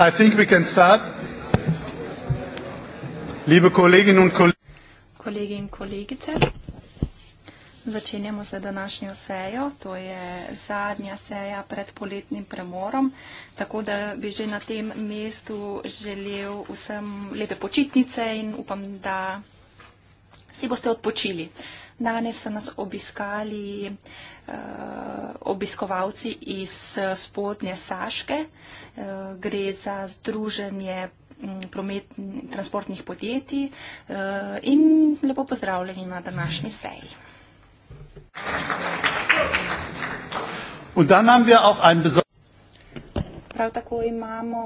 I think we can start. Liebe Kolleginnen und Kollegen. Kolegi in kolegice, začenjamo z današnjo sejo. To je zadnja seja pred poletnim premorom, tako da bi že na tem mestu želel vsem lepe počitnice in upam, da si boste odpočili. Danes so nas obiskali eh, obiskovalci iz eh, spodnje Saške. Eh, gre za združenje mm, transportnih podjetij in lepo pozdravljeni na današnji seji. Prav tako imamo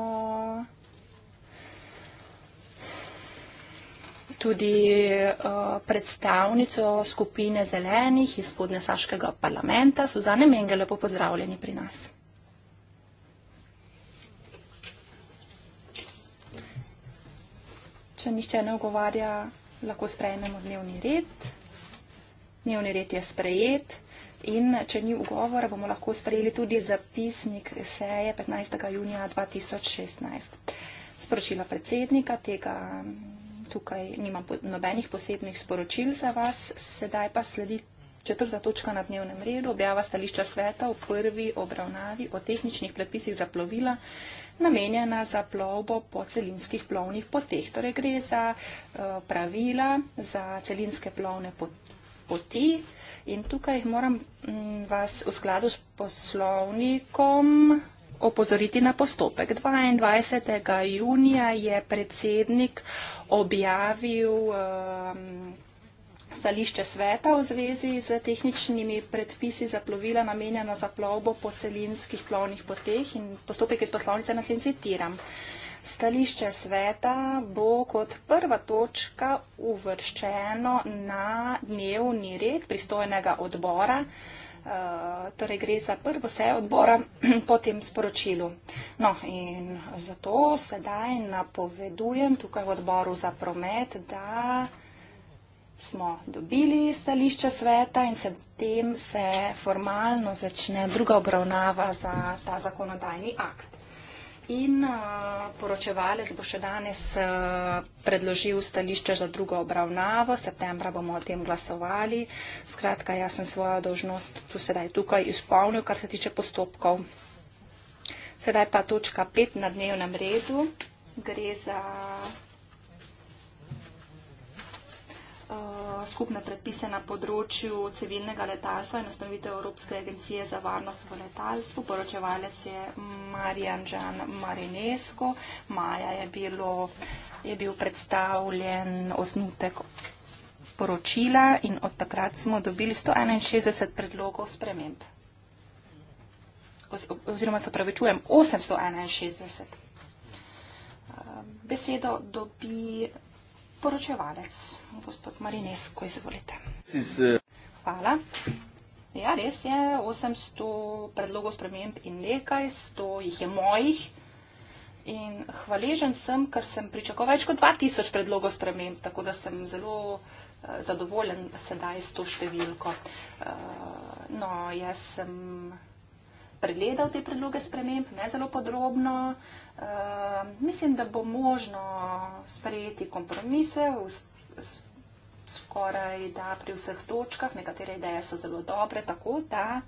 tudi uh, predstavnico skupine zelenih iz spodne saškega parlamenta, Suzane Menge, lepo pozdravljeni pri nas. Če nišče ne ogovarja, lahko sprejmemo dnevni red. Dnevni red je sprejet. In če ni ugovora, bomo lahko sprejeli tudi zapisnik seje 15. junija 2016. Sporočila predsednika tega tukaj nimam nobenih posebnih sporočil za vas. Sedaj pa sledi četrta točka na dnevnem redu, objava stališča sveta v prvi obravnavi o tehničnih predpisih za plovila, namenjena za plovbo po celinskih plovnih poteh. Torej gre za eh, pravila za celinske plovne poti. In tukaj moram mm, vas v skladu s poslovnikom opozoriti na postopek. 22. junija je predsednik objavil um, stališče sveta v zvezi z tehničnimi predpisi za plovila namenjena za plovbo po celinskih plovnih poteh in postopek iz poslovnice nas in citiram. Stališče sveta bo kot prva točka uvrščeno na dnevni red pristojnega odbora. Eh, torej gre za prvo sejo odbora po tem sporočilu. No, in zato sedaj napovedujem tukaj v odboru za promet, da smo dobili stališče sveta in se tem se formalno začne druga obravnava za ta zakonodajni akt in uh, poročevalec bo še danes uh, predložil stališče za drugo obravnavo. Septembra bomo o tem glasovali. Skratka, jaz sem svojo dožnost tu sedaj tukaj izpolnil, kar se tiče postopkov. Sedaj pa točka 5 na dnevnem redu. Gre za skupne predpise na področju civilnega letalstva in ustanovitev Evropske agencije za varnost v letalstvu. Poročevalec je Marijan Žan Marinesko. Maja je, bilo, je bil predstavljen osnutek poročila in od takrat smo dobili 161 predlogov sprememb. Oziroma se pravičujem, 861. Besedo dobi poročevalec, gospod Marinesko, izvolite. Hvala. Ja, res je, 800 predlogov sprememb in nekaj, 100 jih je mojih. In hvaležen sem, ker sem pričakoval več kot 2000 predlogov sprememb, tako da sem zelo eh, zadovoljen sedaj s to številko. Eh, no, jaz sem pregledal te predloge sprememb, ne zelo podrobno, Ehm, mislim, da bo možno sprejeti kompromise v, skoraj da pri vseh točkah. Nekatere ideje so zelo dobre, tako da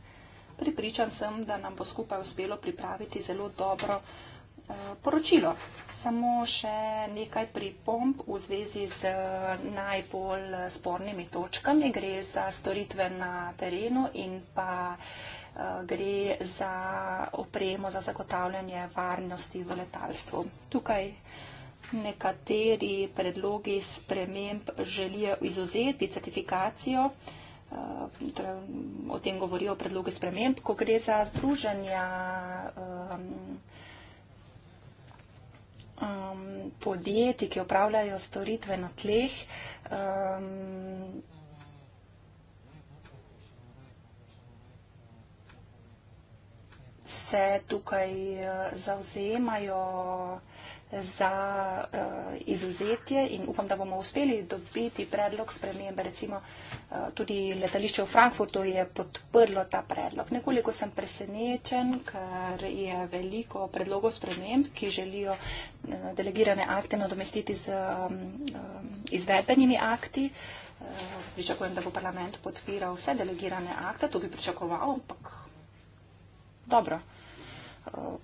pripričan sem, da nam bo skupaj uspelo pripraviti zelo dobro eh, poročilo. Samo še nekaj pripomb v zvezi z eh, najbolj spornimi točkami. Gre za storitve na terenu in pa gre za opremo za zagotavljanje varnosti v letalstvu. Tukaj nekateri predlogi sprememb želijo izuzeti certifikacijo. Eh, torej, o tem govorijo predlogi sprememb, ko gre za združenja um, um, podjetij, ki opravljajo storitve na tleh. Um, se tukaj eh, zauzemajo za eh, izuzetje in upam, da bomo uspeli dobiti predlog spremembe. Recimo eh, tudi letališče v Frankfurtu je podprlo ta predlog. Nekoliko sem presenečen, ker je veliko predlogov sprememb, ki želijo delegirane akte nadomestiti z mm, izvedbenimi akti. Pričakujem, da bo parlament podpiral vse delegirane akte, to bi pričakoval, ampak dobro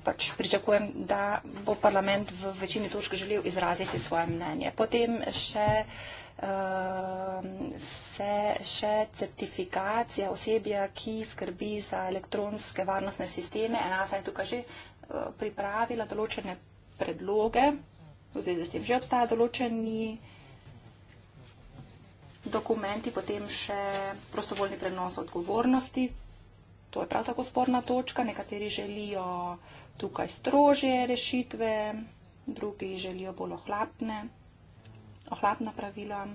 pač pričakujem, da bo parlament v večini točk želel izraziti svoje mnenje. Potem še ehm, se še certifikacija osebja, ki skrbi za elektronske varnostne sisteme, enasa je tukaj že eh, pripravila določene predloge, v zvezi s tem že obstaja določeni dokumenti, potem še prostovoljni prenos odgovornosti, to je prav tako sporna točka. Nekateri želijo tukaj strožje rešitve, drugi želijo bolj ohlapne, ohlapna pravila.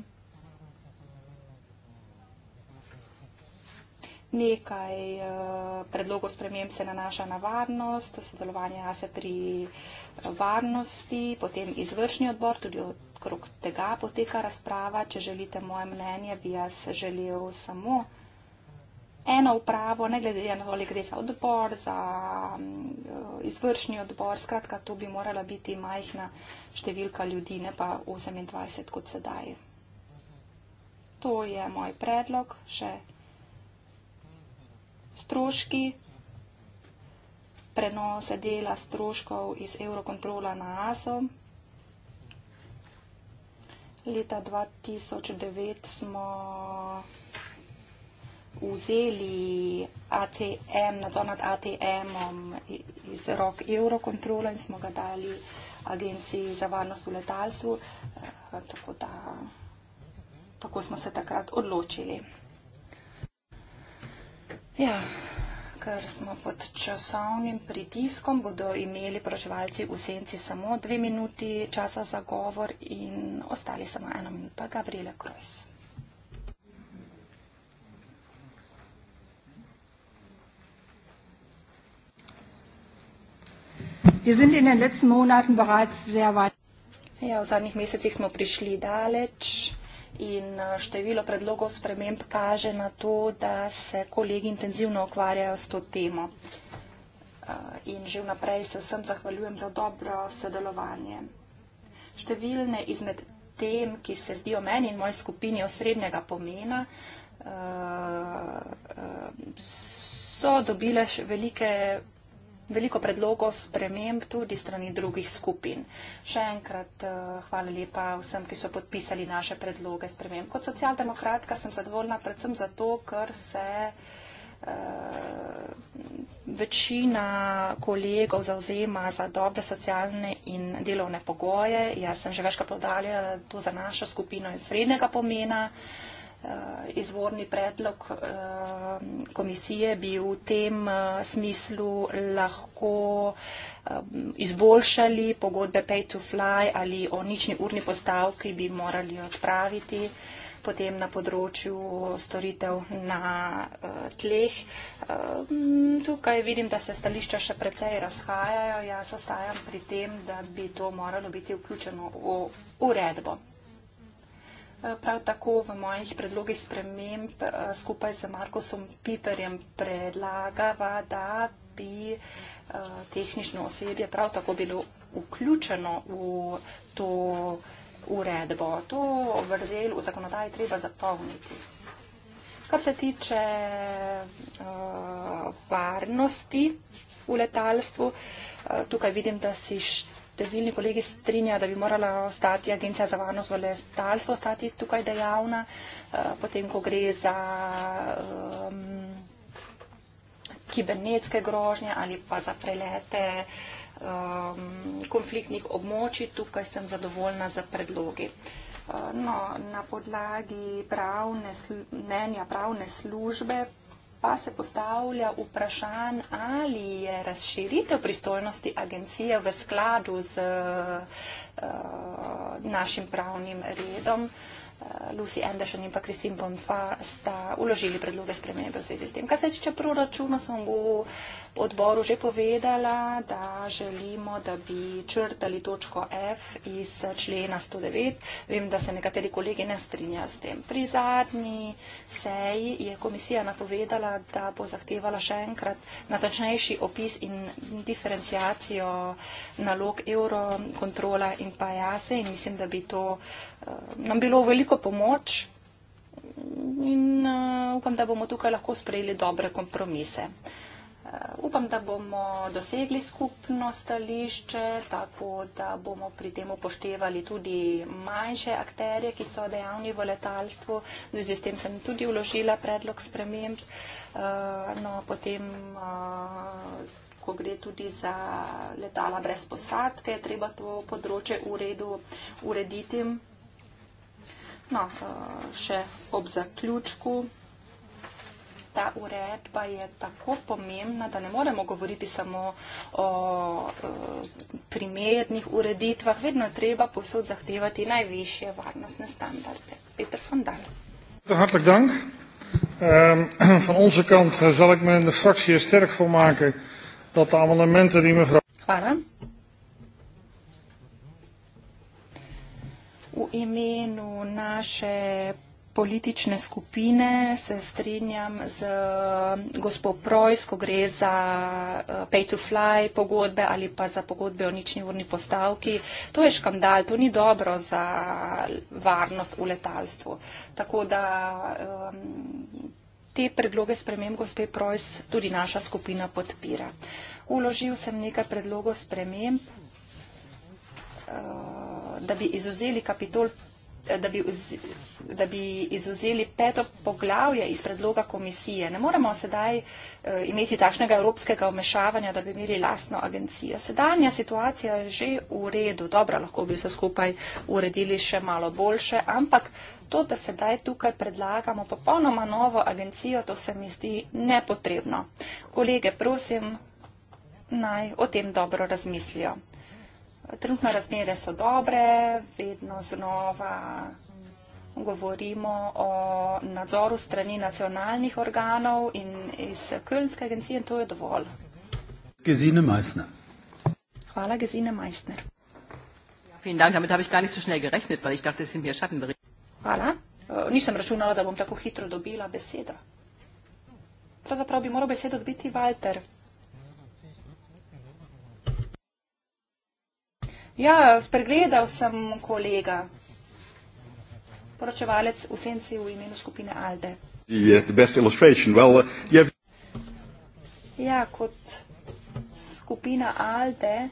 Nekaj eh, predlogov sprememb se nanaša na varnost, sodelovanje ASE pri eh, varnosti, potem izvršni odbor, tudi okrog tega poteka razprava. Če želite moje mnenje, bi jaz želel samo eno upravo, ne glede na to, ali gre za odbor, za mm, eh, izvršni odbor, skratka, to bi morala biti majhna številka ljudi, ne pa 28 kot sedaj. To je moj predlog, še stroški prenose dela stroškov iz Eurokontrola na ASO. Leta 2009 smo vzeli ATM, nadzor nad ATM-om iz rok Eurocontrola in smo ga dali Agenciji za varnost v letalstvu. Eh, tako, da, tako smo se takrat odločili. Ja, ker smo pod časovnim pritiskom, bodo imeli proževalci v senci samo dve minuti časa za govor in ostali samo eno minuto. Gabriele Krojs. Wir sind in den letzten Monaten bereits sehr weit. Ja, v zadnjih mesecih smo prišli daleč in eh, število predlogov sprememb kaže na to, da se kolegi intenzivno ukvarjajo s to temo. Eh, in že vnaprej se vsem zahvaljujem za dobro sodelovanje. Številne izmed tem, ki se zdijo meni in moji skupini osrednjega pomena, eh, so dobile velike veliko predlogov sprememb tudi strani drugih skupin. Še enkrat eh, hvala lepa vsem, ki so podpisali naše predloge sprememb. Kot socialdemokratka sem zadovoljna predvsem zato, ker se eh, večina kolegov zauzema za dobre socialne in delovne pogoje. Jaz sem že večkrat podalila, da to za našo skupino je srednjega pomena. Uh, Eh, izvorni predlog eh, komisije bi v tem eh, smislu lahko izboljšali pogodbe pay to fly ali o nični urni postavki bi morali odpraviti potem na področju storitev na tleh. Tukaj vidim, da se stališča še precej razhajajo. Jaz ostajam pri tem, da bi to moralo biti vključeno v uredbo. Prav tako v mojih predlogih sprememb eh, skupaj z Markosom Piperjem predlagava, da bi eh, tehnično osebje prav tako bilo vključeno v to uredbo. To vrzel v zakonodaji treba zapolniti. Kar se tiče eh, varnosti v letalstvu, tukaj vidim, da si štiri Številni kolegi strinjajo, da bi morala ostati Agencija za varnost v letalstvu, ostati tukaj dejavna, eh, potem ko gre za um, kibernetske grožnje ali pa za prelete um, konfliktnih območij, tukaj sem zadovoljna za predlogi. Eh, no, na podlagi pravne, mnenja pravne službe pa se postavlja vprašanje, ali je razširitev pristojnosti agencije v skladu z eh, našim pravnim redom. Eh, Lucy Anderson in pa Kristin Bonfa sta uložili predloge spremenbe v zvezi s tem. Kar se tiče proračuna, sem v uh, odboru že povedala, da želimo, da bi črtali točko F iz člena 109. Vem, da se nekateri kolegi ne strinjajo s tem. Pri zadnji seji je komisija napovedala, da bo zahtevala še enkrat natančnejši opis in diferencijacijo nalog euro, kontrola in pa jase e in mislim, da bi to eh, nam bilo veliko pomoč. In uh, upam, da bomo tukaj lahko sprejeli dobre kompromise. Uh, Upam, da bomo dosegli skupno stališče, tako da bomo pri tem upoštevali tudi manjše akterje, ki so dejavni v letalstvu. Zdaj, s tem sem tudi uložila predlog sprememb. Eh, no, potem, eh, ko gre tudi za letala brez posadke, treba to področje uredu, urediti. No, eh, še ob zaključku ta uredba je tako pomembna, da ne moremo govoriti samo o primernih ureditvah, vedno je treba posod zahtevati najvišje varnostne standarde. Peter van Dal. Hartelijk dank. Ehm, van onze kant eh, zal ik me in de fractie er sterk voor maken dat de amendementen die mevrouw. Hvala. V imenu naše politične skupine, se strinjam z eh, gospod Projs, ko gre za eh, pay to fly pogodbe ali pa za pogodbe o nični urni postavki. To je škandal, to ni dobro za varnost v letalstvu. Tako da um, te predloge sprememb gospe Projs tudi naša skupina podpira. Uložil sem nekaj predlogov sprememb, uh, da bi izuzeli kapitol da bi, uz, da bi izuzeli peto poglavje iz predloga komisije. Ne moremo sedaj uh, imeti takšnega evropskega omešavanja, da bi imeli lastno agencijo. Sedanja situacija je že v redu. Dobro, lahko bi vse skupaj uredili še malo boljše, ampak to, da sedaj tukaj predlagamo popolnoma novo agencijo, to se mi zdi nepotrebno. Kolege, prosim, naj o tem dobro razmislijo. Trenutno razmere so dobre, vedno znova govorimo o nadzoru strani nacionalnih organov in iz Kölnske agencije in to je dovolj. Gesine Meissner. Hvala, Gesine Meissner. Ja, vielen Dank, damit habe ich gar nicht so schnell gerechnet, weil ich dachte, es sind mehr Schattenberichte. Hvala. Uh, nisem računala, da bom tako hitro dobila besedo. Pravzaprav bi moral besedo dobiti Walter. Ja, spregledal sem kolega, poročevalec v senci v imenu skupine Alde. Eh, eh, ja, kot skupina Alde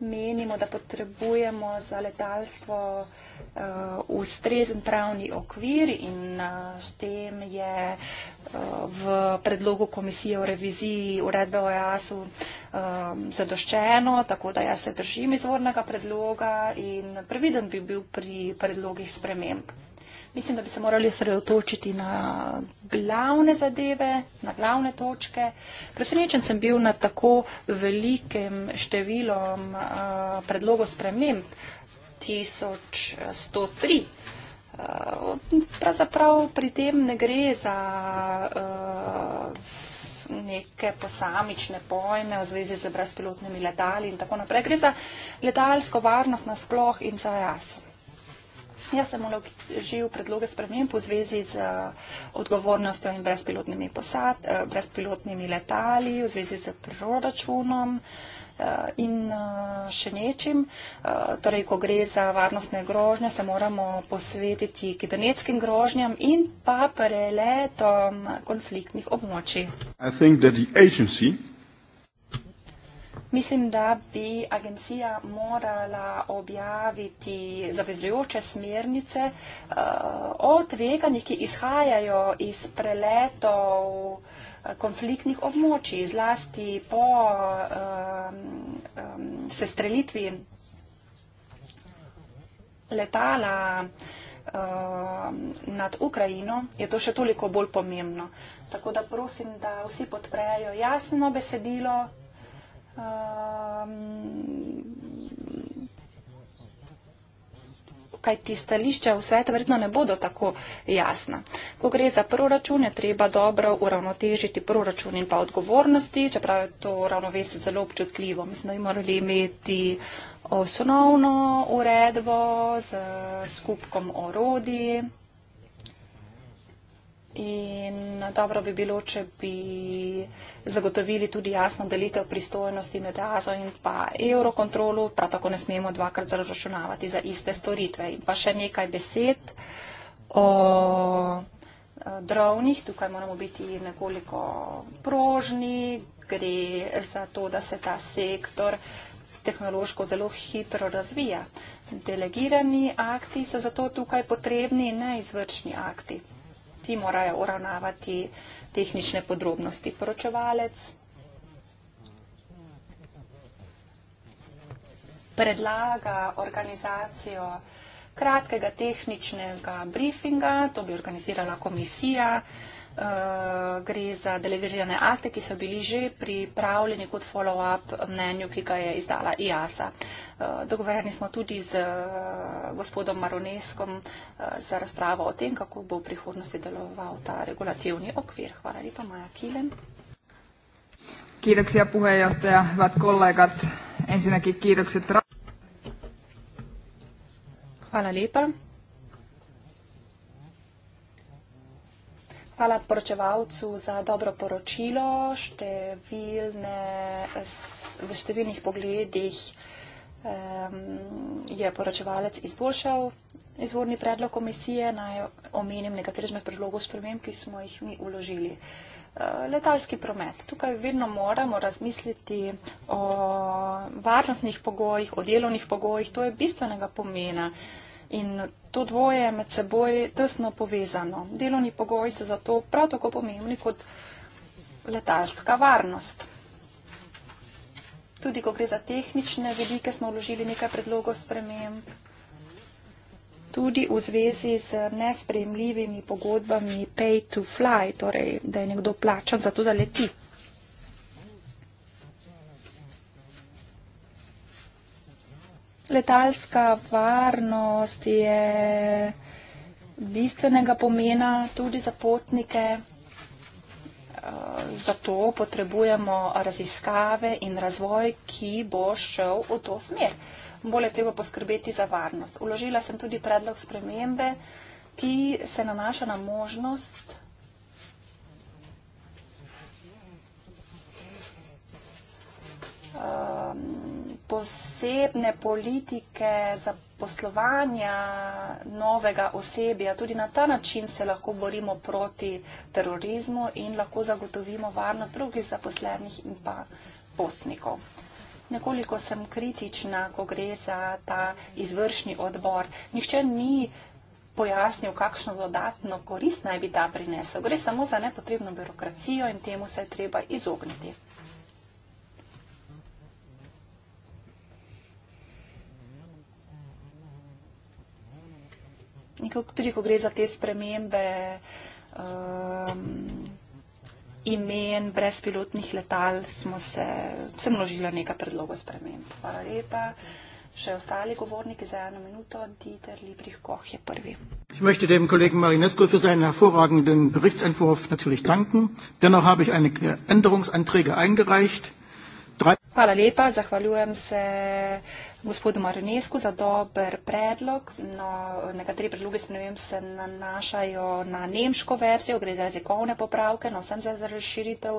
menimo, da potrebujemo za letalstvo uh, ustrezen pravni okvir in eh, s uh, tem je uh, v predlogu komisije o reviziji uredbe o EAS-u um, zadoščeno, tako da jaz se držim izvornega predloga in previden bi bil pri predlogih sprememb. Mislim, da bi se morali osredotočiti na glavne zadeve, na glavne točke. Presenečen sem bil na tako velikem številom uh, predlogov sprememb 1103. Eh, pravzaprav pri tem ne gre za uh, neke posamične pojme v zvezi z brezpilotnimi letali in tako naprej. Gre za letalsko varnost nasploh in za jasno. Jaz sem vložil predloge sprememb v zvezi z eh, odgovornostjo in brezpilotnimi, posad, eh, brezpilotnimi letali, v zvezi z proračunom eh, in še nečim. Torej, ko gre za varnostne grožnje, se moramo posvetiti kibernetskim grožnjam in pa preletom konfliktnih območij. Mislim, da bi agencija morala objaviti zavezujoče smernice uh, o tveganjih, ki izhajajo iz preletov eh, konfliktnih območij, zlasti po um, um, sestrelitvi letala um, nad Ukrajino, je to še toliko bolj pomembno. Tako da prosim, da vsi podprejo jasno besedilo Ehm, kaj ti stališča v svet verjetno ne bodo tako jasna. Ko gre za proračun, je treba dobro uravnotežiti proračun in pa odgovornosti, čeprav je to ravnovesje zelo občutljivo. Mislim, da bi morali imeti eh, osnovno uredbo z skupkom orodij. In dobro bi bilo, če bi zagotovili tudi jasno delitev pristojnosti med AZO in pa Eurokontrolu, prav tako ne smemo dvakrat zaračunavati za iste storitve. In pa še nekaj besed o eh, dronih, tukaj moramo biti nekoliko prožni, gre za to, da se ta sektor tehnološko zelo hitro razvija. Delegirani akti so zato tukaj potrebni, ne izvršni akti ti morajo uravnavati tehnične podrobnosti. Poročevalec predlaga organizacijo kratkega tehničnega briefinga, to bi organizirala komisija, Eh, gre za deliverirane akte, ki so bili že pripravljeni kot follow-up mnenju, ki ga je izdala IASA. Eh, dogovorjeni smo tudi z eh, gospodom Maroneskom za razpravo o tem, kako bo v prihodnosti deloval ta regulativni okvir. Hvala lepa, Maja Kilen. Kiitoksia puheenjohtaja, hyvät kollegat. Ensinnäkin kiitokset. Hvala lepa. Hvala poročevalcu za dobro poročilo. Številne, v številnih pogledih je poročevalec izboljšal izvorni predlog komisije. Naj omenim nekaterih predlogov spremem, ki smo jih mi uložili. E, letalski promet. Tukaj vedno moramo razmisliti o varnostnih pogojih, o delovnih pogojih. To je bistvenega pomena. In to dvoje je med seboj tesno povezano. Delovni pogoji so zato prav tako pomembni kot letalska varnost. Tudi ko gre za tehnične vidike, smo vložili nekaj predlogov sprememb. Tudi v zvezi z nesprejemljivimi pogodbami pay to fly, torej da je nekdo plačan za to, da leti. letalska varnost je bistvenega pomena tudi za potnike. Eh, zato potrebujemo raziskave in razvoj, ki bo šel v to smer. Bolje je treba poskrbeti za varnost. Uložila sem tudi predlog spremembe, ki se nanaša na možnost Um, posebne politike za poslovanja novega osebja. Tudi na ta način se lahko borimo proti terorizmu in lahko zagotovimo varnost drugih zaposlenih in pa potnikov. Nekoliko sem kritična, ko gre za ta izvršni odbor. Nihče ni pojasnil, kakšno dodatno korist naj bi ta prinesel. Gre samo za nepotrebno birokracijo in temu se je treba izogniti. nekako tudi, ko gre za te spremembe um, imen brezpilotnih letal, smo se, se množila neka predloga sprememb. Hvala lepa. Še ostali govorniki za eno minuto. Dieter Liebrich Koch je prvi. Ich möchte dem Kollegen Marinescu für seinen hervorragenden Berichtsentwurf natürlich danken. Dennoch habe ich einige Änderungsanträge eingereicht. Drei Hvala lepa, zahvaljujem se gospodu Marinesku za dober predlog. No, nekateri predlogi se, ne vem, se nanašajo na nemško versijo, gre za jezikovne popravke, no sem za razširitev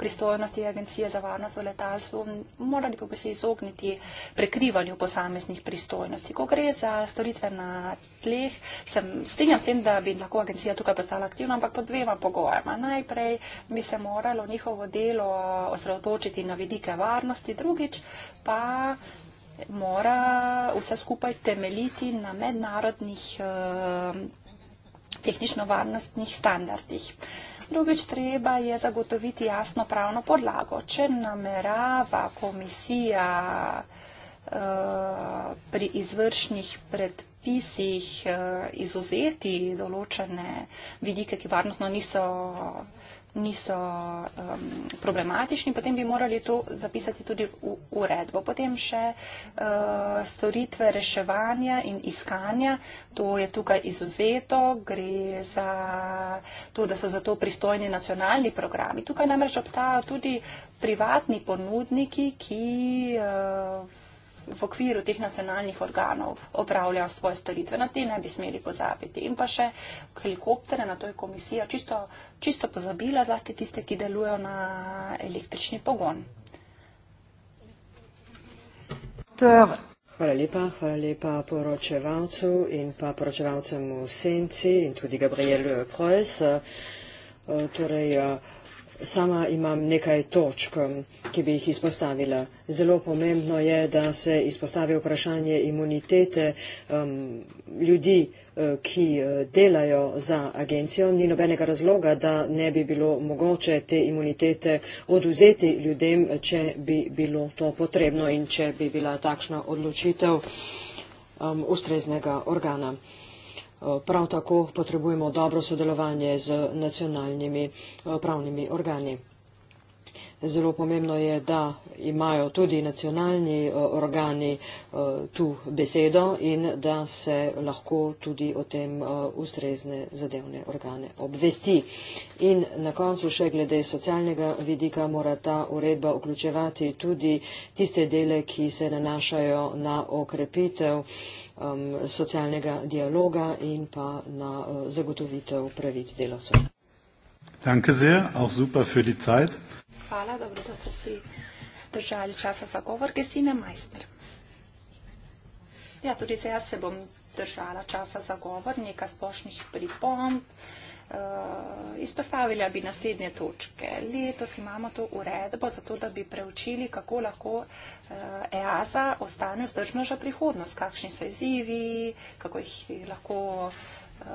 pristojnosti Agencije za varnost v letalstvu. Morali pa bi se izogniti prekrivanju posameznih pristojnosti. Ko gre za storitve na tleh, sem strinjam s tem, da bi lahko agencija tukaj postala aktivna, ampak pod dvema pogojama. Najprej bi se moralo njihovo delo osredotočiti na vidike varnosti, drugič pa mora vse skupaj temeljiti na mednarodnih eh, tehnično-varnostnih standardih. Drugič, treba je zagotoviti jasno pravno podlago. Če namerava komisija eh, pri izvršnih predpisih eh, izuzeti določene vidike, ki varnostno niso niso um, problematični, potem bi morali to zapisati tudi v uredbo. Potem še uh, storitve reševanja in iskanja, to je tukaj izuzeto, gre za to, da so za to pristojni nacionalni programi. Tukaj namreč obstajajo tudi privatni ponudniki, ki. Uh, v okviru teh nacionalnih organov opravljajo svoje storitve. Na te ne bi smeli pozabiti. In pa še helikoptere, na to je komisija čisto, čisto pozabila, zlasti tiste, ki delujejo na električni pogon. Hvala lepa, hvala lepa poročevalcu in pa poročevalcem v Senci in tudi Gabriel Preuss. Torej, Sama imam nekaj točk, um, ki bi jih izpostavila. Zelo pomembno je, da se izpostavi vprašanje imunitete um, ljudi, uh, ki uh, delajo za agencijo. Ni nobenega razloga, da ne bi bilo mogoče te imunitete oduzeti ljudem, če bi bilo to potrebno in če bi bila takšna odločitev um, ustreznega organa prav tako potrebujemo dobro sodelovanje z nacionalnimi eh, pravnimi organi. Zelo pomembno je, da imajo tudi nacionalni eh, organi eh, tu besedo in da se lahko tudi o tem eh, ustrezne zadevne organe obvesti. In na koncu še glede socialnega vidika mora ta uredba vključevati tudi tiste dele, ki se nanašajo na okrepitev socialnega dialoga in pa na zagotovitev pravic delavcev. Danke sehr, auch super für die Zeit hvala, dobro, da ste si držali časa za govor, ki si ne majster. Ja, tudi se jaz se bom držala časa za govor, nekaj splošnih pripomb. Eh, izpostavila bi naslednje točke. Letos imamo to uredbo, zato da bi preučili, kako lahko EASA eh, e ostane vzdržna že prihodnost, kakšni so izzivi, kako jih lahko eh,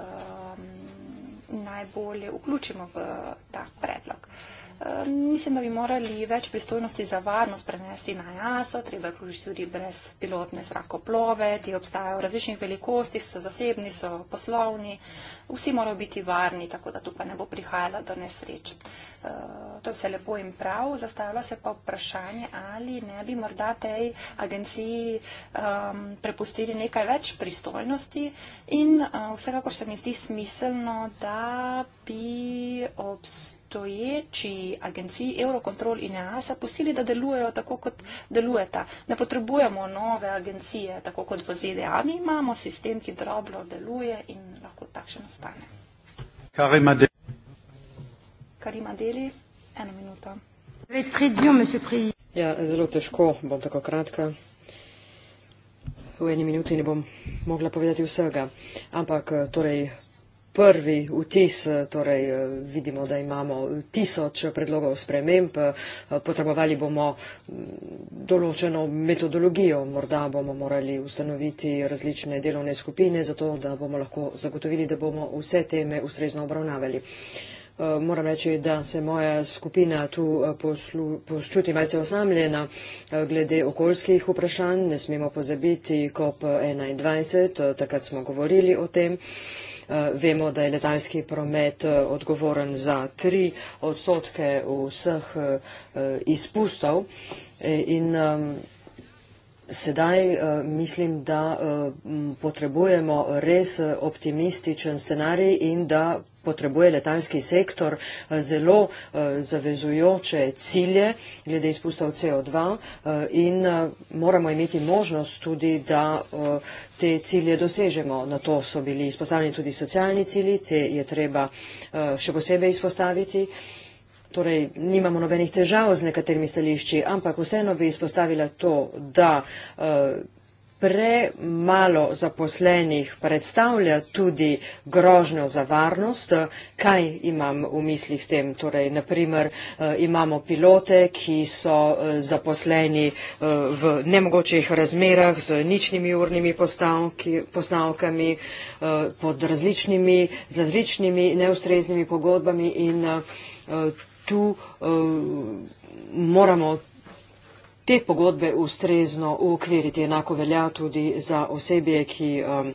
najbolje vključimo v ta predlog. Uh, mislim, da bi morali več pristojnosti za varnost prenesti na jaso, treba kružiti tudi brez pilotne zrakoplove, ti obstajajo v različnih velikostih, so zasebni, so poslovni, vsi morajo biti varni, tako da tu pa ne bo prihajala do nesreč. To je vse lepo in prav, zastavlja se pa vprašanje, ali ne bi morda tej agenciji um, prepustili nekaj več pristojnosti in uh, vsekakor se mi zdi smiselno, da bi obstajali obstoječi agenciji Eurocontrol in EASA pustili, da delujejo tako, kot delujeta. Ne potrebujemo nove agencije, tako kot v ZDA. Mi imamo sistem, ki drobno deluje in lahko takšen ostane. Kar ima deli? Kar ima deli? Eno minuto. Ja, zelo težko, bom tako kratka. V eni minuti ne bom mogla povedati vsega. Ampak eh, torej prvi vtis, eh, torej eh, vidimo, da imamo tisoč predlogov sprememb, eh, potrebovali bomo mm, določeno metodologijo, morda bomo morali ustanoviti različne delovne skupine, zato da bomo lahko zagotovili, da bomo vse teme ustrezno obravnavali. Moram reči, da se moja skupina tu poslu, poščuti malce osamljena glede okoljskih vprašanj. Ne smemo pozabiti COP21, takrat smo govorili o tem. Eh, vemo, da je letalski promet eh, odgovoren za tri odstotke vseh eh, izpustov. In, um, Sedaj eh, mislim, da eh, potrebujemo res eh, optimističen scenarij in da potrebuje letalski sektor zelo zavezujoče cilje glede izpustov CO2 in moramo imeti možnost tudi, da te cilje dosežemo. Na to so bili izpostavljeni tudi socialni cilji, te je treba še posebej izpostaviti. Torej, nimamo nobenih težav z nekaterimi stališči, ampak vseeno bi izpostavila to, da eh, premalo zaposlenih predstavlja tudi grožnjo za varnost. Kaj imam v mislih s tem? Torej, naprimer, eh, imamo pilote, ki so eh, zaposleni v nemogočih razmerah z ničnimi urnimi postavkami, pod različnimi, z različnimi neustreznimi pogodbami in tu uh, moramo te pogodbe ustrezno ukviriti. Enako velja tudi za osebje, ki um,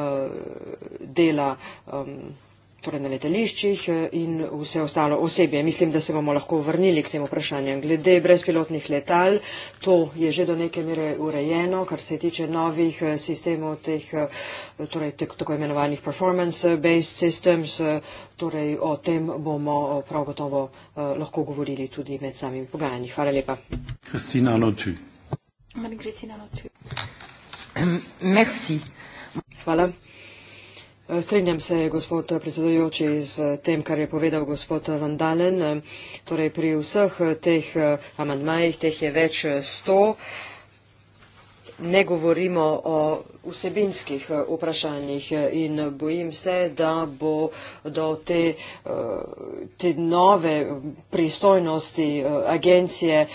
uh, dela. Um, torej na letališčih eh, in vse ostalo osebje. Mislim, da se bomo lahko vrnili k tem vprašanjem. Glede brezpilotnih letal, to je že do neke mere urejeno, kar se tiče novih eh, sistemov, teh, eh, torej tako imenovanih performance-based systems. Torej o tem bomo prav gotovo lahko govorili tudi med samimi pogajanji. Hvala lepa. Kristina Noči. Margretina Noči. Merci. Hvala. Eh, strinjam se, gospod predsedojoči, z tem, kar je povedal gospod Vandalen. Eh, torej, pri vseh eh, teh amandmajih, teh je več sto, ne govorimo o vsebinskih vprašanjih in bojim se, da bo do te, te nove pristojnosti agencije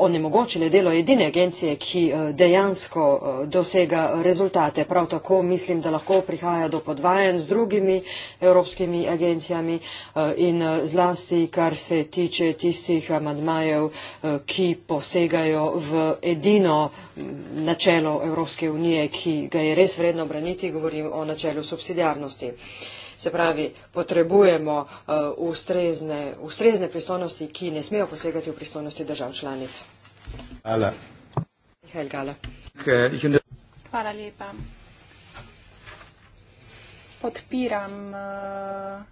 onemogočile delo edine agencije, ki eh, dejansko eh, dosega rezultate. Prav tako mislim, da lahko prihaja do podvajanj z drugimi evropskimi agencijami eh, in zlasti, kar se tiče tistih amadmajev, ki posegajo v edino mm, načelo Evropske unije, ki ga je res vredno braniti, govorim o načelu subsidijarnosti se pravi, potrebujemo uh, ustrezne, ustrezne pristojnosti, ki ne smejo posegati v pristojnosti držav članic. Hvala. Mihajl Gala. Hvala lepa. Podpiram uh,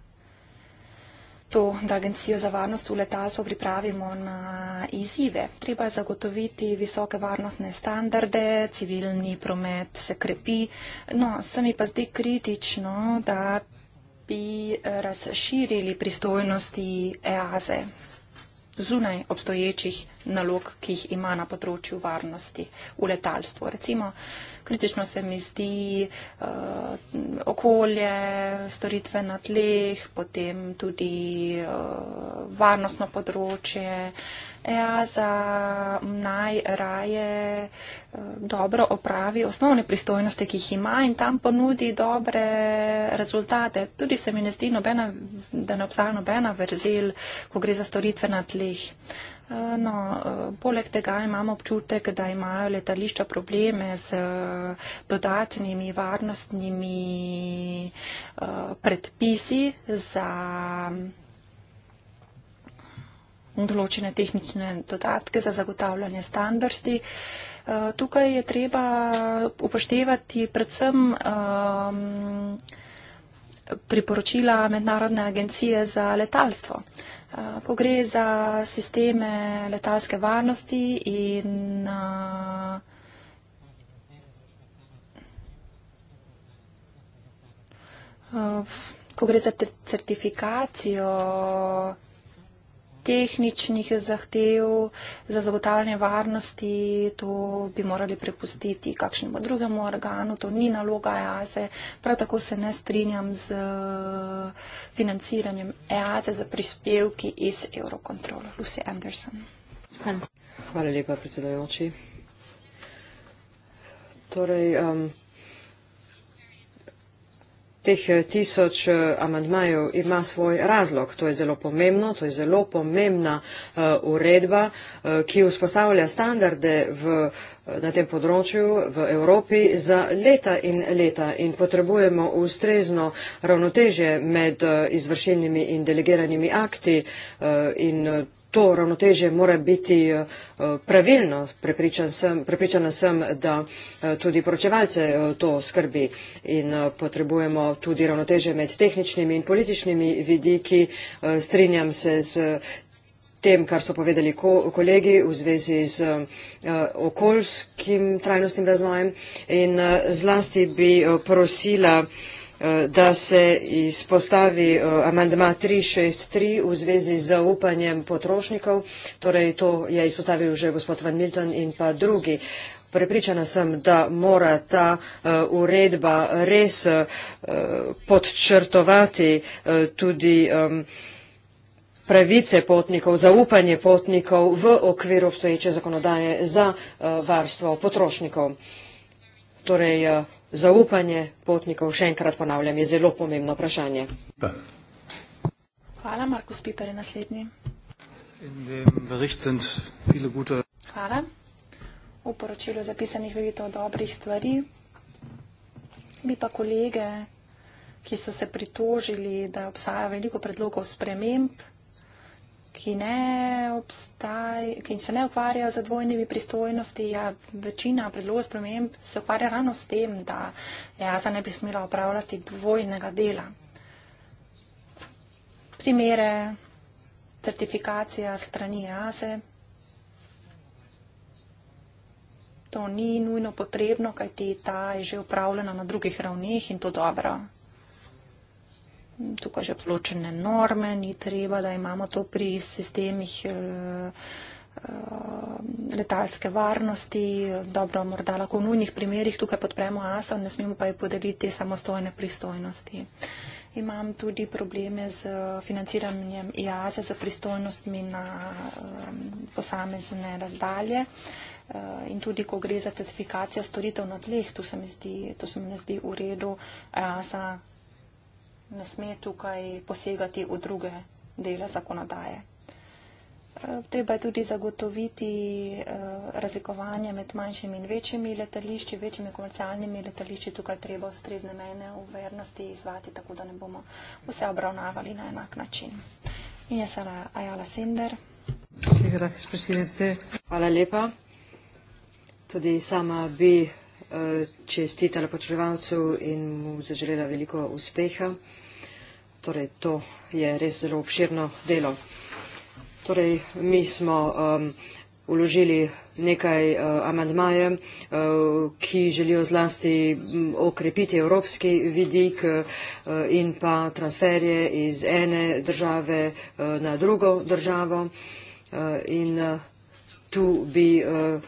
to, da Agencijo za varnost v letalstvu pripravimo na izzive. Treba je zagotoviti visoke varnostne standarde, civilni promet se krepi. No, se mi pa zdi kritično, da bi razširili pristojnosti EASE e zunaj obstoječih nalog, ki jih ima na področju varnosti v letalstvu. Recimo, kritično se mi zdi uh, okolje, storitve na tleh, potem tudi uh, varnostno področje. Uh, ja, za naj raje eh, dobro opravi osnovne pristojnosti, ki jih ima in tam ponudi dobre rezultate. Tudi se mi ne zdi, nobena, da ne obstaja nobena verzel, ko gre za storitve na tleh. Eh, no, eh, poleg tega imamo občutek, da imajo letališča probleme z dodatnimi varnostnimi predpisi za določene tehnične dodatke za zagotavljanje standardi. Eh, tukaj je treba upoštevati predvsem ehm, priporočila Mednarodne agencije za letalstvo. Eh, ko gre za sisteme letalske varnosti in eh, ko gre za certifikacijo tehničnih zahtev za zagotavljanje varnosti, to bi morali prepustiti kakšnemu drugemu organu, to ni naloga EASE. E. Prav tako se ne strinjam z financiranjem EASE e za prispevki iz Eurocontrola. Lucy Anderson. Hvala lepa, predsedajoči. Torej, um, teh eh, tisoč eh, amandmajev ima svoj razlog. To je zelo pomembno, to je zelo pomembna eh, uredba, ki vzpostavlja standarde v, na tem področju v Evropi za leta in leta in potrebujemo ustrezno ravnotežje med izvršilnimi in delegiranimi akti in to ravnoteže mora biti eh, pravilno. Prepričan sem, prepričana sem, da eh, tudi poročevalce eh, to skrbi in potrebujemo tudi ravnoteže med tehničnimi in političnimi vidiki. Strinjam se z tem, kar so povedali ko kolegi v zvezi z uh, okoljskim trajnostnim razvojem in uh, zlasti bi uh, prosila uh, Eh, da se izpostavi eh, amandma 363 v zvezi z zaupanjem potrošnikov, torej to je izpostavil že gospod Van Milton in pa drugi. Prepričana sem, da mora ta eh, uredba res podčrtovati tudi pravice potnikov, zaupanje potnikov v okviru obstoječe zakonodaje za varstvo potrošnikov. Torej, Zaupanje potnikov, še enkrat ponavljam, je zelo pomembno vprašanje. Hvala, Markus Piper je naslednji. Hvala. V poročilu zapisanih veliko dobrih stvari. Bi pa kolege, ki so se pritožili, da obstaja veliko predlogov sprememb, ki ne obstaja, ki se ne ukvarja z dvojnimi pristojnosti. Ja, večina predlogov sprememb se ukvarja ravno s tem, da jaza ne bi smela upravljati dvojnega dela. Primere, certifikacija strani jaze. To ni nujno potrebno, kajti ta je že upravljena na drugih ravneh in to dobro tukaj že obzločene norme, ni treba, da imamo to pri sistemih eh, eh, letalske varnosti, dobro, morda lahko v nujnih primerjih tukaj podpremo ASO, ne smemo pa ji podeliti samostojne pristojnosti. Imam tudi probleme z financiranjem IAZE za pristojnostmi na eh, posamezne razdalje in tudi, ko gre za certifikacijo storitev na tleh, to se mi ne zdi v redu, IAZE ja, ne sme tukaj posegati v druge dele zakonodaje. E, treba je tudi zagotoviti e, razlikovanje med manjšimi in večjimi letališči, večjimi komercialnimi letališči. Tukaj treba ustrezne mejne uvernosti izvati, tako da ne bomo vse obravnavali na enak način. In je sala Ajala Sender. Hvala lepa. Tudi sama bi čestitala počrevalcu in mu zaželela veliko uspeha. Torej, to je res zelo obširno delo. Torej, mi smo um, uložili nekaj uh, amandmaje, uh, ki želijo zlasti okrepiti evropski vidik uh, in pa transferje iz ene države uh, na drugo državo. Uh, in uh, tu bi uh,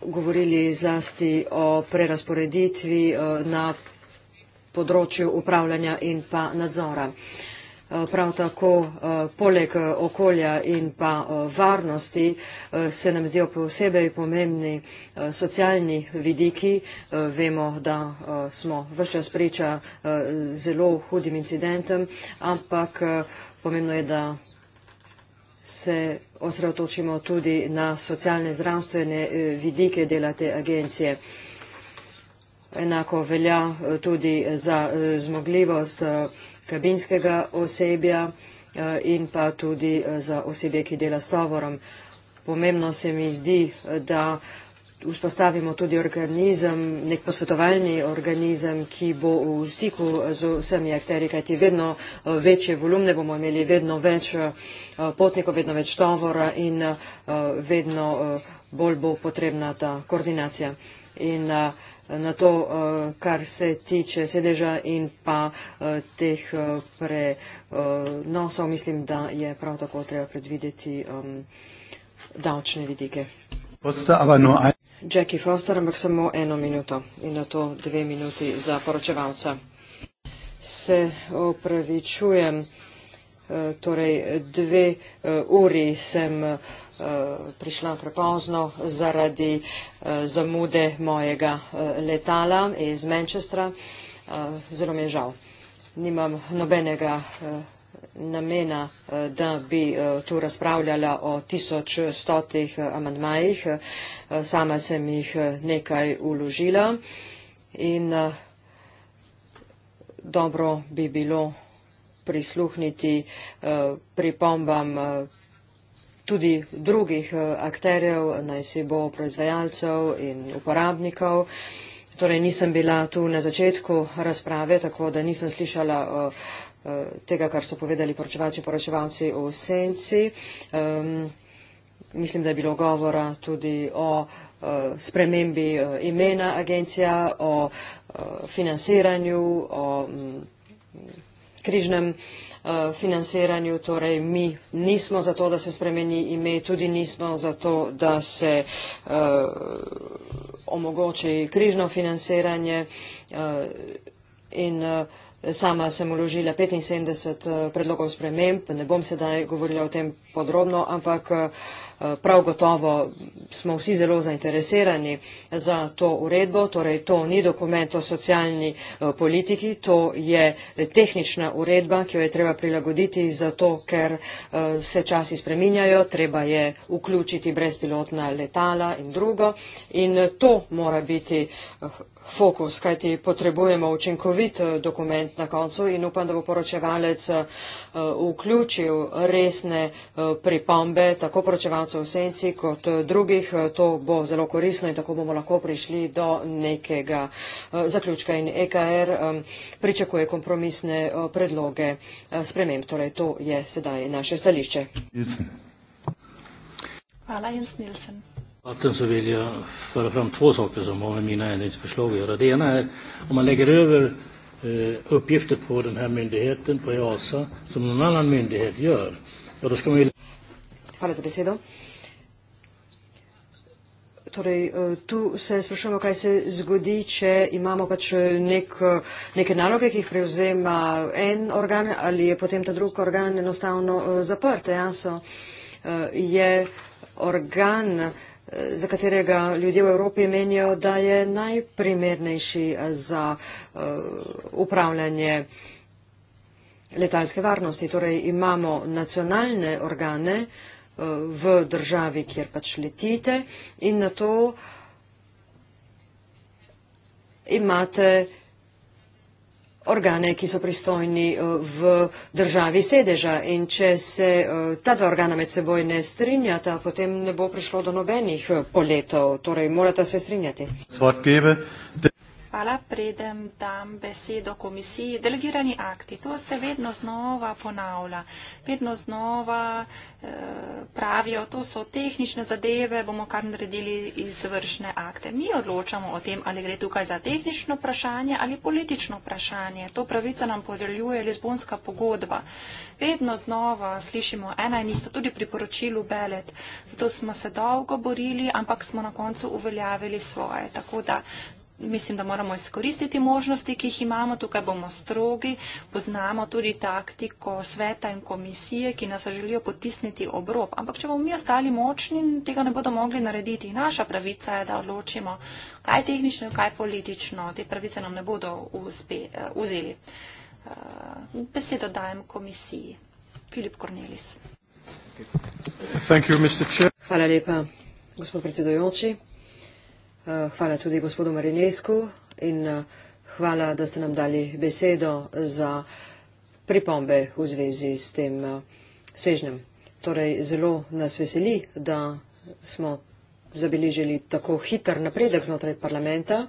govorili zlasti o prerasporeditvi eh, na področju upravljanja in pa nadzora. Eh, prav tako eh, poleg okolja in pa varnosti se nam zdijo posebej pomembni socialni vidiki. Vemo, da smo vse čas priča zelo hudim incidentem, ampak pomembno je, da se osredotočimo tudi na socialne zdravstvene eh, vidike dela te agencije. Enako velja eh, tudi eh, za zmogljivost kabinskega osebja in pa tudi za osebje, ki dela s tovorom. Pomembno se mi zdi, da uh, vzpostavimo tudi organizem, nek posvetovalni organizem, ki bo v stiku z vsemi akteri, kajti vedno eh, večje volumne bomo imeli, vedno več eh, potnikov, vedno več tovora in eh, vedno bolj bo potrebna ta koordinacija. In na to, kar se tiče sedeža in pa teh prenosov, mislim, da je prav tako treba predvideti davčne vidike. Postava no aj. Jackie Foster, ampak samo eno minuto in na to dve minuti za poročevalca. Se opravičujem, eh, torej dve eh, uri sem eh, prišla prepozno zaradi zamude mojega letala iz Manchestra. Zelo mi je žal. Nimam nobenega namena, eh, da bi eh, tu razpravljala o 1100 eh, amandmajih. Sama sem jih nekaj uložila in dobro bi bilo prisluhniti pripombam tudi drugih akterjev, naj se bo proizvajalcev in uporabnikov. Torej nisem bila tu na začetku razprave, tako da nisem slišala uh, Eh, tega, kar so povedali poročevalci, poročevalci v senci. Um, mislim, da je bilo govora tudi o uh, spremembi uh, imena agencija, o uh, financiranju, o um, križnem financiranju, torej mi nismo za to, da se spremeni ime, tudi nismo za to, da se uh, omogoči križno financiranje uh, in uh, Sama sem uložila 75 eh, predlogov sprememb, ne bom sedaj govorila o tem podrobno, ampak eh, prav gotovo smo vsi zelo zainteresirani za to uredbo. Torej, to ni dokument o socialni eh, politiki, to je tehnična uredba, ki jo je treba prilagoditi zato, ker se časi spreminjajo, treba je vključiti brezpilotna letala in drugo. In to mora biti fokus, kajti potrebujemo učinkovit eh, dokument na koncu in upam, da bo poročevalec eh, vključil resne eh, pripombe, tako poročevalcev v senci kot drugih. To bo zelo korisno in tako bomo lahko prišli do nekega zaključka in EKR pričakuje kompromisne predloge sprememb. Torej, to je sedaj naše stališče. Hvala, Jens Nilsen debatten så vill jag föra fram två saker som har med mina ändringsförslag att göra. Det ena är om man lägger över eh, uppgifter på den här myndigheten, på EASA, som någon annan myndighet gör. Ja, då ska man ju... Hvala za besedo. Torej, eh, tu se sprašujemo, kaj se zgodi, če imamo pač eh, nek, eh, neke naloge, ki jih prevzema en organ ali je potem ta drug organ enostavno zaprt. Jaso je organ, za katerega ljudje v Evropi menijo, da je najprimernejši eh, za eh, upravljanje letalske varnosti. Torej imamo nacionalne organe eh, v državi, kjer pač letite in na to imate vsega, organe, ki so pristojni eh, v državi sedeža. In če se eh, ta dva organa med seboj ne strinjata, potem ne bo prišlo do nobenih eh, poletov. Torej, morata se strinjati. Svart peve. Hvala. Predem dam besedo komisiji. Delegirani akti, to se vedno znova ponavlja. Vedno znova e, pravijo, to so tehnične zadeve, bomo kar naredili izvršne akte. Mi odločamo o tem, ali gre tukaj za tehnično vprašanje ali politično vprašanje. To pravico nam podeljuje Lizbonska pogodba. Vedno znova slišimo ena in isto tudi priporočilu Belet. Zato smo se dolgo borili, ampak smo na koncu uveljavili svoje. Tako da mislim, da moramo izkoristiti možnosti, ki jih imamo. Tukaj bomo strogi, poznamo tudi taktiko sveta in komisije, ki nas želijo potisniti ob rob. Ampak če bomo mi ostali močni, tega ne bodo mogli narediti. Naša pravica je, da odločimo, kaj tehnično in kaj politično. Te pravice nam ne bodo uspe, eh, vzeli. Eh, besedo dajem komisiji. Filip Cornelis. Hvala lepa, gospod predsedojoči. Eh, hvala tudi gospodu Marinesku in eh, hvala, da ste nam dali besedo za pripombe v zvezi s tem eh, svežnem. Torej, zelo nas veseli, da smo zabeležili tako hiter napredek znotraj parlamenta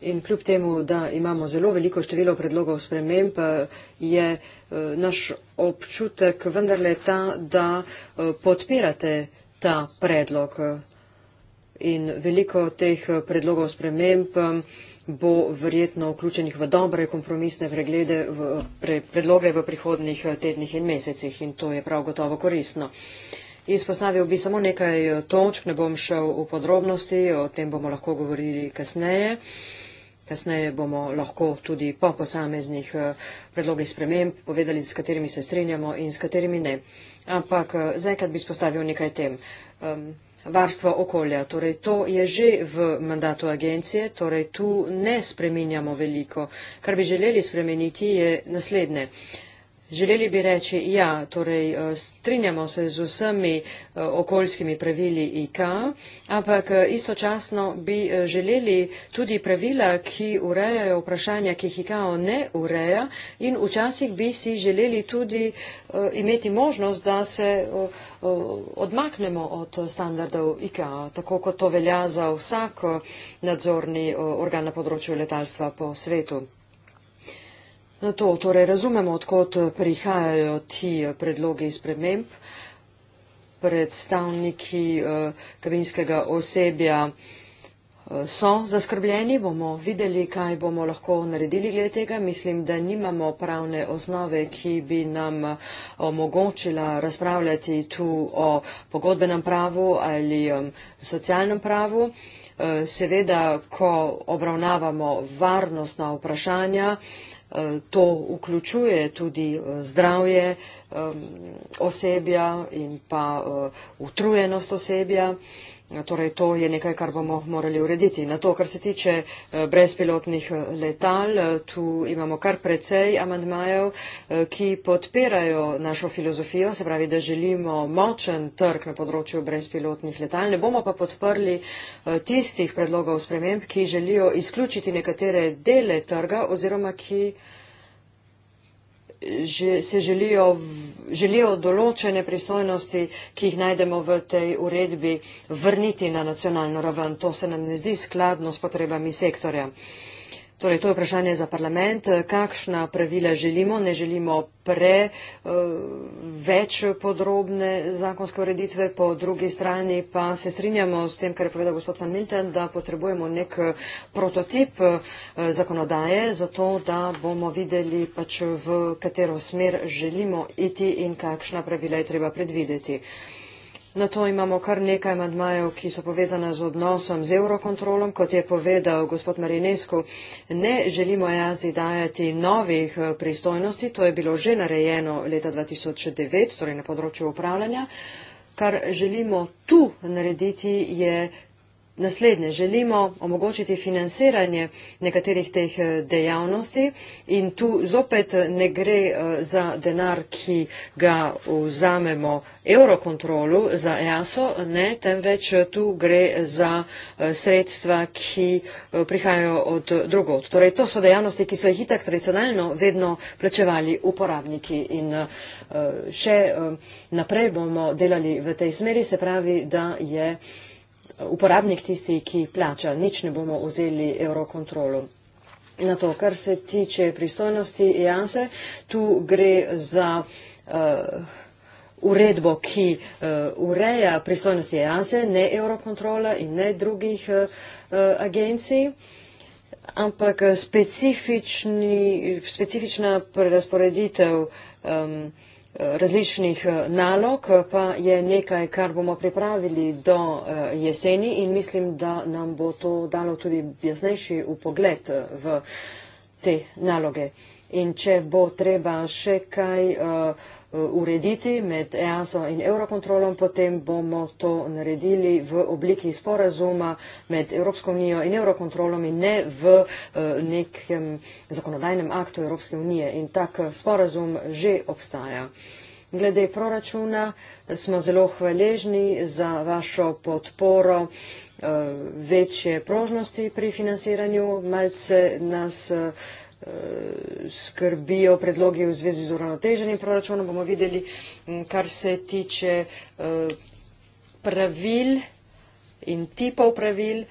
in kljub temu, da imamo zelo veliko število predlogov sprememb, je naš občutek vendarle ta, da podpirate ta predlog in veliko teh eh, predlogov sprememb bo verjetno vključenih v dobre kompromisne preglede, v pre, predloge v prihodnih eh, tednih in mesecih in to je prav gotovo koristno. Izpostavil bi samo nekaj eh, točk, ne bom šel v podrobnosti, o tem bomo lahko govorili kasneje. Kasneje bomo lahko tudi po posameznih predlogih sprememb povedali, s katerimi se strinjamo in s katerimi ne. Ampak zaenkrat bi spostavil nekaj tem. Varstvo okolja, torej to je že v mandatu agencije, torej tu ne spreminjamo veliko. Kar bi želeli spremeniti je naslednje. Želeli bi reči, ja, torej eh, strinjamo se z vsemi eh, okoljskimi pravili IK, ampak eh, istočasno bi želeli tudi pravila, ki urejajo vprašanja, ki jih IKO ne ureja in včasih bi si želeli tudi imeti možnost, da se odmaknemo od standardov IK, tako kot to velja za vsak nadzorni organ na področju letalstva po svetu. Na to torej razumemo, odkot prihajajo ti eh, predlogi sprememb. Predstavniki eh, kabinskega osebja eh, so zaskrbljeni, bomo videli, kaj bomo lahko naredili glede tega. Mislim, da nimamo pravne osnove, ki bi nam omogočila razpravljati tu o pogodbenem pravu ali socialnem pravu. Seveda, ko obravnavamo varnostna vprašanja, Eh, to vključuje tudi eh, zdravje eh, osebja in pa utrujenost osebja. Torej, to je nekaj, kar bomo morali urediti. Na to, kar se tiče eh, brezpilotnih eh, letal, eh, tu imamo kar precej amandmajev, ki podpirajo našo filozofijo, se pravi, da želimo močen trg na področju brezpilotnih letal. Ne bomo pa podprli tistih predlogov sprememb, ki želijo izključiti nekatere dele trga oziroma ki se želijo, želijo določene pristojnosti, ki jih najdemo v tej uredbi, vrniti na nacionalno raven. To se nam ne zdi skladno s potrebami sektorja. Uh, Torej, to je vprašanje za parlament. Kakšna pravila želimo? Ne želimo preveč eh, podrobne zakonske ureditve, po drugi strani pa se strinjamo s tem, kar je povedal gospod Van Milten, da potrebujemo nek eh, prototip eh, zakonodaje, zato da bomo videli, pač v katero smer želimo iti in kakšna pravila je treba predvideti. Na to imamo kar nekaj madmajev, ki so povezane z odnosom z eurokontrolom, kot je povedal gospod Marinesku. Ne želimo jazi dajati novih eh, pristojnosti, to je bilo že narejeno leta 2009, torej na področju upravljanja. Kar želimo tu narediti je Naslednje, želimo omogočiti financiranje nekaterih teh eh, dejavnosti in tu zopet eh, ne gre eh, za denar, ki ga vzamemo eurokontrolu za EASO, ne, temveč tu gre za sredstva, ki prihajajo od drugot. Torej, to so dejavnosti, ki so jih itak tradicionalno vedno plačevali uporabniki in še naprej bomo delali v tej smeri, se pravi, da je uporabnik tisti, ki plača, nič ne bomo vzeli eurokontrolu. Na to, kar se tiče pristojnosti Janse, e tu gre za uh, uredbo, ki uh, ureja pristojnosti Janse, e ne eurokontrola in ne drugih uh, uh agencij, ampak specifična prerasporeditev um, različnih eh, nalog, eh, pa je nekaj, kar bomo pripravili do eh, jeseni in mislim, da nam bo to dalo tudi jasnejši upogled v te naloge in če bo treba še kaj uh, urediti med EASO in Eurokontrolom, potem bomo to naredili v obliki sporazuma med Evropsko unijo in Eurokontrolom in ne v uh, nekem zakonodajnem aktu Evropske unije. In tak eh, sporazum že obstaja. Glede proračuna smo zelo hvaležni za vašo podporo večje prožnosti pri financiranju. Malce nas uh, skrbijo predlogi v zvezi z uravnoteženim proračunom, bomo videli, kar se tiče eh, pravil in tipov pravil,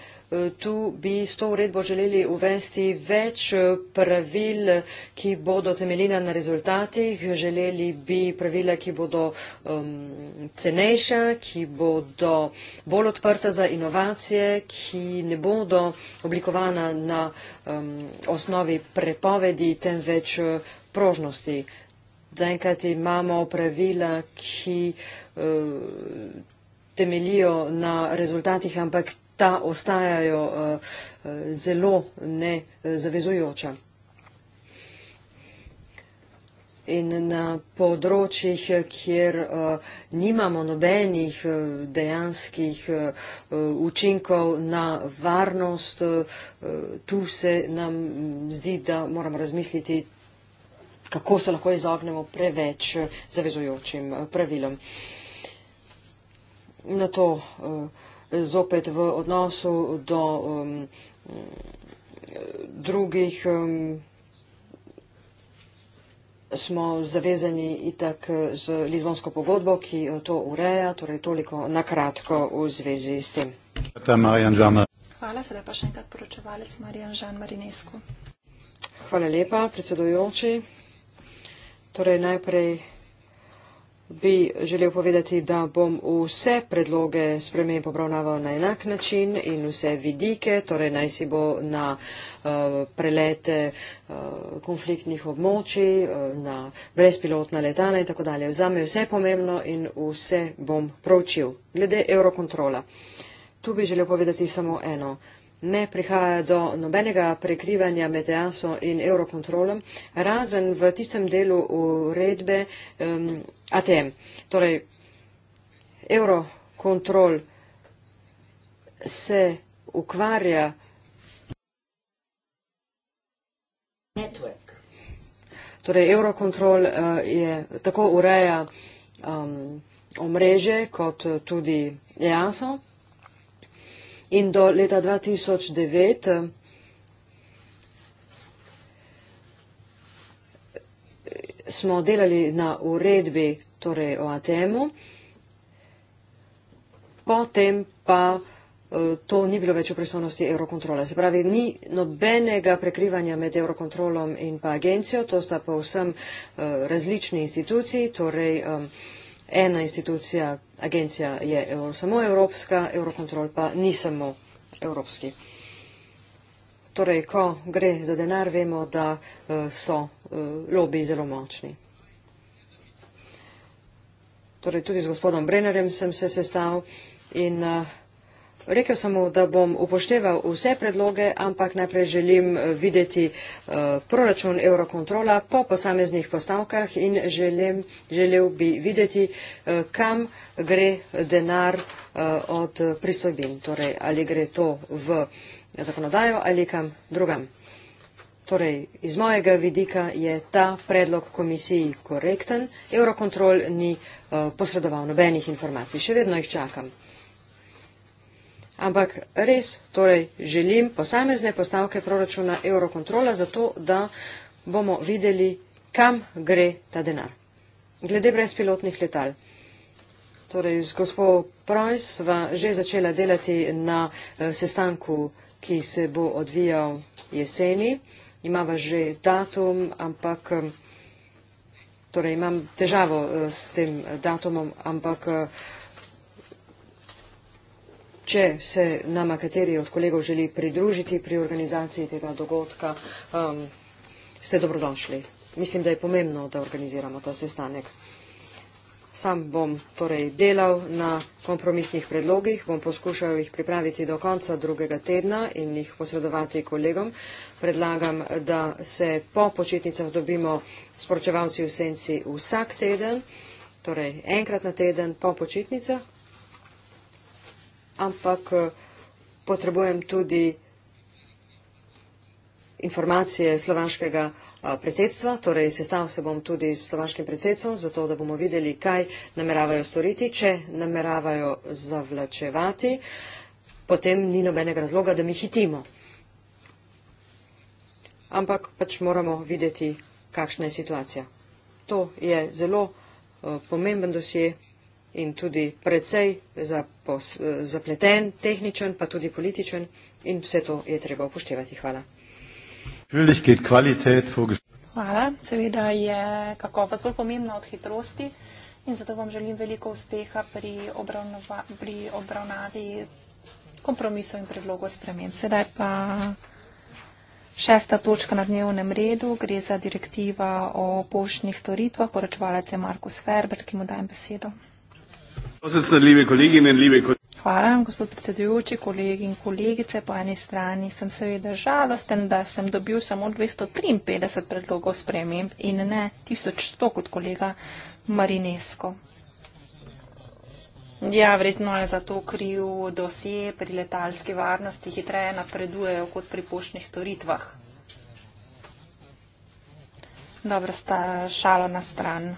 tu bi s to uredbo želeli uvesti več eh, pravil, ki bodo temeljina na rezultatih, želeli bi pravila, ki bodo um, cenejša, ki bodo bolj odprta za inovacije, ki ne bodo oblikovana na um, osnovi prepovedi, temveč eh, prožnosti. Zaenkrat imamo pravila, ki uh, eh, temelijo na rezultatih, ampak ta ostajajo eh, zelo nezavezujoča. In na področjih, kjer uh, nimamo nobenih uh, dejanskih uh, učinkov na varnost, uh, tu se nam zdi, da moramo razmisliti, kako se lahko izognemo preveč zavezujočim pravilom. Na to uh, zopet v odnosu do um, drugih um, smo zavezani itak z Lizbonsko pogodbo, ki to ureja, torej toliko nakratko v zvezi s tem. Hvala, sedaj pa še enkrat poročevalec Marijan Žan Marinesku. Hvala lepa, predsedujoči. Torej najprej bi želel povedati, da bom vse predloge sprememb obravnaval na enak način in vse vidike, torej naj si bo na uh, eh, prelete uh, konfliktnih območij, uh, na brezpilotna letala in tako dalje. Vzame vse pomembno in vse bom pročil. Glede eurokontrola. Tu bi želel povedati samo eno ne prihaja do nobenega prekrivanja med EASO in Eurocontrolom, razen v tistem delu uredbe um, ATM. Torej, Eurocontrol se ukvarja Network. Torej, Eurocontrol uh, je, tako ureja um, omrežje kot tudi EASO in do leta 2009 eh, smo delali na uredbi torej o ATM-u, potem pa eh, to ni bilo več v pristojnosti Eurokontrole. Se pravi, ni nobenega prekrivanja med Eurokontrolom in pa agencijo, to sta povsem eh, različni instituciji, torej um, ena institucija, agencija je samo evropska, Eurocontrol pa ni samo evropski. Torej, ko gre za denar, vemo, da eh, so eh, lobi zelo močni. Torej, tudi z gospodom Brennerjem sem se sestal in uh, Rekel sem mu, da bom upošteval vse predloge, ampak najprej želim eh, videti eh, proračun Eurokontrola po posameznih postavkah in želim, želel bi videti, eh, kam gre denar od pristojbin. Torej, ali gre to v zakonodajo ali kam drugam. Torej, iz mojega vidika je ta predlog komisiji korekten. Eurokontrol ni posredoval nobenih informacij. Še vedno jih čakam ampak res, torej želim posamezne postavke proračuna Eurokontrola za to, da bomo videli, kam gre ta denar. Glede brezpilotnih letal. Torej, z gospod Preuss sva že začela delati na eh, sestanku, ki se bo odvijal jeseni. Imava že datum, ampak eh, torej, imam težavo eh, s tem datumom, ampak Če se nama kateri od kolegov želi pridružiti pri organizaciji tega dogodka, um, ste dobrodošli. Mislim, da je pomembno, da organiziramo ta sestanek. Sam bom torej delal na kompromisnih predlogih, bom poskušal jih pripraviti do konca drugega tedna in jih posredovati kolegom. Predlagam, da se po počitnicah dobimo sporočevalci v senci vsak teden, torej enkrat na teden po počitnicah, ampak eh, potrebujem tudi informacije slovaškega eh, predsedstva, torej sestav se bom tudi s slovaškim predsedstvom, zato da bomo videli, kaj nameravajo storiti, če nameravajo zavlačevati, potem ni nobenega razloga, da mi hitimo. Ampak pač moramo videti, kakšna je situacija. To je zelo eh, pomemben dosje, in tudi precej zapos, zapleten, tehničen, pa tudi političen in vse to je treba upoštevati. Hvala. Hvala. Seveda je kakovost bolj pomembna od hitrosti in zato vam želim veliko uspeha pri, obravnova, pri obravnavi kompromisov in predlogov sprememb. Sedaj pa šesta točka na dnevnem redu. Gre za direktiva o poštnih storitvah. Poročevalec je Markus Ferber, ki mu dajem besedo. Hvala, gospod predsedujoči, kolegi in kolegice. Po eni strani sem seveda žalosten, da sem dobil samo 253 predlogov sprememb in ne 1100 kot kolega Marinesko. Ja, vredno je za to kriv dosje pri letalski varnosti, hitreje napredujejo kot pri poštnih storitvah. Dobro, sta šalo na stran.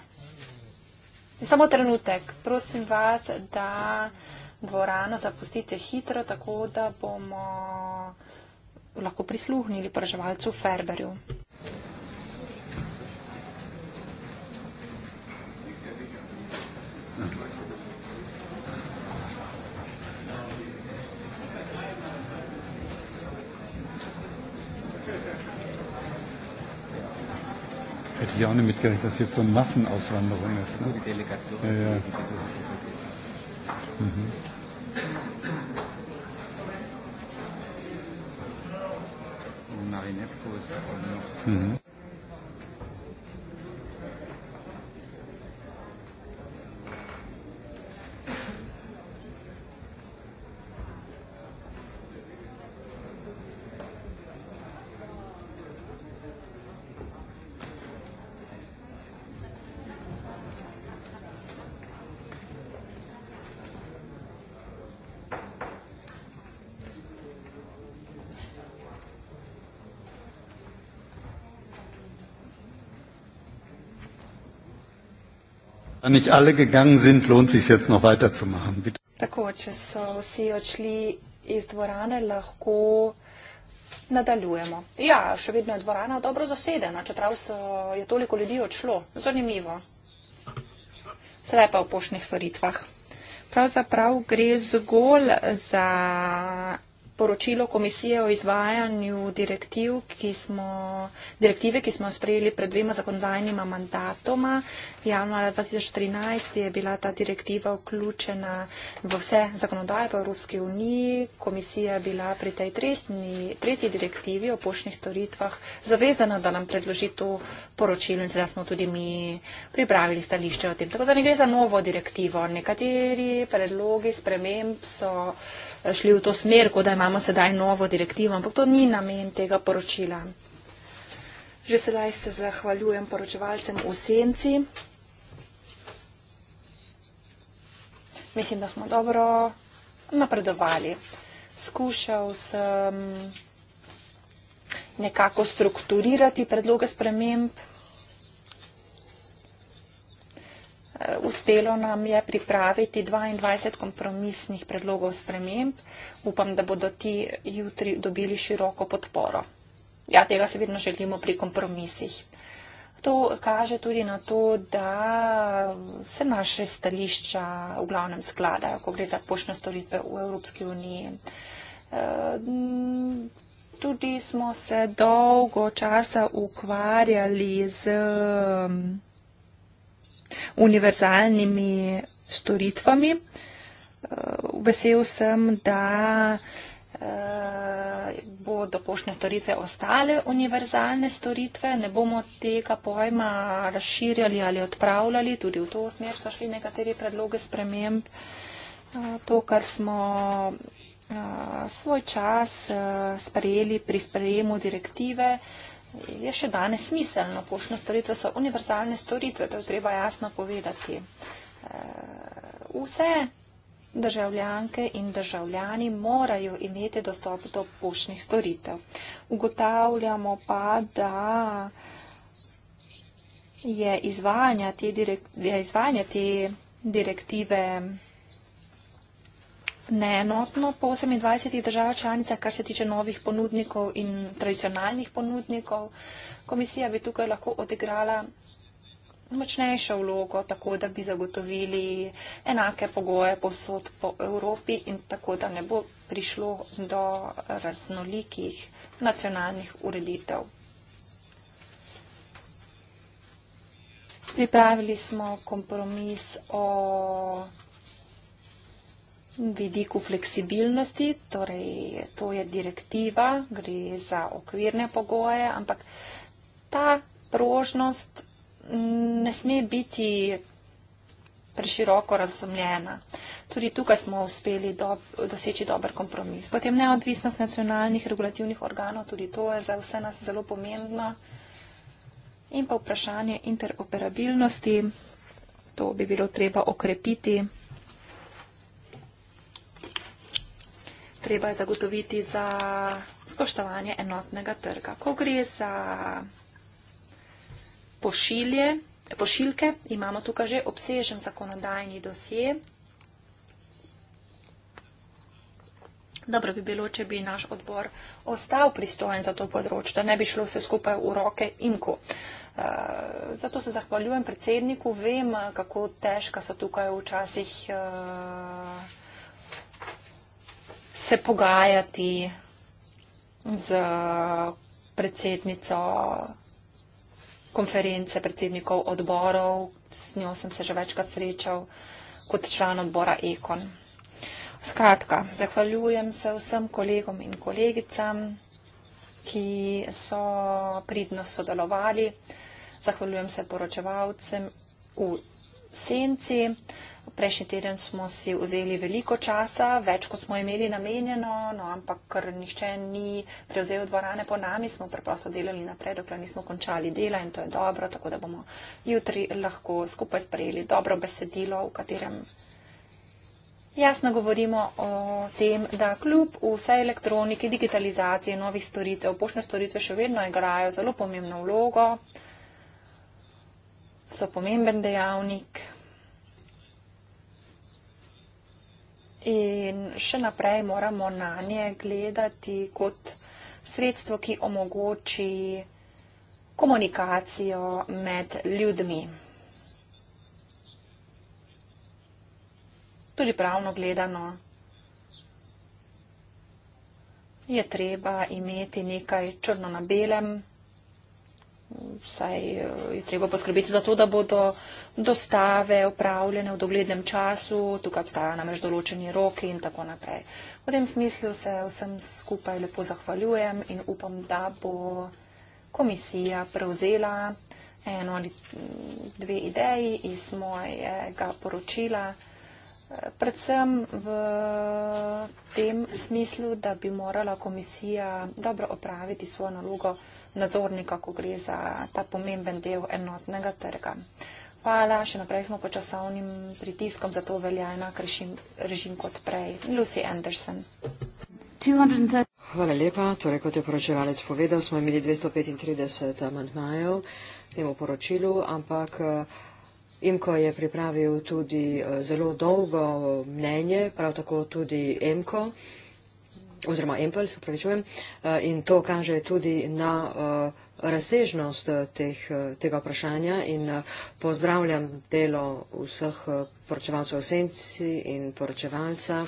Samo trenutek, prosim vas, da dvorano zapustite hitro, tako da bomo lahko prisluhnili praževalcu Ferberju. hätte ich auch nicht mitgerechnet, dass hier so eine Massenauswanderung ist. Ne? Die Delegation. Ja, ja. Mhm. Marinesco ist auch noch. Mhm. Da nicht alle gegangen sind, lohnt es sich jetzt noch weiterzumachen. Bitte. Tako, če so vsi odšli iz dvorane, lahko nadaljujemo. Ja, še vedno je dvorana dobro zasedena, čeprav je toliko ljudi odšlo. Zanimivo. Sedaj pa v poštnih stvaritvah. Pravzaprav gre zgolj za poročilo komisije o izvajanju direktiv, ki smo, direktive, ki smo sprejeli pred dvema zakonodajnima mandatoma. Januarja 2013 je bila ta direktiva vključena v vse zakonodaje po Evropski uniji. Komisija je bila pri tej tretni, tretji direktivi o poštnih storitvah zavezana, da nam predloži to poročilo in sedaj smo tudi mi pripravili stališče o tem. Tako da ne gre za novo direktivo. Nekateri predlogi sprememb so šli v to smer, kot da imamo sedaj novo direktivo, ampak to ni namen tega poročila. Že sedaj se zahvaljujem poročevalcem v senci. Mislim, da smo dobro napredovali. Skušal sem nekako strukturirati predloge sprememb. Uspelo nam je pripraviti 22 kompromisnih predlogov sprememb. Upam, da bodo ti jutri dobili široko podporo. Ja, tega se vedno želimo pri kompromisih. To kaže tudi na to, da se naše stališča v glavnem skladajo, ko gre za poštne storitve v Evropski uniji. E, tudi smo se dolgo časa ukvarjali z univerzalnimi storitvami. Eh, vesel sem, da eh, bodo poštne storitve ostale univerzalne storitve. Ne bomo tega pojma razširjali ali odpravljali. Tudi v to smer so šli nekateri predloge sprememb. Eh, to, kar smo svoj čas sprejeli pri sprejemu direktive, je še danes smiselno. Poštne storitve so univerzalne storitve, to je treba jasno povedati. Eh, vse državljanke in državljani morajo imeti dostop do poštnih storitev. Ugotavljamo pa, da je izvajanje te direktive neenotno po 28 državah članicah, kar se tiče novih ponudnikov in tradicionalnih ponudnikov. Komisija bi tukaj lahko odigrala močnejšo vlogo, tako da bi zagotovili enake pogoje posod po Evropi in tako da ne bo prišlo do raznolikih nacionalnih ureditev. Pripravili smo kompromis o vidiku fleksibilnosti, torej to je direktiva, gre za okvirne pogoje, ampak ta prožnost ne sme biti preširoko razumljena. Tudi tukaj smo uspeli do, doseči dober kompromis. Potem neodvisnost nacionalnih regulativnih organov, tudi to je za vse nas zelo pomembno. In pa vprašanje interoperabilnosti, to bi bilo treba okrepiti. treba zagotoviti za spoštovanje enotnega trga. Ko gre za pošilje, pošiljke, imamo tukaj že obsežen zakonodajni dosje. Dobro bi bilo, če bi naš odbor ostal pristojen za to področje, da ne bi šlo vse skupaj v roke in ko. Eh, zato se zahvaljujem predsedniku, vem, kako težka so tukaj včasih. Uh, se pogajati z predsednico konference predsednikov odborov, s njo sem se že večkrat srečal kot član odbora Ekon. Skratka, zahvaljujem se vsem kolegom in kolegicam, ki so pridno sodelovali. Zahvaljujem se poročevalcem v senci prejšnji teden smo si vzeli veliko časa, več kot smo imeli namenjeno, no, ampak ker nihče ni prevzel dvorane po nami, smo preprosto delali naprej, dokler nismo končali dela in to je dobro, tako da bomo jutri lahko skupaj sprejeli dobro besedilo, v katerem jasno govorimo o tem, da kljub vse elektronike, digitalizacije, novih storitev, poštne storitve še vedno igrajo zelo pomembno vlogo so pomemben dejavnik In še naprej moramo na nje gledati kot sredstvo, ki omogoči komunikacijo med ljudmi. Tudi pravno gledano je treba imeti nekaj črno na belem vsaj eh, je treba poskrbeti za to, da bodo dostave upravljene v doglednem času, tukaj obstaja namreč določeni roki in tako naprej. V tem smislu se vsem skupaj lepo zahvaljujem in upam, da bo komisija prevzela eno ali mm, dve ideji iz mojega poročila. Predvsem v tem smislu, da bi morala komisija dobro opraviti svojo nalogo nadzornika, ko gre za ta pomemben del enotnega trga. Hvala, še naprej smo pod časovnim pritiskom, zato velja enak režim, režim kot prej. Lucy Anderson. Hvala lepa. Torej, kot je poročevalec povedal, smo imeli 235 amantmajev temu poročilu, ampak. Uh, Imko je pripravil tudi eh, zelo dolgo mnenje, prav tako tudi Emko, oziroma Empel, se pravičujem, eh, in to kaže tudi na eh, razsežnost teh, tega vprašanja in pozdravljam delo vseh poročevalcev senci in poročevalca.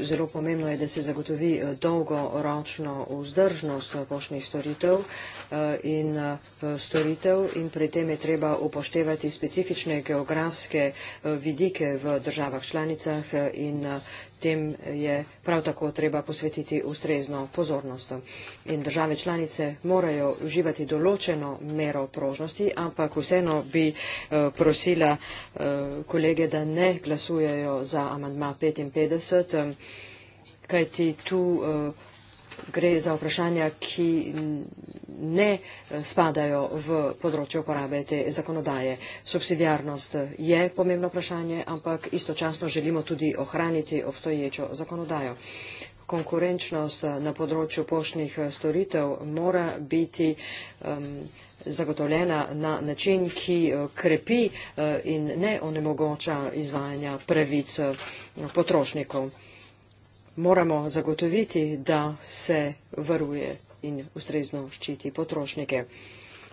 Zelo pomembno je, da se zagotovi dolgoročno vzdržnost poštnih storitev Eh, in eh, storitev in pri tem je treba upoštevati specifične geografske eh, vidike v državah članicah in tem je prav tako treba posvetiti ustrezno pozornost. In države članice morajo uživati določeno mero prožnosti, ampak vseeno bi prosila kolege, da ne glasujejo za amandma 55, kajti tu gre za vprašanja, ki ne spadajo v področje uporabe te zakonodaje. Subsidijarnost je pomembno vprašanje, ampak istočasno želimo tudi ohraniti obstoječo zakonodajo. Konkurenčnost eh, na področju poštnih eh, storitev mora biti um, zagotovljena na način, ki eh, krepi uh, in ne onemogoča izvajanja pravic potrošnikov moramo zagotoviti, da se varuje in ustrezno ščiti potrošnike.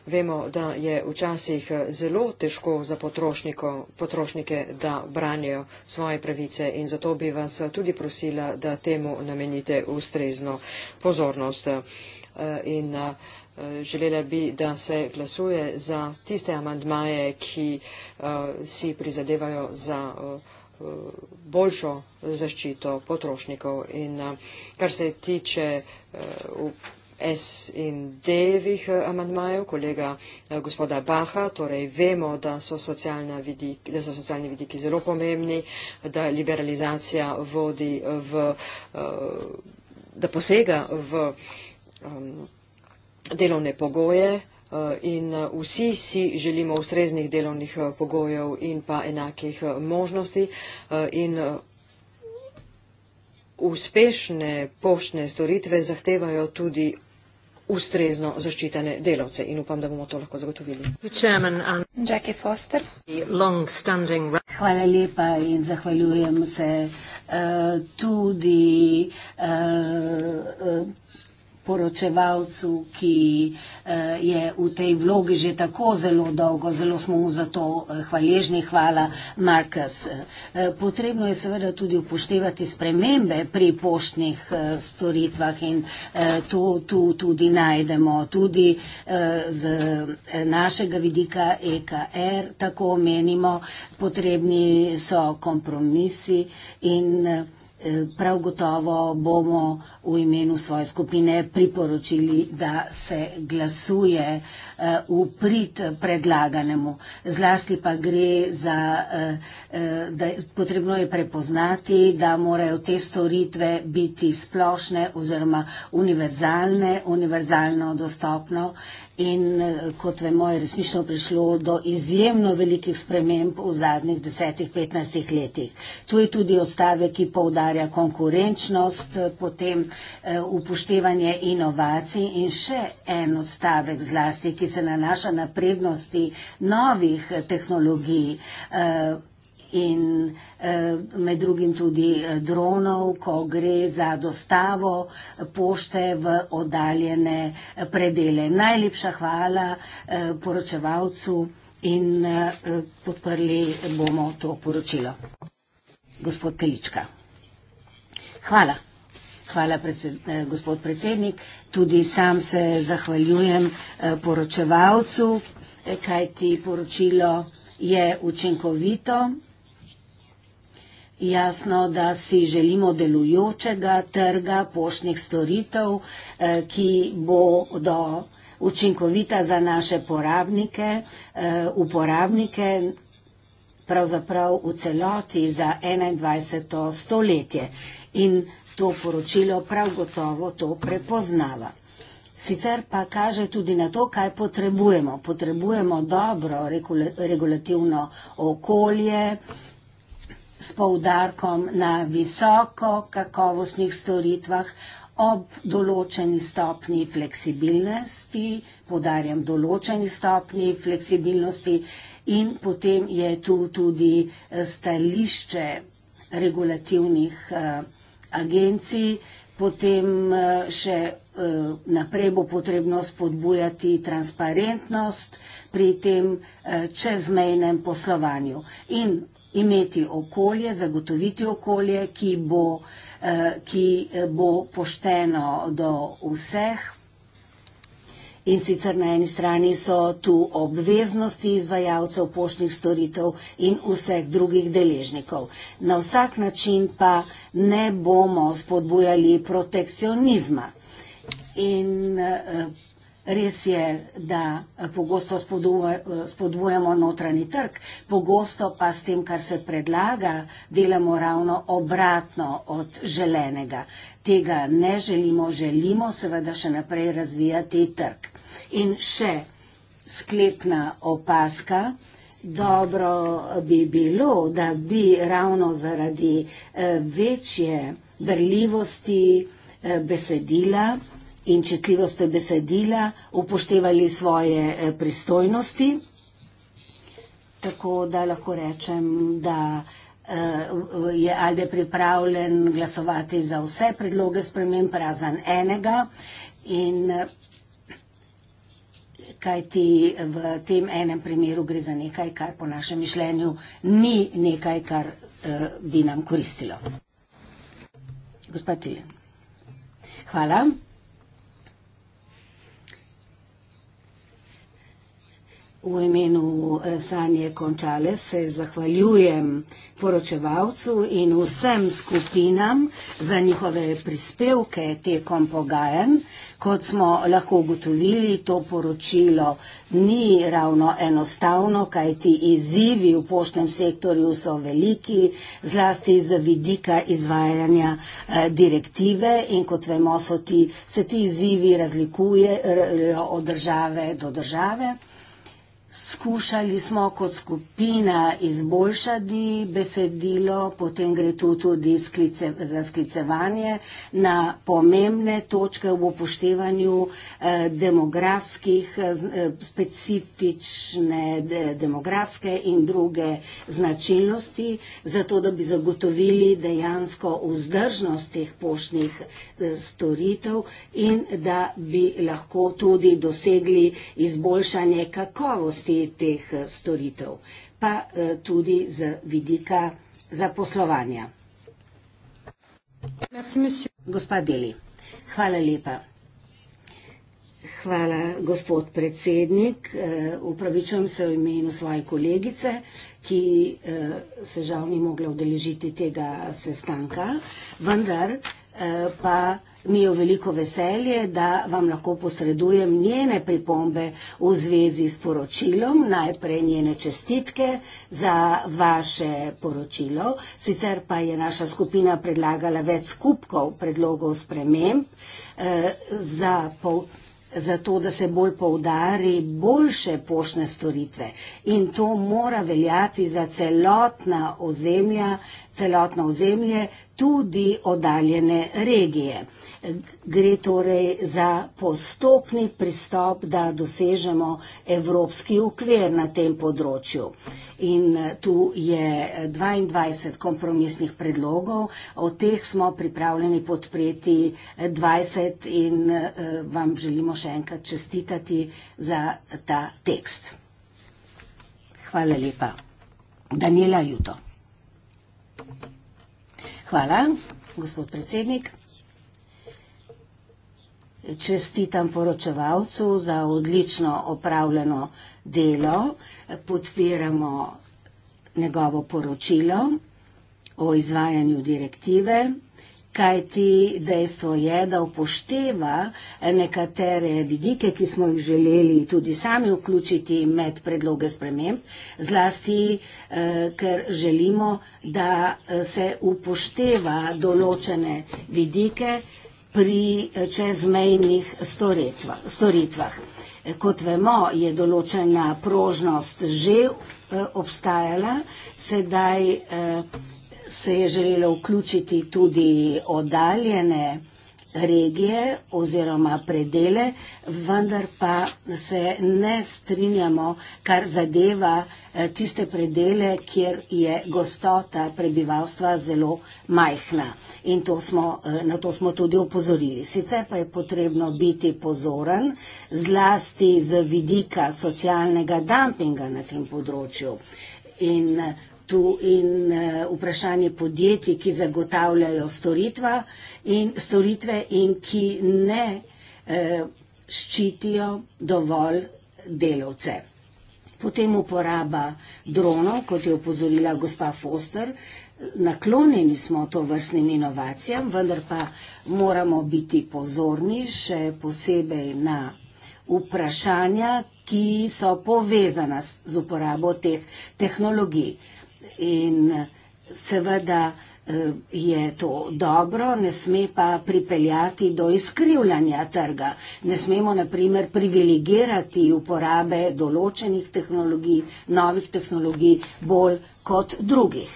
Vemo, da je včasih zelo težko za potrošnike, da branijo svoje pravice in zato bi vas tudi prosila, da temu namenite ustrezno pozornost. E, in e, želela bi, da se glasuje za tiste amandmaje, ki e, si prizadevajo za Eh, boljšo zaščito potrošnikov. In eh, kar se tiče eh, S in D-vih amandmajev, kolega gospoda Baha, torej vemo, da so, vidik, da so socialni vidiki zelo pomembni, da liberalizacija vodi v, da posega v delovne pogoje Eh, in eh, vsi si želimo ustreznih delovnih eh, pogojev in pa enakih možnosti in uspešne poštne storitve zahtevajo tudi ustrezno zaščitene delavce in upam, da bomo to lahko zagotovili. Um, Jackie Foster. Hvala lepa in zahvaljujem se uh, tudi uh, uh, poročevalcu, ki eh, je v tej vlogi že tako zelo dolgo, zelo smo mu za to eh, hvaležni, hvala Markas. Eh, potrebno je seveda tudi upoštevati spremembe pri poštnih storitvah in to tu tudi najdemo. Tudi z našega vidika EKR tako menimo, potrebni so kompromisi in Eh, prav gotovo bomo v imenu svoje skupine priporočili, da se glasuje Eh, v prid predlaganemu. Zlasti pa gre za, eh, eh, da je potrebno je prepoznati, da morajo te storitve biti splošne oziroma univerzalne, univerzalno dostopno. In kot vemo, je resnično prišlo do izjemno velikih sprememb v zadnjih 10-15 letih. Tu je tudi ostave, ki poudarja konkurenčnost, potem upoštevanje inovacij in še en ostavek zlasti, ki ki se nanaša na prednosti novih tehnologij eh, in eh, med drugim tudi eh, dronov, ko gre za dostavo pošte v oddaljene predele. Najlepša hvala poročevalcu in podprli bomo to poročilo. Gospod Kelička. Hvala. Hvala, predsed, gospod predsednik. Tudi sam se zahvaljujem eh, poročevalcu, eh, kajti poročilo je učinkovito. Jasno, da si želimo delujočega trga poštnih storitev, eh, ki bo do učinkovita za naše porabnike, uporabnike, pravzaprav v celoti za 21. stoletje. In to poročilo prav gotovo to prepoznava. Sicer pa kaže tudi na to, kaj potrebujemo. Potrebujemo dobro regulativno okolje s poudarkom na visoko kakovostnih storitvah ob določeni stopni fleksibilnosti, podarjam določeni stopni fleksibilnosti in potem je tu tudi eh, stališče regulativnih. Uh, agenciji, potem eh, še eh, naprej bo potrebno spodbujati transparentnost pri tem eh, čezmejnem poslovanju in imeti okolje, zagotoviti okolje, ki bo, ki bo pošteno do vseh In sicer na eni strani so tu obveznosti izvajalcev poštnih storitev in vseh drugih deležnikov. Na vsak način pa ne bomo spodbujali protekcionizma. In eh, res je, da eh, pogosto eh, spodbujamo notranji trg, pogosto pa s tem, kar se predlaga, delamo ravno obratno od želenega. Tega ne želimo, želimo seveda še naprej razvijati trg. In še sklepna opaska. Dobro bi bilo, da bi ravno zaradi eh, večje brljivosti eh, besedila in četljivosti besedila upoštevali svoje eh, pristojnosti. Tako da lahko rečem, da je Alde pripravljen glasovati za vse predloge sprememb razen enega in kajti v tem enem primeru gre za nekaj, kar po našem mišljenju ni nekaj, kar eh, bi nam koristilo. Gospod Tilen. Hvala. v imenu eh, Sanje Končale se zahvaljujem poročevalcu in vsem skupinam za njihove prispevke tekom pogajanj. Kot smo lahko ugotovili, to poročilo ni ravno enostavno, kajti izzivi v poštnem sektorju so veliki, zlasti z vidika izvajanja eh, direktive in kot vemo, ti, se ti izzivi razlikujejo od države do države. Skušali smo kot skupina izboljšati besedilo, potem gre tu tudi sklice, za sklicevanje na pomembne točke v upoštevanju eh, demografskih, eh, eh, specifične de, demografske in druge značilnosti, zato da bi zagotovili dejansko vzdržnost teh poštnih eh, storitev in da bi lahko tudi dosegli izboljšanje kakovosti kakovosti teh eh, storitev, pa eh, tudi z vidika zaposlovanja. Gospa Deli, hvala lepa. Hvala, gospod predsednik. Eh, upravičujem se v imenu svoje kolegice, ki se žal ni mogla udeležiti tega sestanka, vendar pa mi je veliko veselje, da vam lahko posredujem njene pripombe v zvezi s poročilom. Najprej njene čestitke za vaše poročilo. Sicer pa je naša skupina predlagala več skupkov predlogov sprememb eh, za pol za to, da se bolj poudari boljše poštne storitve. In to mora veljati za celotna ozemlja celotno ozemlje, tudi oddaljene regije. Gre torej za postopni pristop, da dosežemo evropski ukvir na tem področju. In eh, tu je 22 eh, kompromisnih predlogov, od teh smo pripravljeni podpreti 20 eh, in vam želimo še enkrat čestitati za ta tekst. Hvala lepa. Daniela Juto. Hvala, gospod predsednik. Čestitam poročevalcu za odlično opravljeno delo. Podpiramo njegovo poročilo o izvajanju direktive 2021-2022 kaj ti dejstvo je, da upošteva nekatere vidike, ki smo jih želeli tudi sami vključiti med predloge sprememb, zlasti eh, ker želimo, da eh, se upošteva določene vidike pri eh, čezmejnih storitvah. Kot vemo, je določena prožnost že obstajala, sedaj vsega se je želelo vključiti tudi oddaljene regije oziroma predele, vendar pa se ne strinjamo, kar zadeva eh, tiste predele, kjer je gostota prebivalstva zelo majhna. In to smo, eh, na to smo tudi upozorili. Sicer pa je potrebno biti pozoren, zlasti z vidika socialnega dumpinga na tem področju. In tu in eh, vprašanje podjetij, ki zagotavljajo in, storitve in ki ne eh, ščitijo dovolj delovce. Potem uporaba dronov, kot je upozorila gospa Foster. Naklonjeni smo to vrstnim inovacijam, vendar pa moramo biti pozorni še posebej na vprašanja, ki so povezana z uporabo teh tehnologij in seveda eh, je to dobro, ne sme pa pripeljati do izkrivljanja trga. Ne smemo naprimer privilegirati uporabe določenih tehnologij, novih tehnologij bolj kot drugih.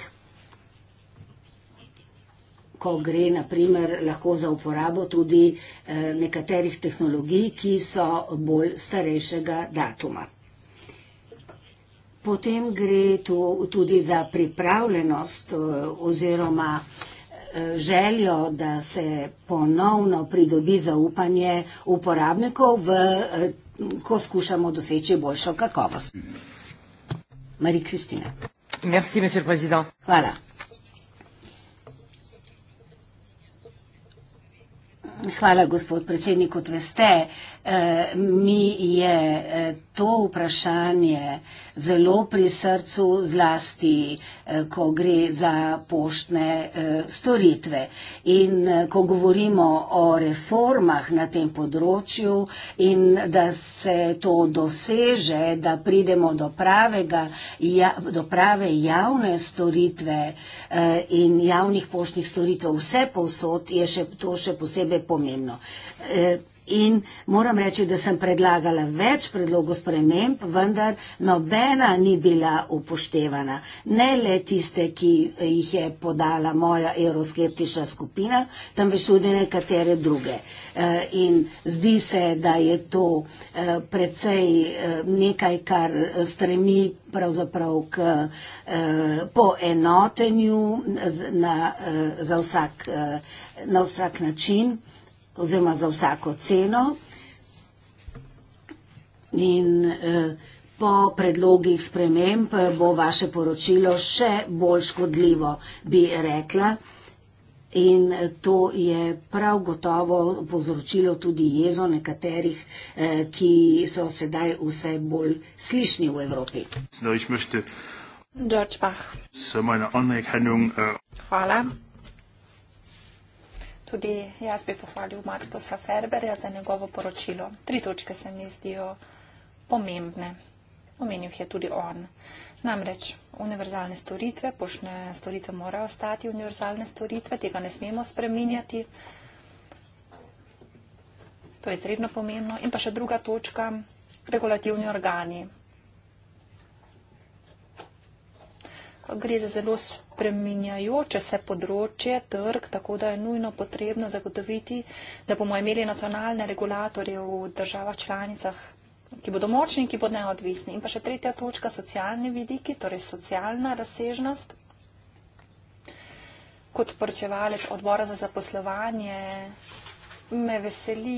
Ko gre naprimer lahko za uporabo tudi eh, nekaterih tehnologij, ki so bolj starejšega datuma. Potem gre tu tudi za pripravljenost eh, oziroma eh, željo, da se ponovno pridobi zaupanje uporabnikov, v, eh, ko skušamo doseči boljšo kakovost. Marija Kristina. Hvala. Hvala, gospod predsednik, kot veste, Eh, mi je eh, to vprašanje zelo pri srcu, zlasti, eh, ko gre za poštne storitve. In ko govorimo o reformah na tem področju in da se to doseže, da pridemo do, pravega, ja, do prave javne storitve in javnih poštnih storitev vse posod, je še, to še posebej pomembno in moram reči, da sem predlagala več predlogov sprememb, vendar nobena ni bila upoštevana. Ne le tiste, ki jih je podala moja euroskeptična skupina, temveč tudi nekatere druge. E, in zdi se, da je to e, precej e, nekaj, kar stremi pravzaprav k poenotenju na, za vsak, na vsak način oziroma za vsako ceno. In po predlogih sprememb bo vaše poročilo še bolj škodljivo, bi rekla. In to je prav gotovo povzročilo tudi jezo nekaterih, ki so sedaj vse bolj slišni v Evropi. Hvala. Tudi jaz bi pohvalil Markusa Ferberja za njegovo poročilo. Tri točke se mi zdijo pomembne. Omenil je tudi on. Namreč univerzalne storitve, poštne storitve morajo ostati univerzalne storitve, tega ne smemo spreminjati. To je izredno pomembno. In pa še druga točka, regulativni organi. Gre za zelo spreminjajoče se področje, trg, tako da je nujno potrebno zagotoviti, da bomo imeli nacionalne regulatorje v državah članicah, ki bodo močni in ki bodo neodvisni. In pa še tretja točka, socialni vidiki, torej socialna razsežnost. Kot poročevalec odbora za zaposlovanje me veseli,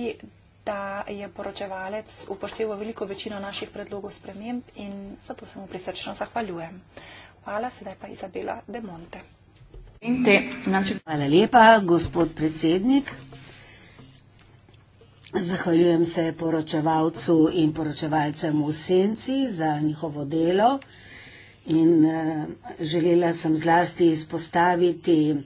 da je poročevalec upošteval veliko večino naših predlogov sprememb in zato se mu prisrčno zahvaljujem. Hvala, sedaj pa Izabela De Monte. Te, Hvala lepa, gospod predsednik. Zahvaljujem se poročevalcu in poročevalcem v Senci za njihovo delo in uh, želela sem zlasti izpostaviti uh,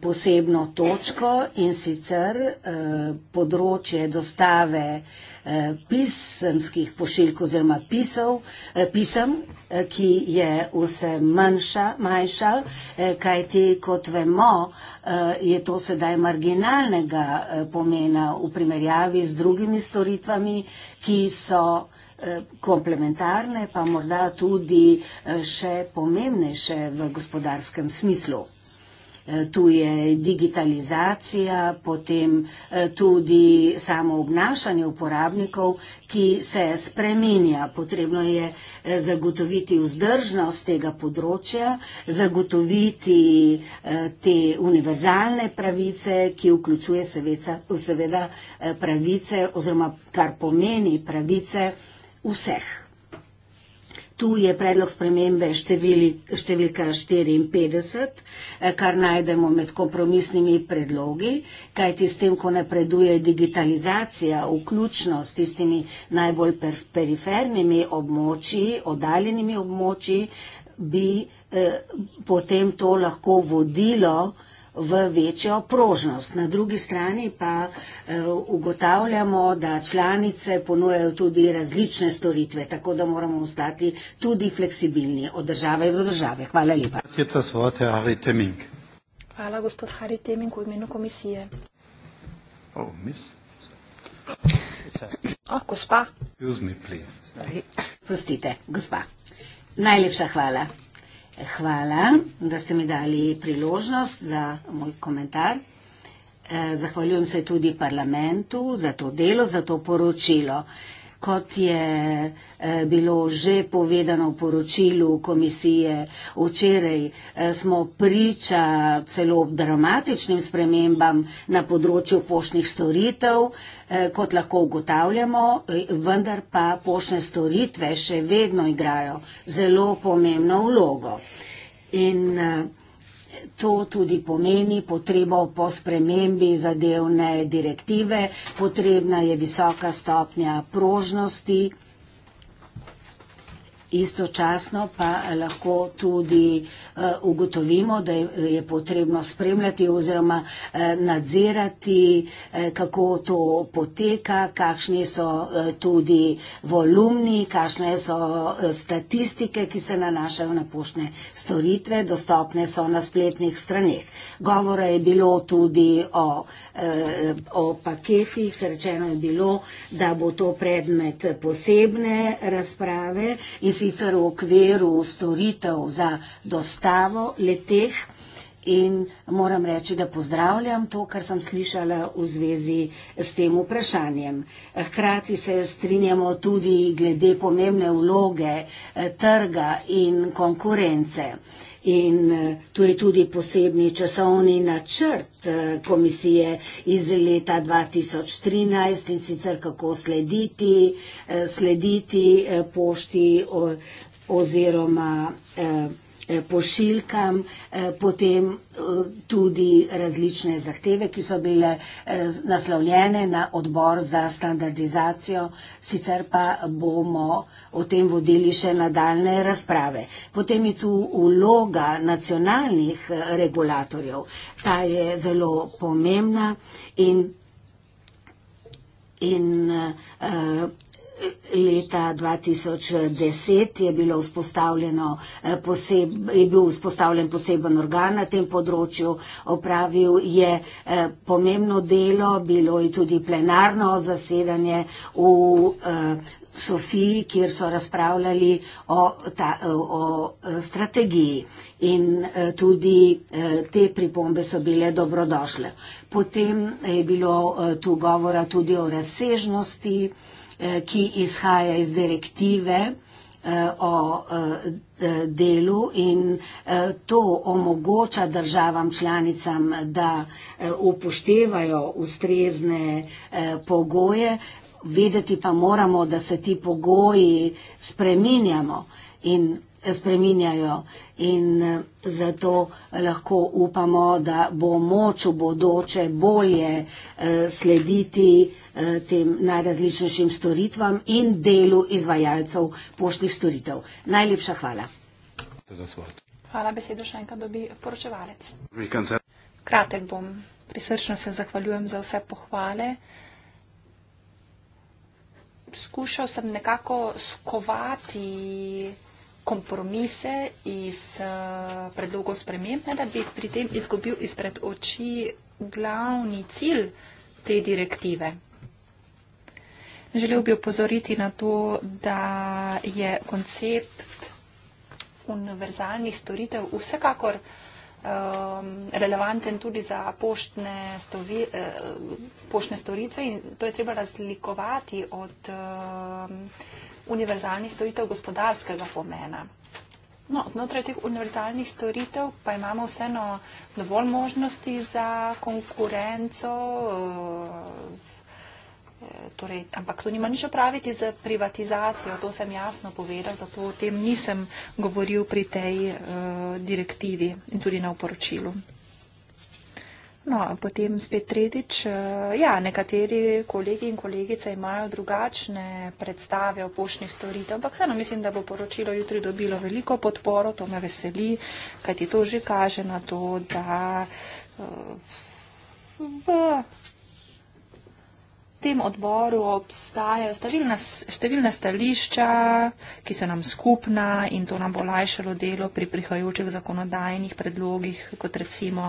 posebno točko in sicer uh, področje dostave uh, Eh, pisemskih pošiljk oziroma pisov, eh, pisem, eh, ki je vse manjša, manjša, kajti kot vemo, je to sedaj marginalnega pomena v primerjavi z drugimi storitvami, ki so komplementarne, pa morda tudi še pomembnejše v gospodarskem smislu. Eh, tu je digitalizacija, potem eh, tudi samo obnašanje uporabnikov, ki se spreminja. Potrebno je eh, zagotoviti vzdržnost tega področja, zagotoviti te univerzalne pravice, ki vključuje seveda pravice oziroma kar pomeni pravice vseh. Tu je predlog spremembe števili, številka 54, eh, kar najdemo med kompromisnimi predlogi, kajti s tem, ko napreduje digitalizacija, vključno s tistimi najbolj per, perifernimi območji, oddaljenimi območji, bi eh, potem to lahko vodilo eh, v večjo prožnost. Na drugi strani pa eh, ugotavljamo, da članice ponujajo tudi različne storitve, tako da moramo ostati tudi fleksibilni od države do države. Hvala lepa. Hvala, gospod Harry Teming, v imenu komisije. Oh, oh, gospa. Me, Prostite, gospa. Najlepša hvala. Hvala, da ste mi dali priložnost za moj komentar. Eh, zahvaljujem se tudi parlamentu za to delo, za to poročilo kot je eh, bilo že povedano v poročilu komisije včeraj, eh, smo priča celo dramatičnim spremembam na področju poštnih storitev, eh, kot lahko ugotavljamo, vendar pa poštne storitve še vedno igrajo zelo pomembno vlogo. In, to tudi pomeni potrebo po spremembi zadevne direktive, potrebna je visoka stopnja prožnosti istočasno pa lahko tudi eh, ugotovimo, da je potrebno spremljati oziroma eh, nadzirati, eh, kako to poteka, kakšni so tudi volumni, kakšne so statistike, ki se nanašajo na poštne storitve, dostopne so na spletnih straneh. Govora je bilo tudi o, o paketih, rečeno je bilo, da bo to predmet posebne razprave sicer v okviru storitev za dostavo leteh in moram reči, da pozdravljam to, kar sem slišala v zvezi s tem vprašanjem. Hkrati se strinjamo tudi glede pomembne vloge eh, trga in konkurence. In eh, tu je tudi posebni časovni načrt eh, komisije iz leta 2013 in sicer kako slediti, eh, slediti pošti oziroma Eh, pošiljkam, eh, potem eh, tudi različne zahteve, ki so bile naslovljene na odbor za standardizacijo, sicer pa bomo o tem vodili še nadaljne razprave. Potem je tu vloga nacionalnih regulatorjev. Ta je zelo pomembna in, in Leta 2010 je, bilo eh, je bil vzpostavljen poseben organ na tem področju, opravil je eh, pomembno delo, bilo je tudi plenarno zasedanje v eh, Sofiji, kjer so razpravljali o, ta, o strategiji in tudi te pripombe so bile dobrodošle. Potem je bilo tu govora tudi o razsežnosti, Eh, ki izhaja iz direktive eh, o eh, delu in to omogoča državam članicam, da upoštevajo ustrezne pogoje. Vedeti pa moramo, da se ti pogoji spreminjamo in spreminjajo in eh, zato lahko upamo, da bo moč v bodoče bolje eh, slediti eh, tem najrazličnejšim storitvam in delu izvajalcev poštnih storitev. Najlepša hvala. Hvala, besedo še enkrat dobi poročevalec. Kratek bom. Prisrčno se zahvaljujem za vse pohvale. Skušal sem nekako skovati kompromise iz eh, predlogov sprememb, da bi pri tem izgubil izpred oči glavni cilj te direktive. Želel bi opozoriti na to, da je koncept univerzalnih storitev vsekakor um, relevanten tudi za poštne, stovi, eh, poštne storitve in to je treba razlikovati od. Eh, univerzalnih storitev gospodarskega pomena. No, znotraj teh univerzalnih storitev pa imamo vseeno dovolj možnosti za konkurenco, eh, torej, ampak to nima nič opraviti z privatizacijo, to sem jasno povedal, zato o tem nisem govoril pri tej eh, direktivi in tudi na uporočilu. No, potem spet tretjič. Eh, ja, nekateri kolegi in kolegice imajo drugačne predstave o poštnih storitev, ampak vseeno mislim, da bo poročilo jutri dobilo veliko podporo, to me veseli, kajti to že kaže na to, da eh, v tem odboru obstajajo številna stališča, ki so nam skupna in to nam bo lajšalo delo pri prihajajočih zakonodajnih predlogih, kot recimo,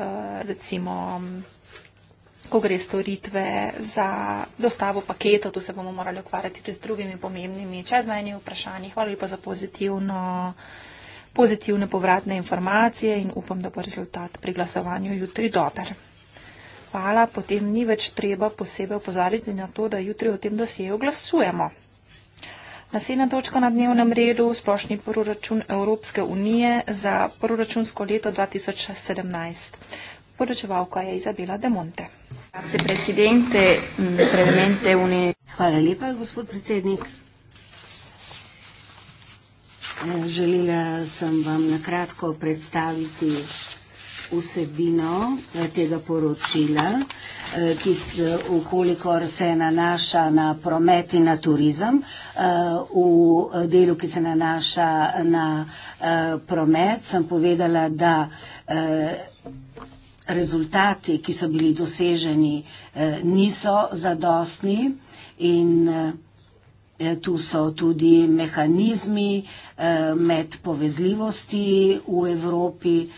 eh, recimo ko gre storitve za dostavo paketa, tu se bomo morali ukvarjati tudi z drugimi pomembnimi čezmejnimi vprašanji. Hvala lepa za pozitivno, pozitivne povratne informacije in upam, da bo rezultat pri glasovanju jutri dober spala, potem ni več treba posebej opozarjati na to, da jutri o tem dosjeju glasujemo. Naslednja točka na dnevnem redu je splošni proračun Evropske unije za proračunsko leto 2017. Poročevalka je Izabela De Monte. Mm, Hvala lepa, gospod predsednik. Eh, želela sem vam nakratko predstaviti vsebino eh, tega poročila, eh, ki ukolikor eh, se nanaša na promet in na turizem, v delu, ki se nanaša na promet, sem povedala, da rezultati, ki so bili doseženi, niso zadostni in Tu so tudi mehanizmi med povezljivosti v Evropi,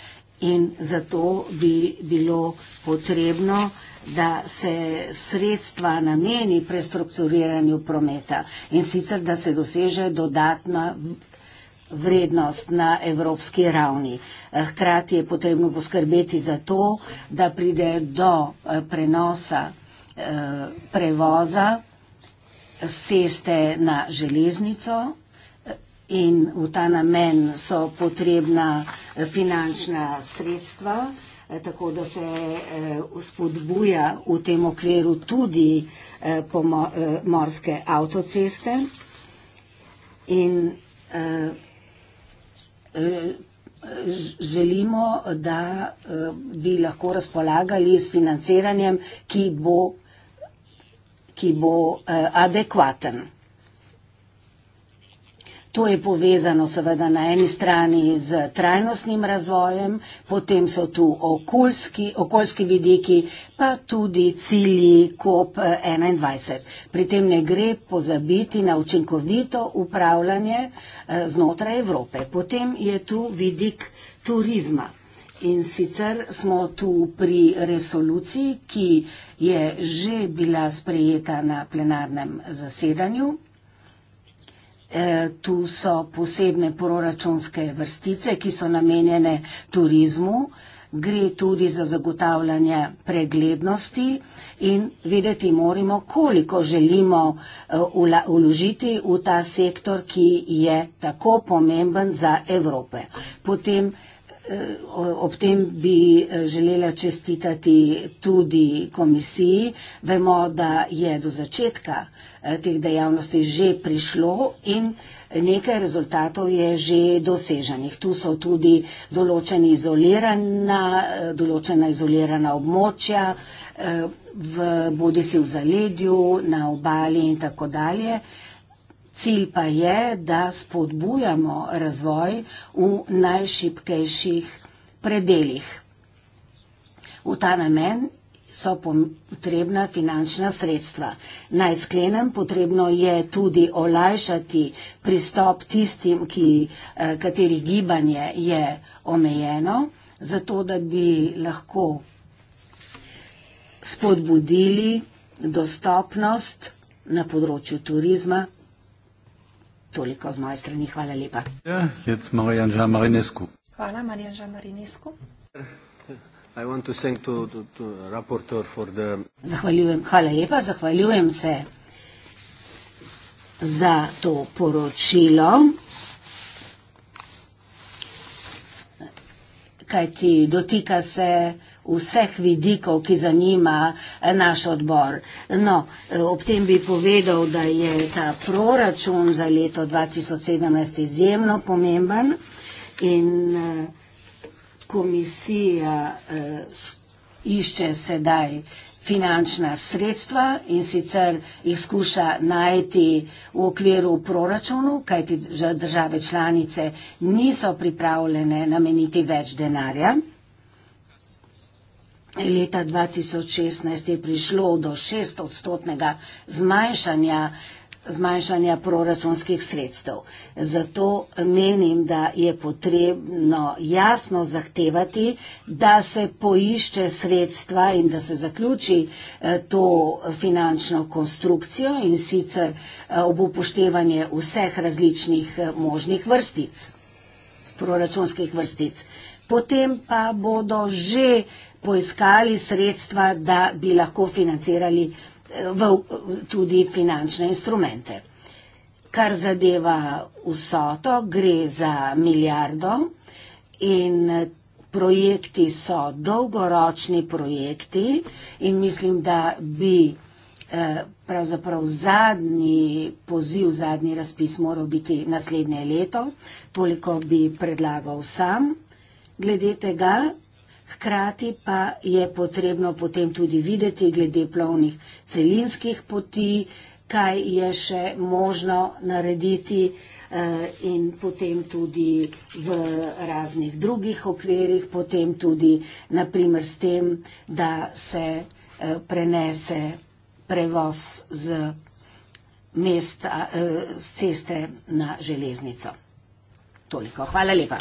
in zato bi bilo potrebno, da se sredstva nameni prestrukturiranju prometa in sicer, da se doseže dodatna vrednost na evropski ravni. Hkrati je potrebno poskrbeti za to, da pride do eh, prenosa eh, prevoza ceste na železnico in v ta namen so potrebna eh, finančna sredstva, eh, tako da se spodbuja eh, v tem okviru tudi pomorske avtoceste. In želimo, da bi lahko razpolagali s financiranjem, ki bo, ki bo adekvaten. To je povezano seveda na eni strani z trajnostnim razvojem, potem so tu okoljski, okoljski vidiki, pa tudi cilji COP21. Pri tem ne gre pozabiti na učinkovito upravljanje eh, znotraj Evrope. Potem je tu vidik turizma. In sicer smo tu pri resoluciji, ki je že bila sprejeta na plenarnem zasedanju. Eh, tu so posebne proračunske vrstice, ki so namenjene turizmu, gre tudi za zagotavljanje preglednosti in vedeti moramo, koliko želimo eh, uložiti v ta sektor, ki je tako pomemben za Evrope. Potem Ob tem bi eh, želela čestitati tudi komisiji. Vemo, da je do začetka eh, teh dejavnosti že prišlo in nekaj rezultatov je že doseženih. Tu so tudi izolirana, eh, določena izolirana območja, bodi si v zaledju, na obali in tako dalje. Cilj pa je, da spodbujamo razvoj v najšipkejših predeljih. V ta namen so potrebna finančna sredstva. Naj sklenem, potrebno je tudi olajšati pristop tistim, eh, katerih gibanje je omejeno, zato da bi lahko spodbudili dostopnost na področju turizma Toliko z moje strani, hvala lepa. Ja, hvala, Marijan Žamarinesku. To to, to, to the... Zahvaljujem, hvala lepa, zahvaljujem se za to poročilo. kajti dotika se vseh vidikov, ki zanima eh, naš odbor. No, eh, ob tem bi povedal, da je ta proračun za leto 2017 izjemno pomemben in eh, komisija išče sedaj eh, finančna sredstva in sicer jih skuša najti v okviru proračunu, kajti države članice niso pripravljene nameniti več denarja. Leta 2016 je prišlo do šestodstotnega zmanjšanja zmanjšanja proračunskih sredstev. Zato menim, da je potrebno jasno zahtevati, da se poišče sredstva in da se zaključi eh, to finančno konstrukcijo in sicer eh, ob upoštevanje vseh različnih eh, možnih vrstic, proračunskih vrstic. Potem pa bodo že poiskali sredstva, da bi lahko financirali v, tudi finančne instrumente. Kar zadeva vsoto, gre za milijardo in projekti so dolgoročni projekti in mislim, da bi eh, pravzaprav zadnji poziv, zadnji razpis moral biti naslednje leto, toliko bi predlagal sam. Glede tega Hkrati pa je potrebno potem tudi videti glede plovnih celinskih poti, kaj je še možno narediti eh, in potem tudi v raznih drugih okvirih, potem tudi naprimer s tem, da se eh, prenese prevoz z, mesta, z eh, ceste na železnico. Toliko. Hvala lepa.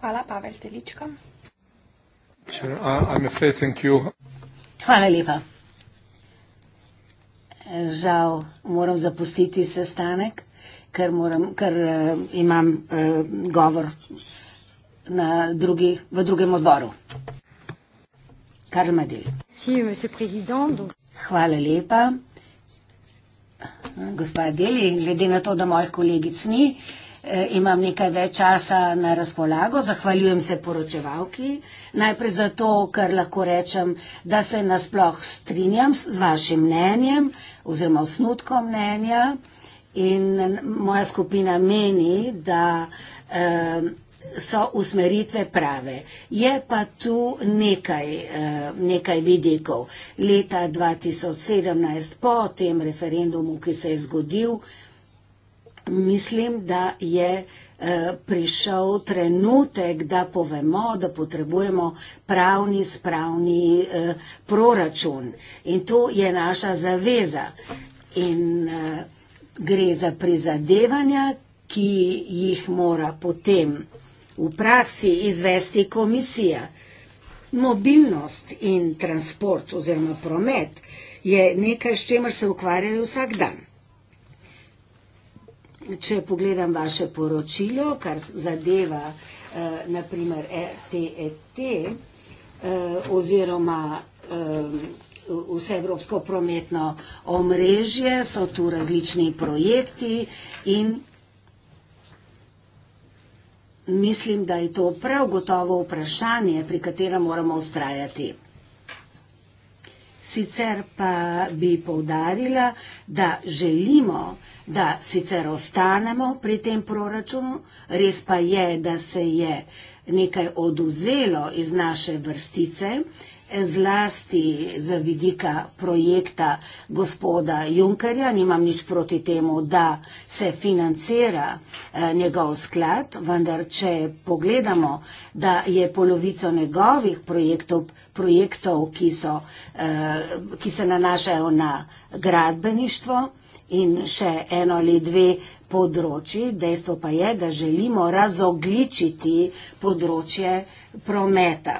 Hvala, Pavel Telička. Hvala lepa. Žal moram zapustiti sestanek, ker, moram, ker uh, imam uh, govor na drugi, v drugem odboru. Karl Madel. Hvala lepa. Gospa Deli, glede na to, da mojih kolegic ni, uh, Eh, imam nekaj več časa na razpolago. Zahvaljujem se poročevalki. Najprej zato, ker lahko rečem, da se nasploh strinjam z vašim mnenjem oziroma osnutkom mnenja in moja skupina meni, da eh, so usmeritve prave. Je pa tu nekaj, eh, nekaj vidikov. Leta 2017 po tem referendumu, ki se je zgodil, mislim, da je eh, prišel trenutek, da povemo, da potrebujemo pravni, spravni eh, proračun. In to je naša zaveza. In eh, gre za prizadevanja, ki jih mora potem v praksi izvesti komisija. Mobilnost in transport oziroma promet je nekaj, s čemer se ukvarjajo vsak dan če pogledam vaše poročilo, kar zadeva eh, naprimer TET e eh, oziroma eh, vse Evropsko prometno omrežje, so tu različni projekti in mislim, da je to prav gotovo vprašanje, pri katerem moramo ustrajati. Sicer pa bi povdarila, da želimo, da sicer ostanemo pri tem proračunu, res pa je, da se je nekaj oduzelo iz naše vrstice, zlasti za vidika projekta gospoda Junkerja, nimam nič proti temu, da se financira eh, njegov sklad, vendar če pogledamo, da je polovico njegovih projektov, projektov ki, so, eh, ki se nanašajo na gradbeništvo, in še eno ali dve področji. Dejstvo pa je, da želimo razogličiti področje prometa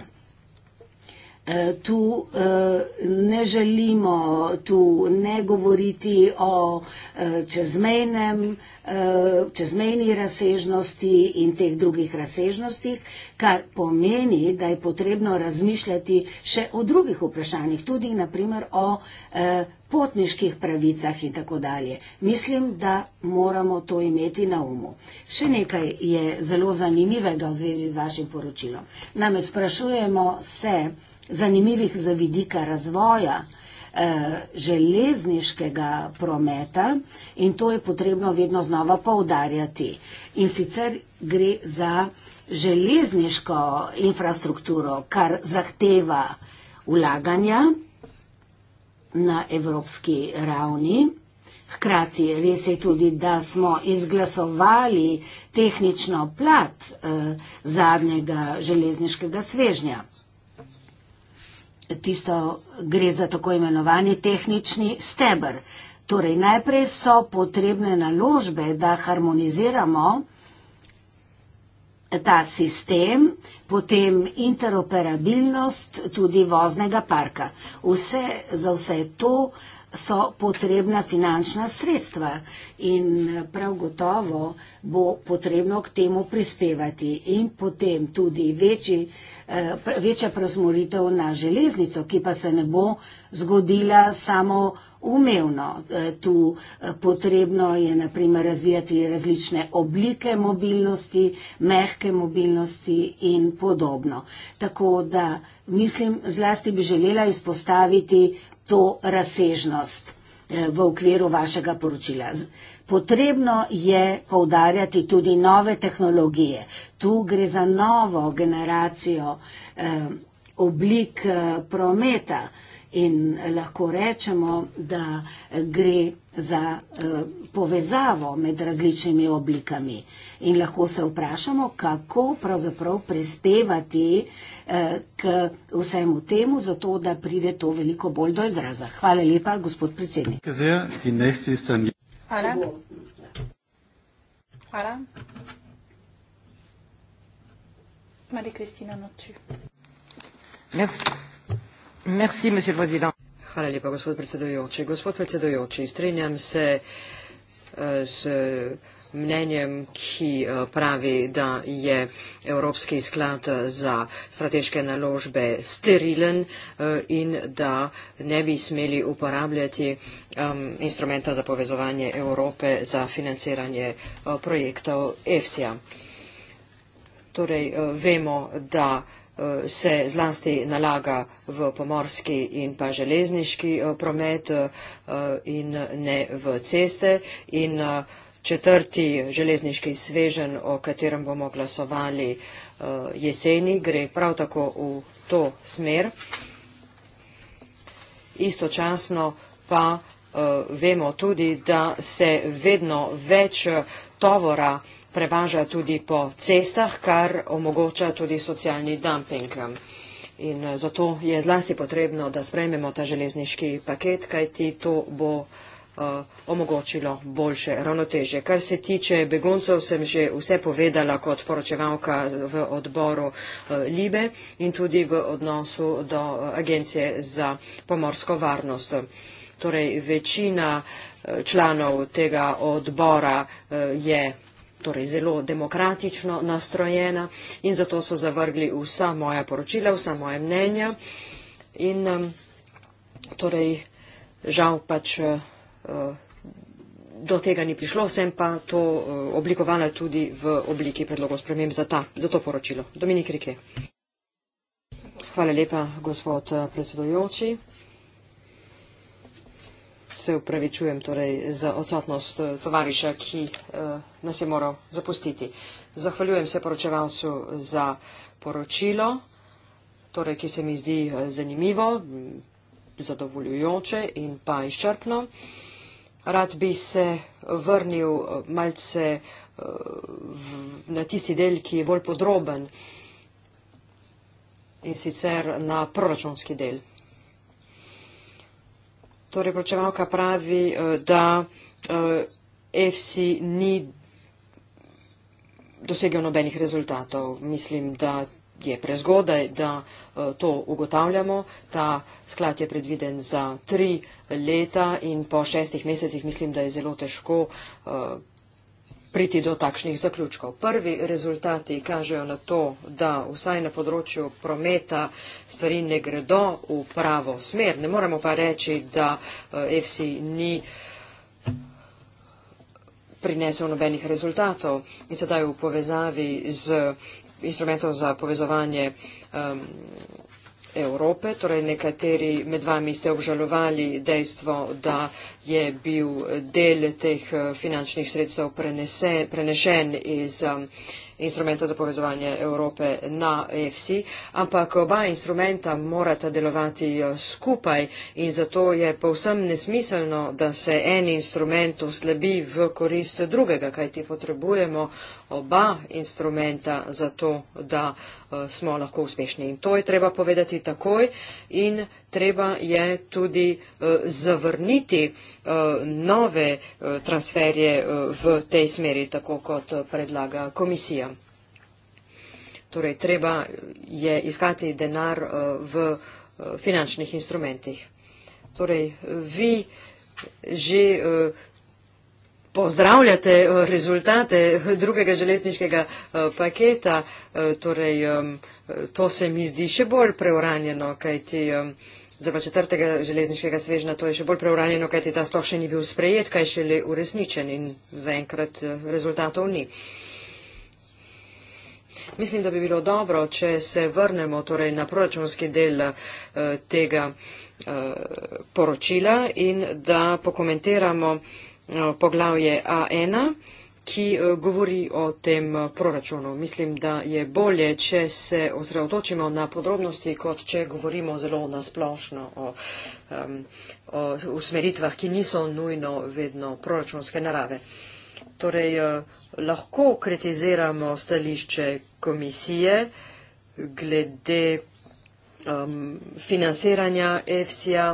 tu eh, ne želimo tu ne govoriti o eh, čezmejnem, eh, čezmejni razsežnosti in teh drugih razsežnostih, kar pomeni, da je potrebno razmišljati še o drugih vprašanjih, tudi naprimer o potniških pravicah in tako dalje. Mislim, da moramo to imeti na umu. Še nekaj je zelo zanimivega v zvezi z vašim poročilom. Name sprašujemo se, zanimivih za vidika razvoja eh, železniškega prometa in to je potrebno vedno znova poudarjati. In sicer gre za železniško infrastrukturo, kar zahteva ulaganja na evropski ravni. Hkrati res je tudi, da smo izglasovali tehnično plat eh, zadnjega železniškega svežnja tisto gre za tako imenovani tehnični stebr. Torej, najprej so potrebne naložbe, da harmoniziramo ta sistem, potem interoperabilnost tudi voznega parka. Vse, za vse to so potrebna finančna sredstva in prav gotovo bo potrebno k temu prispevati in potem tudi večji. Uh, Eh, večja prazmoritev na železnico, ki pa se ne bo zgodila samo umevno. Eh, tu eh, potrebno je naprimer razvijati različne oblike mobilnosti, mehke mobilnosti in podobno. Tako da mislim, zlasti bi želela izpostaviti to razsežnost v okviru vašega poročila. Potrebno je poudarjati tudi nove tehnologije. Tu gre za novo generacijo eh, oblik eh, prometa in lahko rečemo, da gre za eh, povezavo med različnimi oblikami. In lahko se vprašamo, kako pravzaprav prispevati eh, k vsemu temu, zato da pride to veliko bolj do izraza. Hvala lepa, gospod predsednik. Para. Para. Marie Cristina Noči. Merci. Merci, monsieur le président. Hvala lepa, gospod predsedujoči. Gospod predsedujoči, strinjam se uh, s mnenjem, ki eh, pravi, da je Evropski sklad eh, za strateške naložbe sterilen eh, in da ne bi smeli uporabljati instrumenta za povezovanje Evrope za financiranje projektov EFSI-a. Torej, vemo, da se zlasti nalaga v pomorski in pa železniški promet in ne v ceste in četrti železniški svežen, o katerem bomo glasovali eh, jeseni, gre prav tako v to smer. Istočasno pa eh, vemo tudi, da se vedno več tovora prevaža tudi po cestah, kar omogoča tudi socialni dumping. In eh, zato je zlasti potrebno, da sprejmemo ta železniški paket, kajti to bo uh, Eh, omogočilo boljše ravnotežje. Kar se tiče beguncev, sem že vse povedala kot poročevalka v odboru eh, Libe in tudi v odnosu do eh, Agencije za pomorsko varnost. Torej, večina članov tega odbora je torej zelo demokratično nastrojena in zato so zavrgli vsa moja poročila, vsa moja mnenja in torej žal pač Eh, do tega ni prišlo, sem pa to eh, oblikovala tudi v obliki predlogov sprememb za, ta, za to poročilo. Dominik Rike. Hvala lepa, gospod eh, predsedujoči. Se upravičujem torej za odsotnost tovariša, ki nas je moral zapustiti. Zahvaljujem se poročevalcu za poročilo, torej, ki se mi zdi zanimivo, zadovoljujoče in pa izčrpno. Rad bi se vrnil eh, malce eh, na tisti del, ki je bolj podroben in sicer na proračunski del. Torej, pročevalka pravi, eh, da EFSI ni dosegel nobenih rezultatov. Mislim, da je prezgodaj, da eh, to ugotavljamo. Ta sklad je predviden za tri leta in po šestih mesecih mislim, da je zelo težko eh, priti do takšnih zaključkov. Prvi rezultati kažejo na to, da vsaj na področju prometa stvari ne gredo v pravo smer. Ne moremo pa reči, da EFSI eh, ni prinesel nobenih rezultatov in sedaj v povezavi z instrumentov za povezovanje um, Evrope. Torej, nekateri med vami ste obžalovali dejstvo, da je bil del teh uh, finančnih sredstev prenese, prenešen iz. Um, instrumenta za povezovanje Evrope na EFSI, ampak oba instrumenta morata delovati uh, skupaj in zato je povsem nesmiselno, da se en instrument oslabi v korist drugega, kajti potrebujemo uh, oba instrumenta za to, da eh, smo lahko uspešni. In to je treba povedati takoj in treba je tudi eh, zavrniti eh, nove transferje v tej smeri, tako kot predlaga komisija. Torej, treba je iskati denar v finančnih instrumentih. Torej, vi že pozdravljate eh, rezultate drugega železniškega eh, paketa, eh, torej to se mi zdi še bolj preuranjeno, kajti za četrtega železniškega svežna to je še bolj preuranjeno, kajti ta sploh še ni bil sprejet, kaj še le uresničen in zaenkrat rezultatov ni. Mislim, da bi bilo dobro, če se vrnemo torej, na proračunski del tega poročila in da pokomentiramo Eh, poglavje A1, ki eh, govori o tem eh, proračunu. Mislim, da je bolje, če se osredotočimo na podrobnosti, kot če govorimo zelo nasplošno o, um, o usmeritvah, ki niso nujno vedno proračunske narave. Torej, lahko kritiziramo stališče komisije glede um, financiranja EFSI-a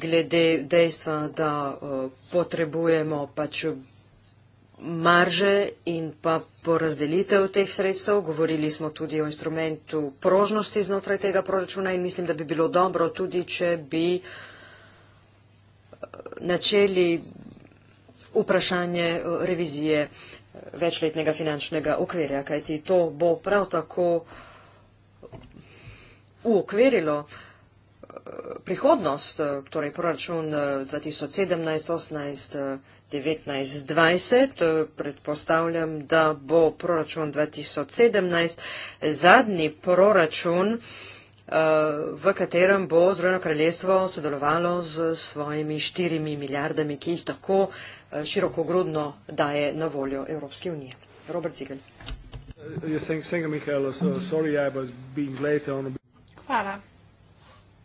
glede dejstva, da eh, potrebujemo pač marže in pa porazdelitev teh sredstev. Govorili smo tudi o instrumentu prožnosti znotraj tega proračuna in mislim, da bi bilo dobro tudi, če bi eh, načeli vprašanje eh, revizije večletnega finančnega okvirja, kajti to bo prav tako uokvirilo uh, Eh, prihodnost, eh, torej proračun 2017, 18, 19, 20, predpostavljam, da bo proračun 2017 zadnji proračun, eh, v katerem bo Združeno kraljestvo sodelovalo z svojimi štirimi milijardami, ki jih tako širokogrudno daje na voljo Evropske unije. Robert Zigel. Ja, Hvala.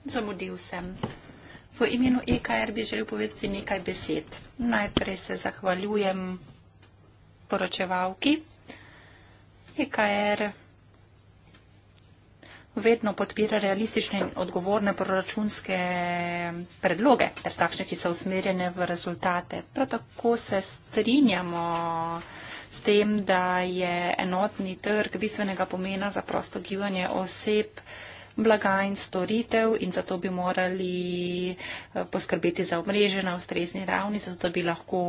Zamudil sem. V imenu EKR bi želel povedati nekaj besed. Najprej se zahvaljujem poročevalki. EKR vedno podpira realistične in odgovorne proračunske predloge, ter takšne, ki so usmerjene v rezultate. Prav tako se strinjamo s tem, da je enotni trg bistvenega pomena za prosto gibanje oseb, blaga in storitev in zato bi morali eh, poskrbeti za omrežje na ustrezni ravni, zato da bi lahko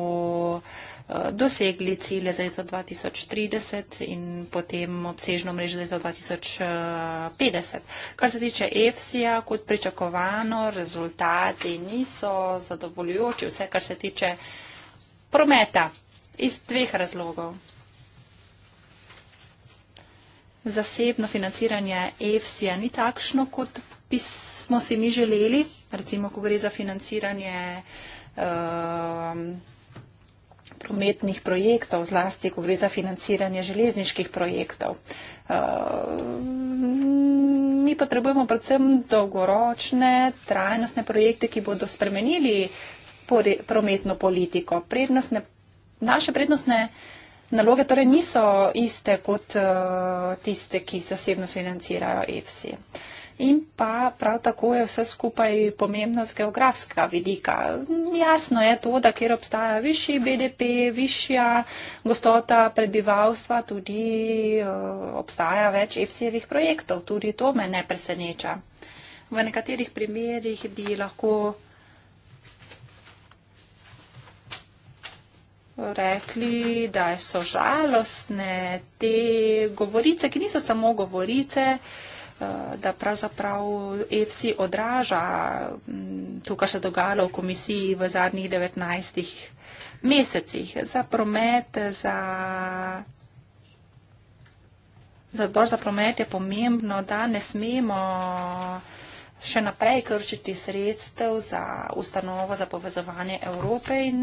eh, dosegli cilje za leto 2030 in potem obsežno mrežo za leto 2050. Kar se tiče EFSI-ja, kot pričakovano, rezultati niso zadovoljujoči, vse kar se tiče prometa iz dveh razlogov zasebno financiranje EFSI-ja ni takšno, kot bi smo si mi želeli, recimo, ko gre za financiranje um, prometnih projektov, zlasti, ko gre za financiranje železniških projektov. Ehm, mi potrebujemo predvsem dolgoročne, trajnostne projekte, ki bodo spremenili prometno politiko. Prednostne, naše prednostne uh, Naloge torej niso iste kot eh, tiste, ki zasebno financirajo EFSI. In pa prav tako je vse skupaj pomembno z geografskega vidika. Jasno je to, da kjer obstaja višji BDP, višja gostota prebivalstva, tudi eh, obstaja več EFSI-evih projektov. Tudi to me ne preseneča. V nekaterih primerjih bi lahko rekli, da so žalostne te govorice, ki niso samo govorice, eh, da pravzaprav EFSI odraža mm, to, kar se dogajalo v komisiji v zadnjih 19 mesecih za promet, za. Za odbor za promet je pomembno, da ne smemo še naprej krčiti sredstev za ustanovo za povezovanje Evrope in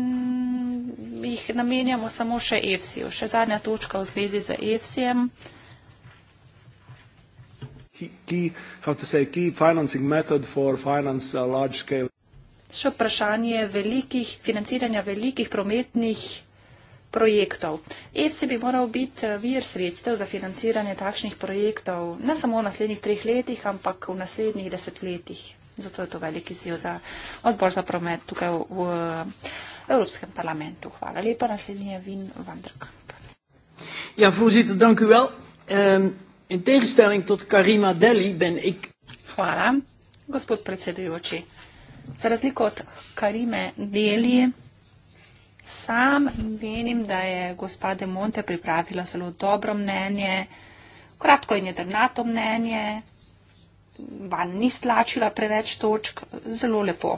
jih namenjamo samo še EFSI-ju. Še zadnja točka v zvezi z EFSI-jem. Še vprašanje velikih, financiranja velikih prometnih projektov. EFSI bi moral biti eh, vir sredstev za financiranje takšnih projektov ne samo v naslednjih treh letih, ampak v naslednjih desetletjih. Zato je to veliki zil za odbor za promet tukaj v, v eh, Evropskem parlamentu. Hvala lepa, naslednji je Vin Vandrkamp. Ja, voorzitter, dank u wel. Um, in tegenstelling tot Karima Deli ben ik. Hvala, gospod predsedujoči. Za razliko od Karime Deli. Mm -hmm. Sam menim, da je gospa De Monte pripravila zelo dobro mnenje, kratko in jedrnato mnenje, van ni stlačila preveč točk, zelo lepo.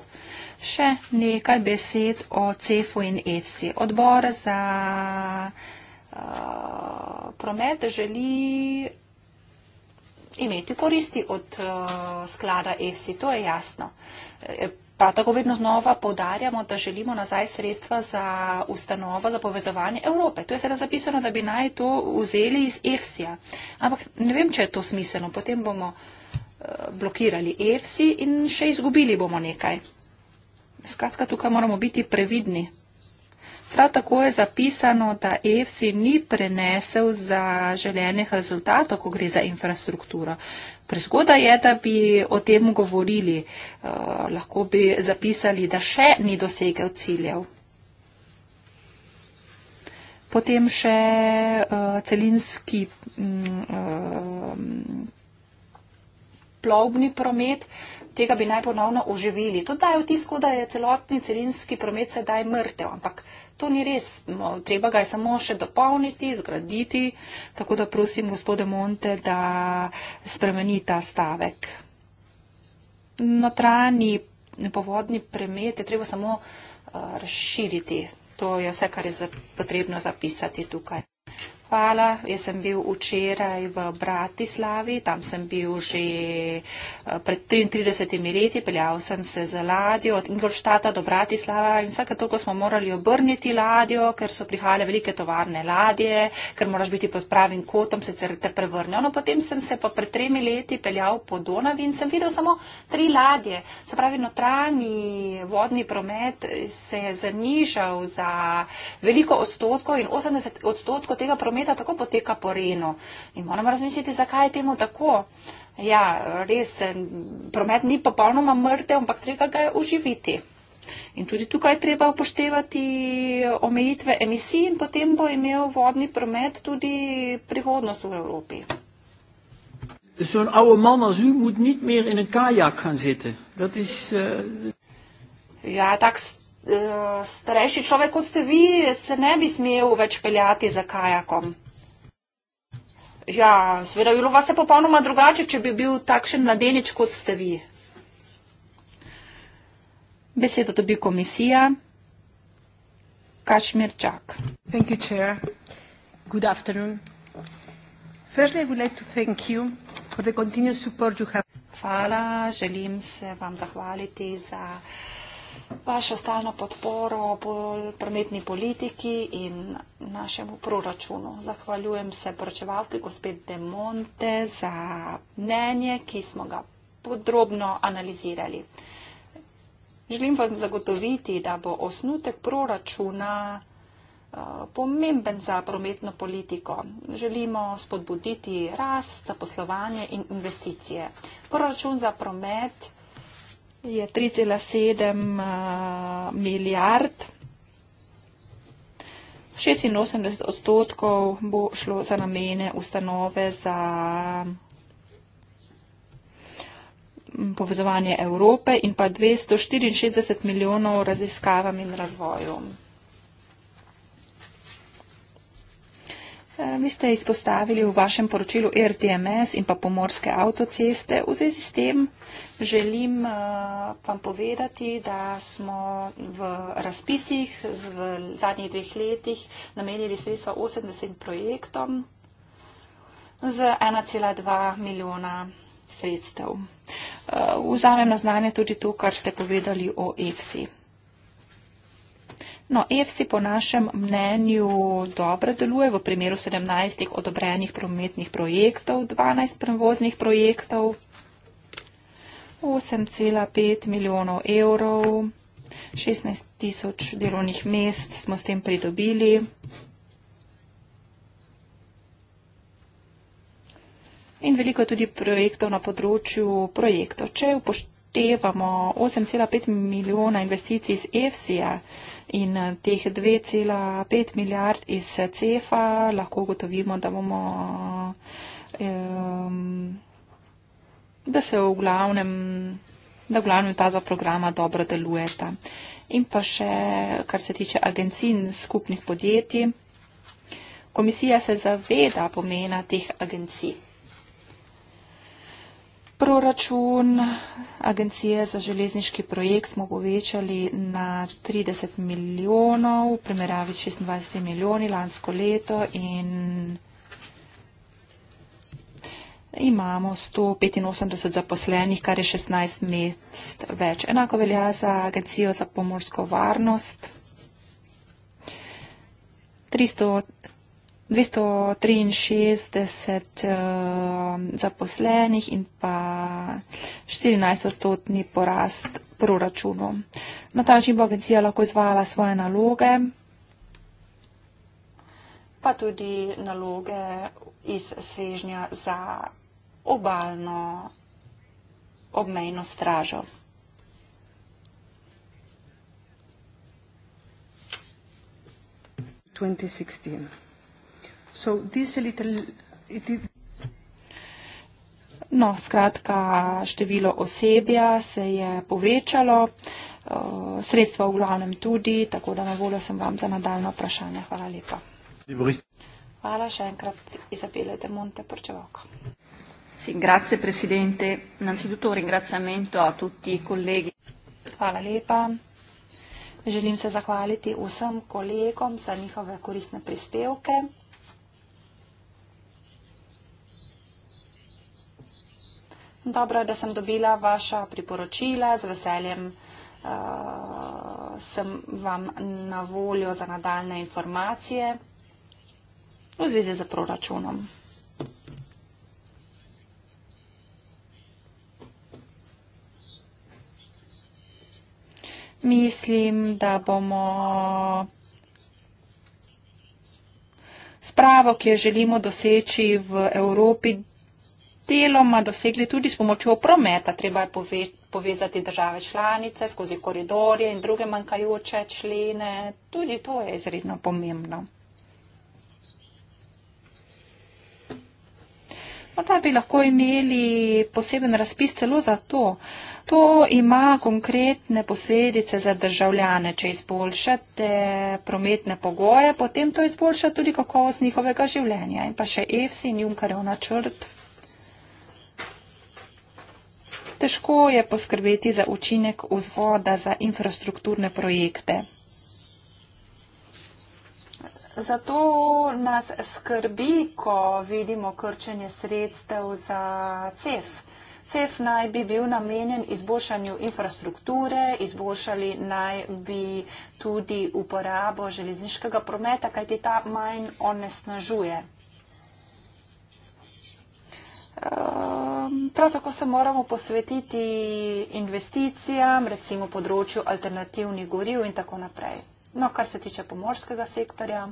Še nekaj besed o CEF-u in EFSI. Odbor za uh, promet želi imeti koristi od uh, sklada EFSI, to je jasno. E, Prav tako vedno znova podarjamo, da želimo nazaj sredstva za ustanovo za povezovanje Evrope. To je sedaj zapisano, da bi naj to vzeli iz EFSI-ja. Ampak ne vem, če je to smiselno. Potem bomo eh, blokirali EFSI in še izgubili bomo nekaj. Skratka, tukaj moramo biti previdni. Prav tako je zapisano, da EFSI ni prenesel za željenih rezultatov, ko gre za infrastrukturo. Prezgoda je, da bi o tem govorili, eh, lahko bi zapisali, da še ni dosegel ciljev. Potem še uh, celinski um, mm, eh, plovbni promet. Uh, tega bi naj ponovno oživili. To daje vtis, kot da je celotni celinski promet sedaj mrtev, ampak to ni res. No, treba ga je samo še dopolniti, zgraditi, tako da prosim gospode Monte, da spremeni ta stavek. Notranji povodni premet je treba samo uh, razširiti. To je vse, kar je za, potrebno zapisati tukaj hvala. Jaz sem bil včeraj v Bratislavi, tam sem bil že eh, pred 33 leti, peljal sem se z ladjo od Ingolštata do Bratislava in vsake toliko smo morali obrniti ladjo, ker so prihajale velike tovarne ladje, ker moraš biti pod pravim kotom, sicer te prevrne. No, potem sem se pa pred tremi leti peljal po Donavi in sem videl samo tri ladje. Se pravi, notranji vodni promet se je zanižal za veliko odstotkov in 80 odstotkov tega prometa planeta tako poteka po Renu. In moramo razmisliti, zakaj je temu tako. Ja, res, promet ni popolnoma mrtev, ampak treba ga je uživiti. In tudi tukaj je treba upoštevati omejitve emisij in potem bo imel vodni promet tudi prihodnost v Evropi. Zo'n oude man als u moet niet meer in een kajak gaan zitten. Dat is. Uh... Ja, tak Eh, starejši človek, kot ste vi, se ne bi smel več peljati za kajakom. Ja, seveda bilo vas je popolnoma drugače, če bi bil takšen mladenič, kot ste vi. Besedo dobi komisija. Kašmir Čak. Thank you, Chair. Good afternoon. Firstly, I would like to thank you for the continuous support you have. Hvala, želim se vam zahvaliti za uh, vašo stalno podporo prometni politiki in našemu proračunu. Zahvaljujem se poročevalki gospod Demonte za mnenje, ki smo ga podrobno analizirali. Želim vam zagotoviti, da bo osnutek proračuna eh, pomemben za prometno politiko. Želimo spodbuditi rast, zaposlovanje in investicije. Proračun za promet je 3,7 eh, milijard. 86 odstotkov bo šlo za namene ustanove za mm, povezovanje Evrope in pa 264 milijonov raziskavam in razvojom. Eh, vi ste izpostavili v vašem poročilu RTMS in pa pomorske avtoceste. V zvezi s tem želim eh, vam povedati, da smo v razpisih v zadnjih dveh letih namenili sredstva 80 projektom z 1,2 milijona sredstev. Eh, vzamem na znanje tudi to, kar ste povedali o EFSI. No, EFSI po našem mnenju dobro deluje v primeru 17 odobrenih prometnih projektov, 12 prevoznih projektov, 8,5 milijonov evrov, 16 tisoč delovnih mest smo s tem pridobili. In veliko je tudi projektov na področju projektov. Če upoštevamo 8,5 milijona investicij iz EFSI-ja, In eh, teh 2,5 milijard iz eh, CEFA lahko ugotovimo, da bomo. Um, da se v glavnem, da v glavnem ta dva programa dobro delujeta. In pa še, kar se tiče agencij in skupnih podjetij, komisija se zaveda pomena teh agencij proračun Agencije za železniški projekt smo povečali na 30 milijonov, v primeravi s 26 milijoni lansko leto in imamo 185 zaposlenih, kar je 16 mest več. Enako velja za Agencijo za pomorsko varnost. 300 263 uh, eh, zaposlenih in pa 14-odstotni porast proračunov. Na ta način bo agencija lahko izvajala svoje naloge, pa tudi naloge iz svežnja za obaljno obmejno stražo. 2016. So this little. No, skratka, število osebja se je povečalo, eh, sredstva v glavnem tudi, tako da na voljo sem vam za nadaljno vprašanje. Hvala lepa. Hvala še enkrat, Izabela de Monte, Prčevalko. Hvala lepa. Želim se zahvaliti vsem kolegom za njihove koristne prispevke. Dobro, da sem dobila vaša priporočila, z veseljem uh, sem vam na voljo za nadaljne informacije v zvezi z proračunom. Mislim, da bomo spravo, ki jo želimo doseči v Evropi, deloma dosegli tudi s pomočjo prometa. Treba je povezati države članice skozi koridorje in druge manjkajoče člene. Tudi to je izredno pomembno. Morda no, bi lahko imeli poseben razpis celo za to. To ima konkretne posledice za državljane. Če izboljšate prometne pogoje, potem to izboljša tudi kakovost njihovega življenja. In pa še EFSI in Junkarjev načrt težko je poskrbeti za učinek vzvoda za infrastrukturne projekte. Zato nas skrbi, ko vidimo krčenje sredstev za CEF. CEF naj bi bil namenjen izboljšanju infrastrukture, izboljšali naj bi tudi uporabo železniškega prometa, kajti ta manj onesnažuje. On Ehm, prav tako se moramo posvetiti investicijam, recimo področju alternativnih goriv in tako naprej. No, kar se tiče pomorskega sektorja.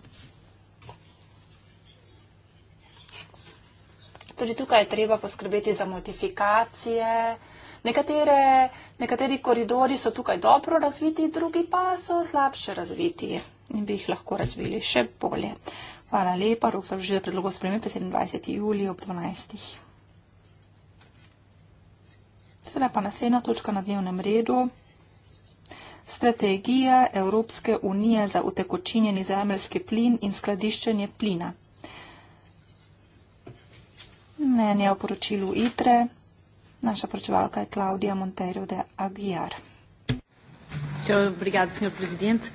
Tudi tukaj je treba poskrbeti za modifikacije. Nekatere, nekateri koridori so tukaj dobro razviti, drugi pa so slabše razviti in bi jih lahko razvili še bolje. Hvala lepa, rok za vložitev predlogov spremembe 27. julija ob 12. Sedaj pa naslednja točka na dnevnem redu. Strategija Evropske unije za utekočinjeni zemljski plin in skladiščenje plina. Mnenje o poročilu ITRE. Naša pročevalka je Klaudija Monteiro de Aguiar. Obrigada, senhor presidente,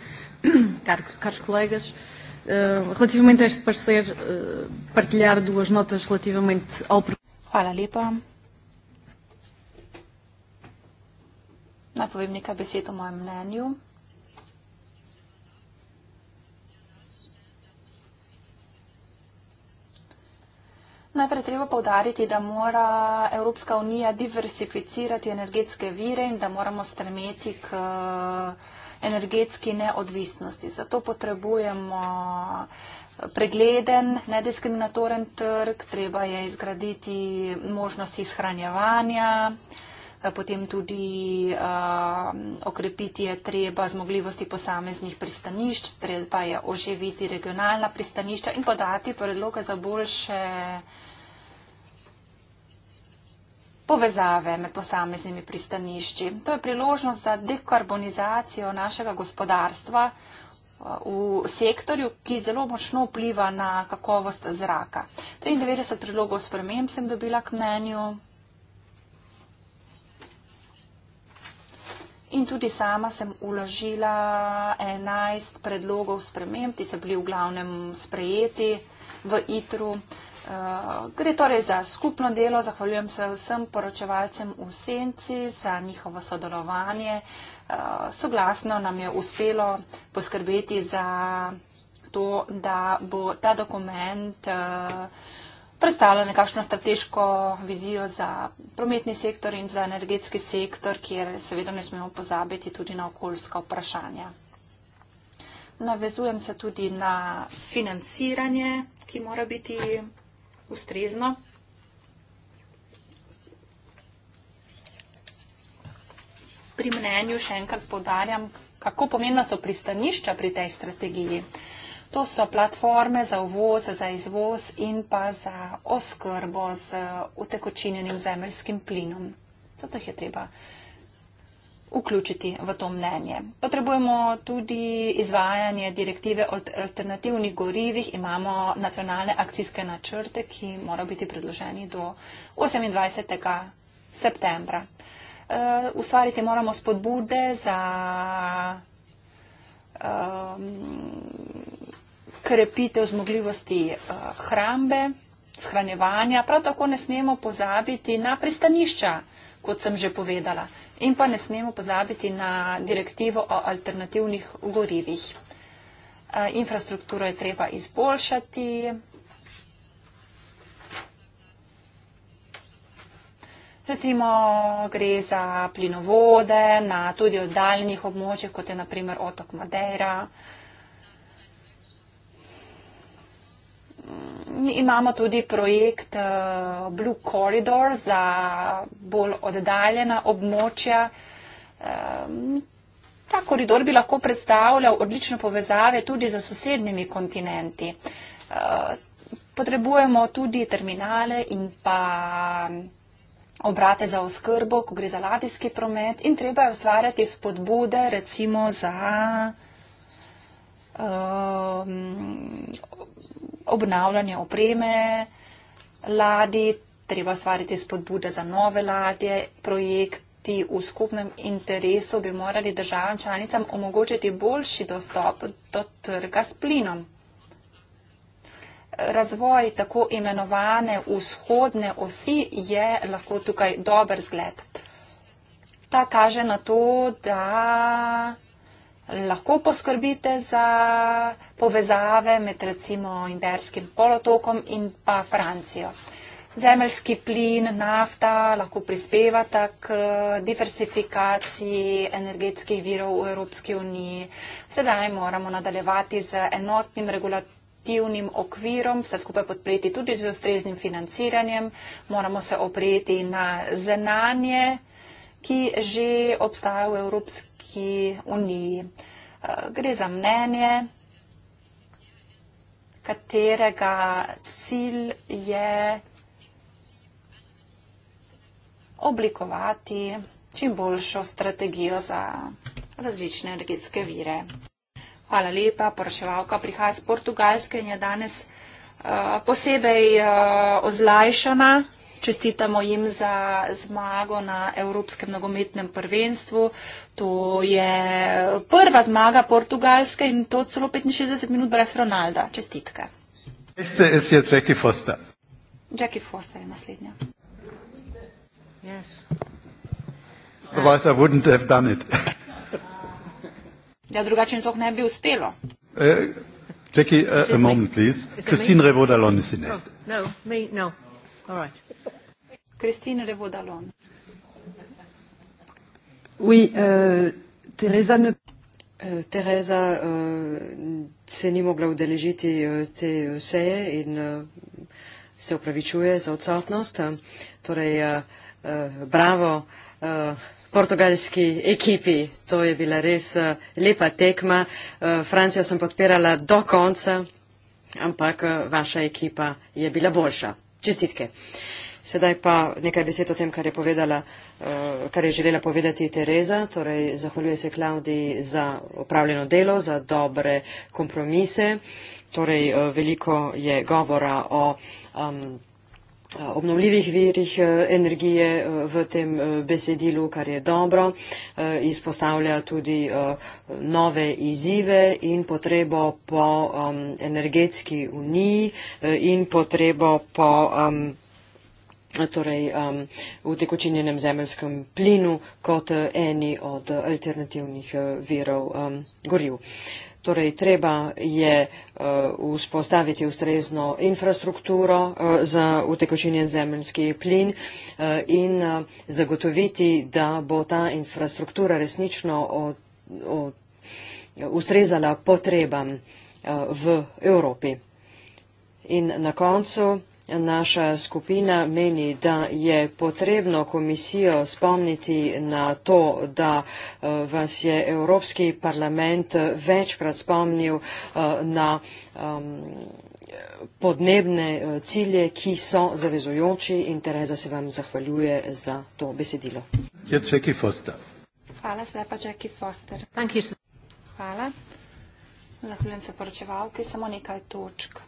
caros colegas. Eh, relativamente a este parceiro, eh, partilhar duas notas relativamente ao. Hvala lepa, Naj povem nekaj besed o mojem mnenju. Najprej treba povdariti, da mora Evropska unija diversificirati energetske vire in da moramo stremeti k eh, energetski neodvisnosti. Zato potrebujemo eh, pregleden, nediskriminatoren trg, treba je izgraditi možnosti izhranjevanja, Eh, potem tudi uh, okrepiti je treba zmogljivosti posameznih pristanišč, treba je oživiti regionalna pristanišča in podati predloge za boljše povezave med posameznimi pristanišči. To je priložnost za dekarbonizacijo našega gospodarstva eh, v sektorju, ki zelo močno vpliva na kakovost zraka. 93 predlogov sprememb sem dobila k mnenju, In tudi sama sem uložila 11 predlogov sprememb, ki so bili v glavnem sprejeti v ITRU. Eh, gre torej za skupno delo, zahvaljujem se vsem poročevalcem v Senci za njihovo sodelovanje. Eh, soglasno nam je uspelo poskrbeti za to, da bo ta dokument eh, predstavlja nekakšno strateško vizijo za prometni sektor in za energetski sektor, kjer seveda ne smemo pozabiti tudi na okoljska vprašanja. Navezujem se tudi na financiranje, ki mora biti ustrezno. Pri mnenju še enkrat podarjam, kako pomembna so pristanišča pri tej strategiji. To so platforme za uvoz, za izvoz in pa za oskrbo z uh, utekočinjenim zemljskim plinom. Zato jih je treba vključiti v to mnenje. Potrebujemo tudi izvajanje direktive o alternativnih gorivih. Imamo nacionalne akcijske načrte, ki mora biti predloženi do 28. septembra. Uh, ustvariti moramo spodbude za um, krepitev zmogljivosti uh, hrambe, shranjevanja. Prav tako ne smemo pozabiti na pristanišča, kot sem že povedala, in pa ne smemo pozabiti na direktivo o alternativnih gorivih. Uh, infrastrukturo je treba izboljšati, Recimo gre za plinovode na tudi oddaljenih območjih, kot je naprimer otok Madeira. Mm, imamo tudi projekt eh, Blue Corridor za bolj oddaljena območja. Ta koridor bi lahko predstavljal odlične povezave tudi za sosednjimi kontinenti. Eh, potrebujemo tudi terminale in pa obrate za oskrbo, ko gre za ladijski promet in treba je ustvarjati spodbude recimo za um, obnavljanje opreme ladi, treba ustvarjati spodbude za nove ladje, projekti v skupnem interesu bi morali državam članicam omogočiti boljši dostop do trga s plinom razvoj tako imenovane vzhodne osi je lahko tukaj dober zgled. Ta kaže na to, da lahko poskrbite za povezave med recimo Imberskim polotokom in pa Francijo. Zemljski plin, nafta lahko prispevata k eh, diversifikaciji energetskih virov v Evropski uniji. Sedaj moramo nadaljevati z enotnim regulatorjem normativnim okvirom, vse skupaj podpreti tudi z ustreznim financiranjem, moramo se oprijeti na znanje, ki že obstaja v Evropski uniji. Eh, gre za mnenje, katerega cilj je oblikovati čim boljšo strategijo za različne energetske vire. Hvala lepa, poraševalka prihaja iz Portugalske in je danes uh, posebej uh, ozlajšana. Čestitamo jim za zmago na Evropskem nogometnem prvenstvu. To je eh, prva zmaga Portugalske in to celo 65 minut brez Ronalda. Čestitke. Este es je Jackie Foster. Jackie Foster je naslednja. Yes. Otherwise I wouldn't have done it da ja, drugače to ne bi uspelo. Kristina Revodalon, ne si ne. Kristina Revodalon. Oui, euh, Teresa ne... euh, Teresa euh, se ni mogla udeležiti euh, te uh, seje in uh, se opravičuje za odsotnost. Uh, torej, uh, uh, bravo. Uh, portugalski ekipi. To je bila res eh, lepa tekma. Eh, Francijo sem podpirala do konca, ampak eh, vaša ekipa je bila boljša. Čestitke. Sedaj pa nekaj besed o tem, kar je, povedala, kar je želela povedati Tereza. Torej, zahvaljuje se Klaudiji za upravljeno delo, za dobre kompromise. Torej, veliko je govora o. Um, Eh, obnovljivih virih eh, energije eh, v tem besedilu, kar je dobro, izpostavlja tudi nove izzive in potrebo po energetski uniji in potrebo po torej, utekočinjenem zemljskem plinu kot eni od alternativnih virov goriv. Torej, treba je uh, vzpostaviti ustrezno infrastrukturo uh, za utekočinjen zemljski plin uh, in uh, zagotoviti, da bo ta infrastruktura resnično od, od, ustrezala potrebam uh, v Evropi. In na koncu. Naša skupina meni, da je potrebno komisijo spomniti na to, da eh, vas je Evropski parlament večkrat spomnil eh, na podnebne eh, cilje, ki so zavezujoči in Tereza se vam zahvaljuje za to besedilo. Ja, Hvala, se pa Jackie Foster. Hvala. Zahvaljujem se poročevalki, samo nekaj točk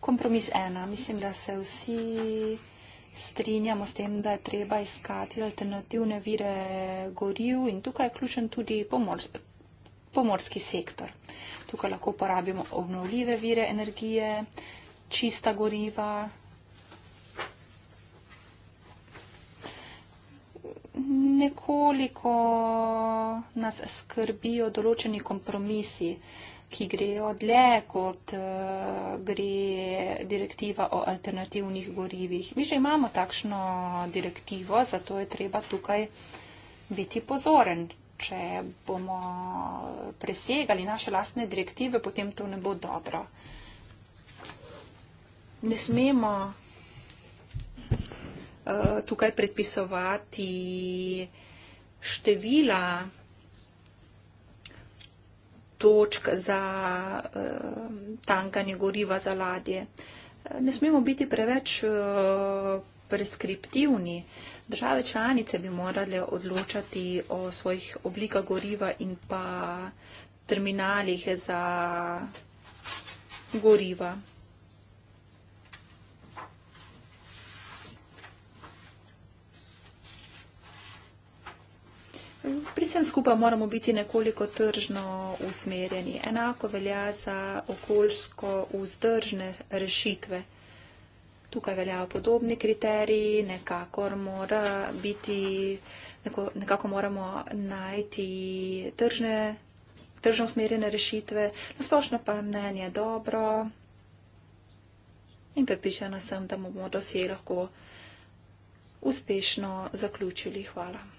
kompromis ena. Mislim, da se vsi strinjamo s tem, da je treba iskati alternativne vire goril in tukaj je ključen tudi pomor, pomorski sektor. Tukaj lahko uporabimo obnovljive vire energije, čista goriva. Nekoliko nas skrbijo določeni kompromisi. Uh, ki grejo dlje, kot uh, gre direktiva o alternativnih gorivih. Mi že imamo takšno direktivo, zato je treba tukaj biti pozoren. Če bomo presegali naše lastne direktive, potem to ne bo dobro. Ne smemo uh, tukaj predpisovati števila točk za uh, tankanje goriva za ladje. Eh, ne smemo biti preveč uh, preskriptivni. Države članice bi morale odločati o svojih oblikah goriva in pa terminalih za goriva. Pri vsem skupaj moramo biti nekoliko tržno usmerjeni. Enako velja za okoljsko vzdržne rešitve. Tukaj veljajo podobni kriteriji, nekako, mora biti, nekako moramo najti tržne, tržno usmerjene rešitve. Nasplošno pa mnenje je dobro in prepričana sem, da bomo dosje lahko uspešno zaključili. Hvala.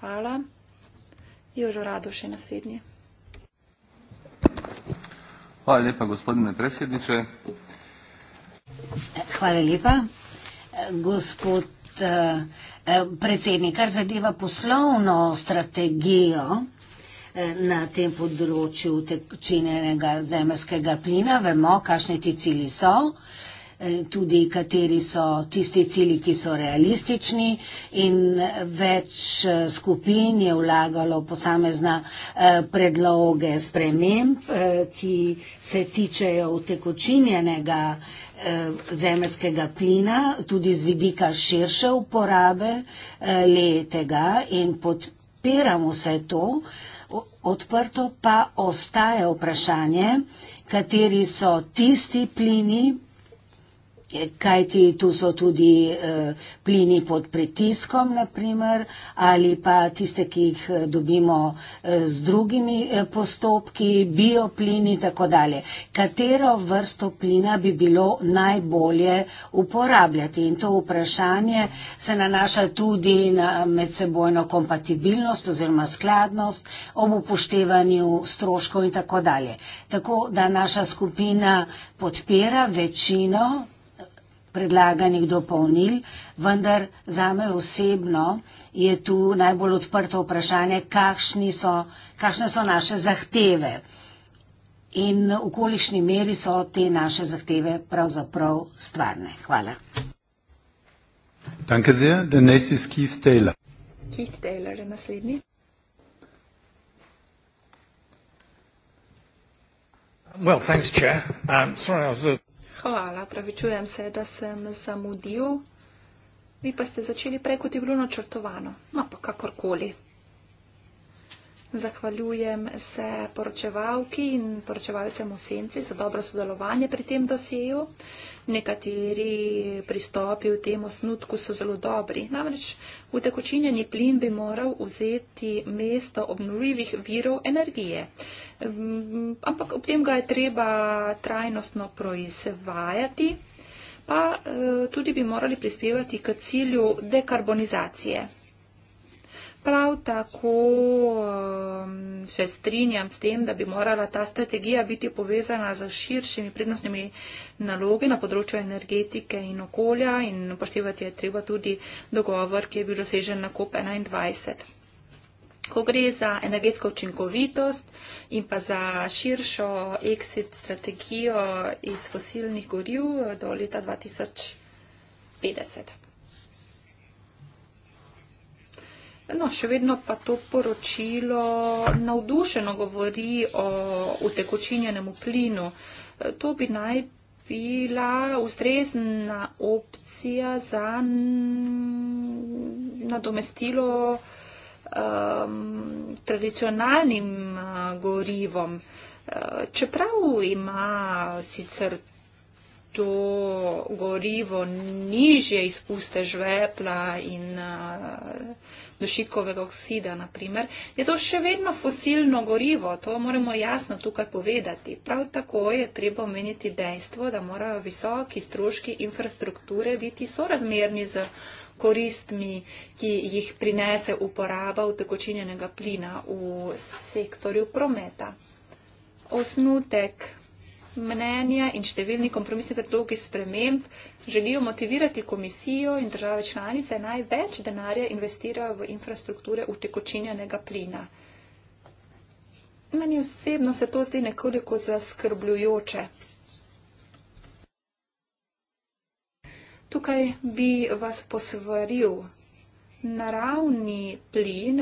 Hvala. Jožo Rado še naslednji. Hvala lepa, gospodine predsjedniče. Hvala lepa, gospod eh, predsednik. Kar zadeva poslovno strategijo eh, na tem področju tekočinjenega zemljskega plina, vemo, kakšni ti cili so. Eh, tudi kateri so tisti cili, ki so realistični in več eh, skupin je vlagalo posamezna eh, predloge sprememb, ki se tičejo utekočinjenega zemljskega plina, tudi z vidika širše uporabe letega in podpiramo vse to. Odprto pa ostaje vprašanje, kateri so tisti plini, kajti tu so tudi uh, plini pod pritiskom, naprimer, ali pa tiste, ki jih eh, dobimo uh, z drugimi uh, postopki, bioplini in tako dalje. Katero vrsto plina bi bilo najbolje uporabljati? In to vprašanje se nanaša tudi na medsebojno kompatibilnost oziroma skladnost ob upoštevanju stroškov in tako dalje. Tako da naša skupina podpira večino predlaganih dopolnil, vendar za me osebno je tu najbolj odprto vprašanje, so, kakšne so naše zahteve in v kolikšni meri so te naše zahteve pravzaprav stvarne. Hvala. Danke sehr. Der nächste ist Keith Taylor. Keith Taylor, der naslednji. Well, thanks, Chair. Um, sorry, I was a Hvala, pravičujem se, da sem zamudil. Vi pa ste začeli prej, kot je bilo načrtovano. No, pa kakorkoli. Zahvaljujem se poročevalki in poročevalcem v senci za dobro sodelovanje pri tem dosjeju nekateri pristopi v tem osnutku so zelo dobri. Namreč utekočinjeni plin bi moral vzeti mesto obnovljivih virov energije. Mm, ampak ob tem ga je treba trajnostno proizvajati, pa eh, tudi bi morali prispevati k cilju dekarbonizacije. Prav tako um, se strinjam s tem, da bi morala ta strategija biti povezana z širšimi prednostnimi nalogi na področju energetike in okolja in upoštevati je treba tudi dogovor, ki je bil dosežen na COP21. Ko gre za energetsko učinkovitost in pa za širšo exit strategijo iz fosilnih goriv do leta 2050. No, še vedno pa to poročilo navdušeno govori o utekočinjenem plinu. To bi naj bila ustrezna opcija za nadomestilo um, tradicionalnim uh, gorivom. Uh, čeprav ima sicer to gorivo nižje izpuste žvepla in uh, dušikovega oksida, naprimer, je to še vedno fosilno gorivo, to moramo jasno tukaj povedati. Prav tako je treba omeniti dejstvo, da morajo visoki stroški infrastrukture biti sorazmerni z koristmi, ki jih prinese uporaba utekočinjenega plina v sektorju prometa. Osnutek mnenja in številni kompromisni predlogi sprememb želijo motivirati komisijo in države članice največ denarja investirajo v infrastrukture utekočinjenega plina. Meni osebno se to zdi nekoliko zaskrbljujoče. Tukaj bi vas posvaril, naravni plin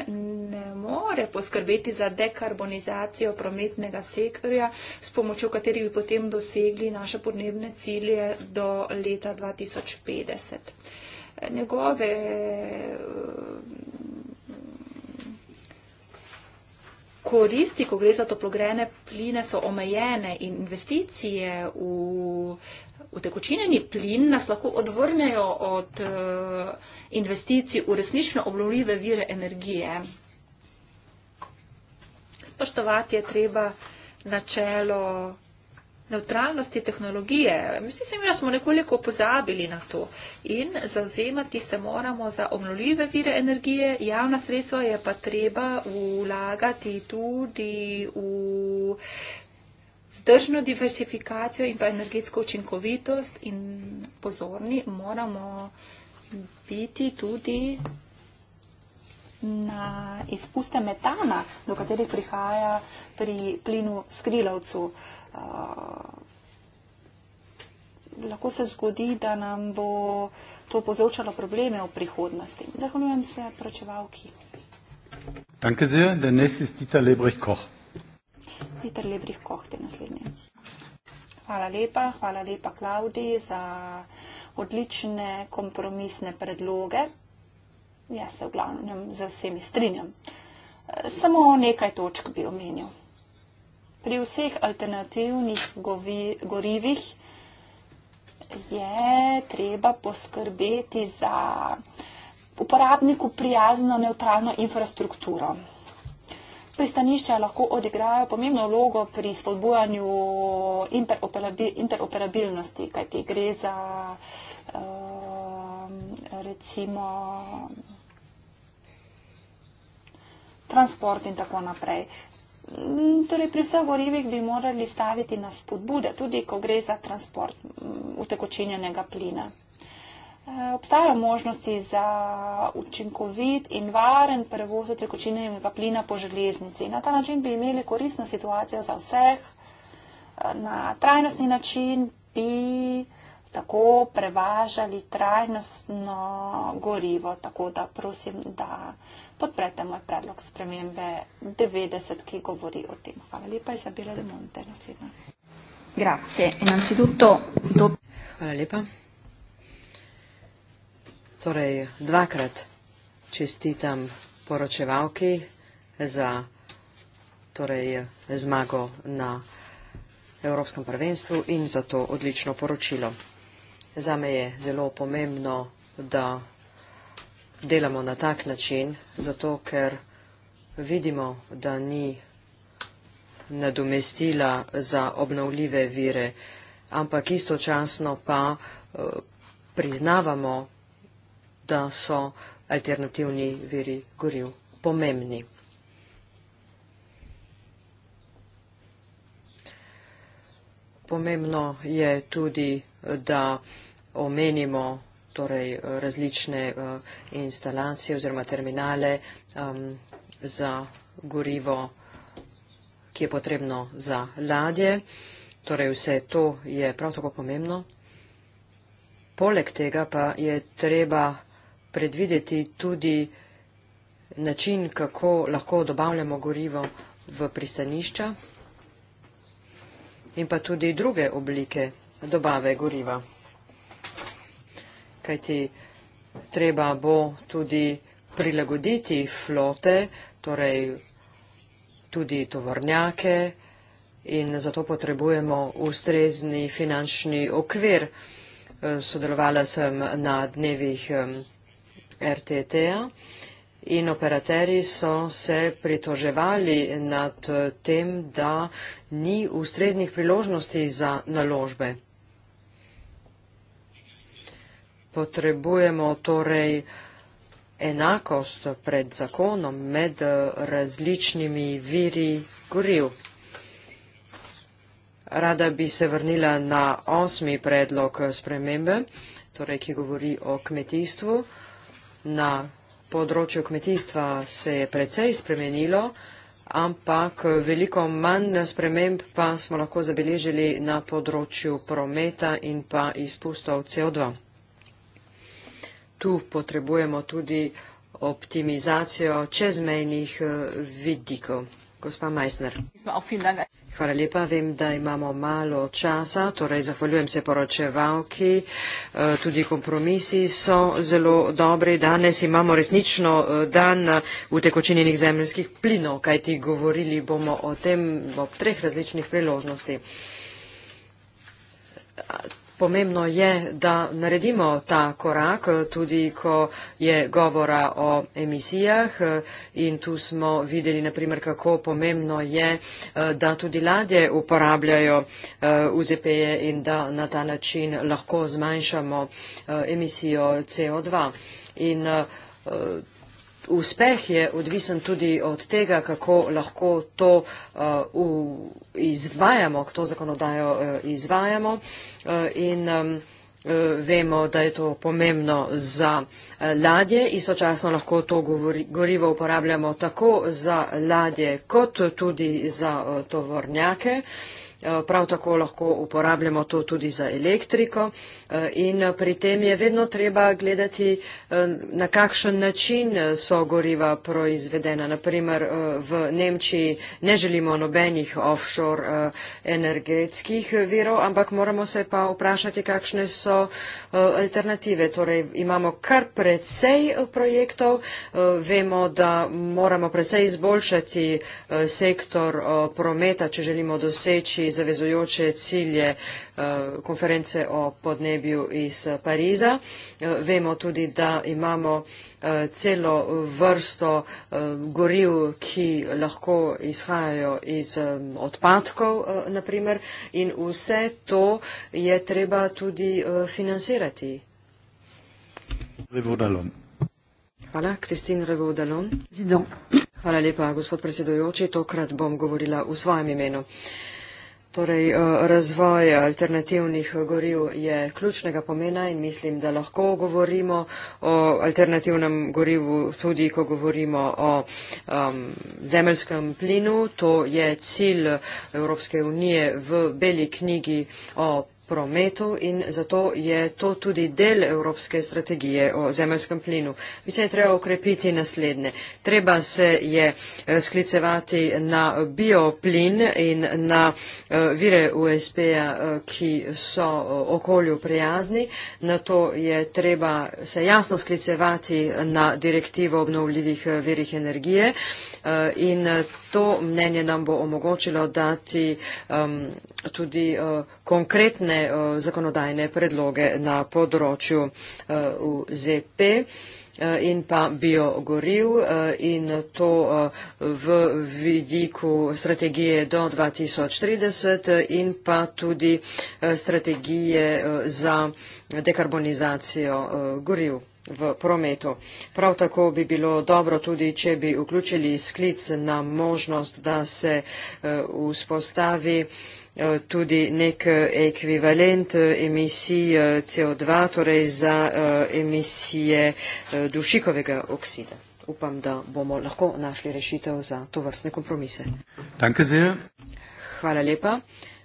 ne more poskrbeti za dekarbonizacijo prometnega sektorja, s pomočjo katerih bi potem dosegli naše podnebne cilje do leta 2050. Njegove koristi, ko gre za toplogrene pline, so omejene in investicije v utekočinjeni plin nas lahko odvrnejo od eh, investicij v resnično obnovljive vire energije. Spoštovati je treba načelo neutralnosti tehnologije. Vsi se mi, da smo nekoliko pozabili na to. In zauzemati se moramo za obnovljive vire energije, javna sredstva je pa treba vlagati tudi v zdržno diversifikacijo in pa energetsko učinkovitost in pozorni, moramo biti tudi na izpuste metana, do katerih prihaja pri plinu skrilavcu. Uh, lahko se zgodi, da nam bo to povzročalo probleme v prihodnosti. Zahvaljujem se pročevalki. Danke sehr, der nächste ist Dieter Lebrecht-Koch. Peter Lebrih Koh, te naslednje. Hvala lepa, hvala lepa Klaudi za odlične kompromisne predloge. Jaz se v glavnem z vsemi strinjam. Samo nekaj točk bi omenil. Pri vseh alternativnih govi, gorivih je treba poskrbeti za uporabniku prijazno neutralno infrastrukturo pristanišča lahko odigrajo pomembno vlogo pri spodbujanju interoperabilnosti, kajti gre za ehm, recimo transport in tako naprej. Mm, torej, pri vseh gorivih bi morali staviti na spodbude, tudi ko gre za transport utekočinjenega mm, plina. Eh, obstajajo možnosti za učinkovit in varen prevoz tekočinjenega plina po železnici. Na ta način bi imeli koristna situacija za vseh. Eh, na trajnostni način bi tako prevažali trajnostno gorivo. Tako da prosim, da podprete moj predlog spremembe 90, ki govori o tem. Hvala lepa, Izabela de Monte. Naslednja. Grazie. Innanzitutto, do... Hvala lepa. Torej, dvakrat čestitam poročevalki za torej, zmago na Evropskem prvenstvu in za to odlično poročilo. Zame je zelo pomembno, da delamo na tak način, zato ker vidimo, da ni nadomestila za obnovljive vire, ampak istočasno pa eh, priznavamo, da so alternativni veri goriv pomembni. Pomembno je tudi, da omenimo torej, različne eh, instalacije oziroma terminale um, za gorivo, ki je potrebno za ladje. Torej, vse to je prav tako pomembno. Poleg tega pa je treba predvideti tudi način, kako lahko dobavljamo gorivo v pristanišča in pa tudi druge oblike dobave goriva. Kajti treba bo tudi prilagoditi flote, torej tudi tovornjake in zato potrebujemo ustrezni finančni okvir. Sodelovala sem na dnevih RTT-a -ja. in operaterji so se pritoževali nad tem, da ni ustreznih priložnosti za naložbe. Potrebujemo torej enakost pred zakonom med različnimi viri goriv. Rada bi se vrnila na osmi predlog spremembe, torej ki govori o kmetijstvu na področju kmetijstva se je precej spremenilo, ampak veliko manj sprememb pa smo lahko zabeležili na področju prometa in pa izpustov CO2. Tu potrebujemo tudi optimizacijo čezmejnih eh, vidikov. Gospa Meissner. Hvala lepa. Vem, da imamo malo časa, torej zahvaljujem se poročevalki. Eh, tudi kompromisi so zelo dobri. Danes imamo resnično eh, dan utekočinjenih eh, zemljskih plinov, kajti govorili bomo o tem ob treh različnih priložnosti. Pomembno je, da naredimo ta korak, tudi ko je govora o emisijah in tu smo videli, naprimer, kako pomembno je, eh, da tudi ladje uporabljajo eh, UZP-je in da na ta način lahko zmanjšamo eh, emisijo CO2. In, uspeh je odvisen tudi od tega, kako lahko to uh, v, izvajamo, kako to zakonodajo uh, izvajamo. Uh, in, um, uh, Vemo, da je to pomembno za uh, ladje, istočasno lahko to gorivo uporabljamo tako za ladje kot tudi za uh, tovornjake. Uh, Eh, prav tako lahko uporabljamo to tudi za elektriko eh, in pri tem je vedno treba gledati, eh, na kakšen način so goriva proizvedena. Naprimer, v Nemčiji ne želimo nobenih offshore energetskih virov, ampak moramo se pa vprašati, kakšne so alternative. Torej, imamo kar precej projektov, vemo, da moramo precej izboljšati sektor prometa, če želimo doseči zavezujoče cilje eh, konference o podnebju iz Pariza. Eh, vemo tudi, da imamo eh, celo vrsto goriv, ki lahko izhajajo iz odpadkov, naprimer, in vse to je treba tudi financirati. Hvala, Kristin Revodalon. Hvala lepa, gospod predsedujoči, tokrat bom govorila v svojem imenu. Torej, eh, razvoj alternativnih goriv je ključnega pomena in mislim, da lahko govorimo o alternativnem gorivu tudi, ko govorimo o um, zemeljskem plinu. To je cilj Evropske unije v beli knjigi o prometu in zato je to tudi del evropske strategije o zemljskem plinu. Mislim, da je treba ukrepiti naslednje. Treba se je eh, sklicevati na bioplin in na eh, vire USP-ja, eh, ki so okolju prijazni. Na to je treba se jasno sklicevati na direktivo obnovljivih virih energije in to mnenje nam bo omogočilo dati ehm, tudi konkretne Eh, zakonodajne predloge na področju eh, ZP eh, in pa biogoriv in to v vidiku strategije do 2030 in pa tudi strategije za dekarbonizacijo goriv v prometu. Prav tako bi bilo dobro tudi, če bi vključili sklic na možnost, da se vzpostavi uh, Eh, tudi nek eh, ekvivalent eh, emisij CO2, torej za emisije dušikovega oksida. Upam, da bomo lahko našli rešitev za to vrstne kompromise. Hvala lepa.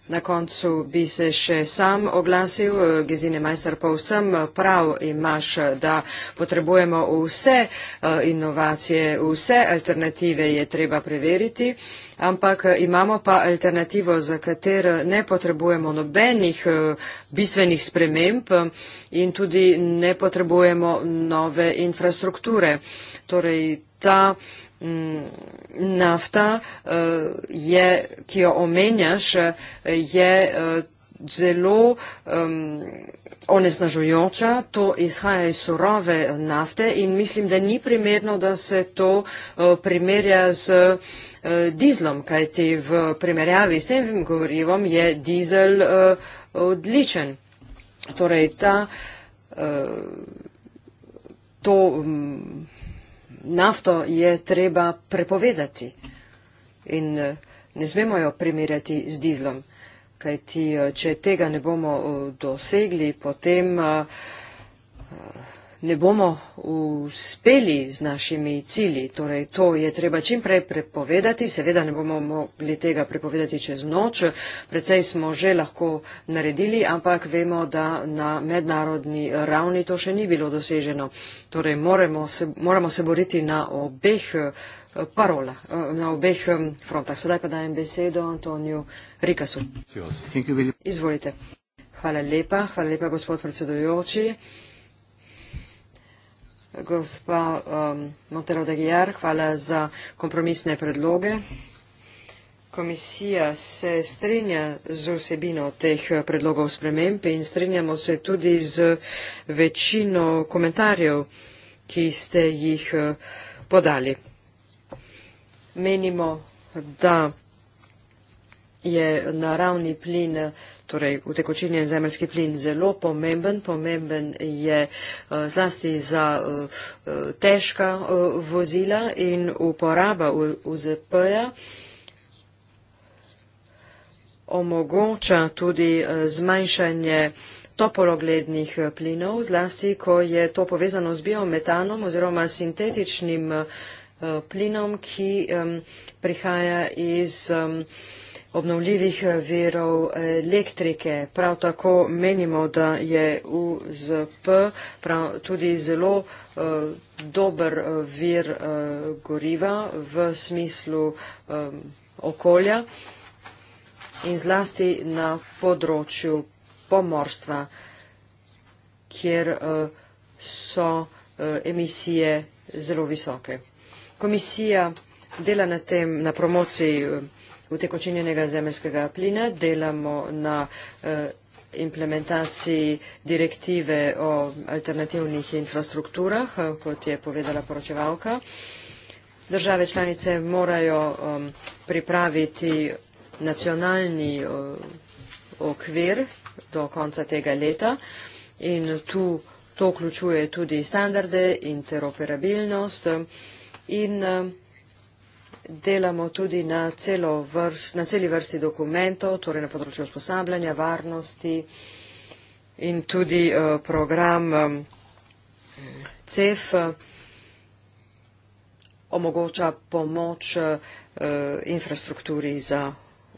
Na koncu bi se še sam oglasil, Gezine Majster, pa vsem prav imaš, da potrebujemo vse inovacije, vse alternative je treba preveriti ampak eh, imamo pa alternativo, za katero ne potrebujemo nobenih eh, bistvenih sprememb eh, in tudi ne potrebujemo nove infrastrukture. Torej, ta mm, nafta, je, ki jo omenjaš, je zelo um, onesnažujoča, to izhaja iz surove nafte in mislim, da ni primerno, da se to uh, primerja z uh, dizlom, kajti v primerjavi s tem govorivom je dizel uh, odličen. Torej, ta, uh, to um, nafto je treba prepovedati in uh, ne smemo jo primerjati z dizlom kajti eh, če tega ne bomo eh, dosegli, potem eh, ne bomo uspeli z našimi cilji. Torej, to je treba čimprej prepovedati. Seveda ne bomo mogli tega prepovedati čez noč. Predvsej smo že lahko naredili, ampak vemo, da na mednarodni ravni to še ni bilo doseženo. Torej, moramo se, moramo se boriti na obeh eh, parola, eh, na obeh eh, frontah. Sedaj pa dajem besedo Antoniju Rikasu. Izvolite. Hvala lepa, hvala lepa gospod predsedujoči. Gospa um, Montero de Guiar, hvala za kompromisne predloge. Komisija se strinja z vsebino teh eh, predlogov sprememb in strinjamo se tudi z večino komentarjev, ki ste jih eh, podali. Menimo, da je naravni plin torej utekočinjen zemljski plin zelo pomemben. Pomemben je eh, zlasti za eh, eh, težka vozila in uporaba UZP-ja omogoča tudi zmanjšanje topolognih plinov, zlasti ko je to povezano z biometanom oziroma sintetičnim plinom, ki prihaja iz obnovljivih eh, verov eh, elektrike. Prav tako menimo, da je UZP prav tudi zelo eh, dober vir goriva v smislu okolja in zlasti na področju pomorstva, kjer so emisije zelo visoke. Komisija dela na tem, na promociji utekočinjenega zemljskega plina, delamo na eh, implementaciji direktive o alternativnih infrastrukturah, eh, kot je povedala poročevalka. Države članice morajo pripraviti nacionalni eh, okvir do konca tega leta in tu to vključuje tudi standarde, interoperabilnost in, teroperabilnost in delamo tudi na, celo vrst, na celi vrsti dokumentov, torej na področju usposabljanja, varnosti in tudi uh, program um, CEF uh, omogoča pomoč uh, infrastrukturi za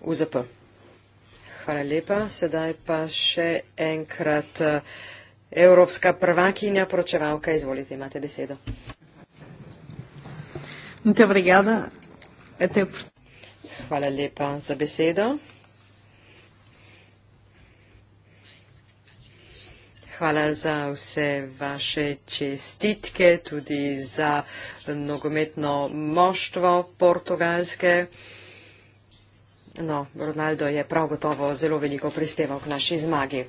UZP. Hvala lepa. Sedaj pa še enkrat uh, Evropska prvakinja, pročevalka, izvolite, imate besedo. Muito obrigada. Hvala lepa za besedo. Hvala za vse vaše čestitke, tudi za nogometno moštvo portugalske. No, Ronaldo je prav gotovo zelo veliko prispeval k naši zmagi.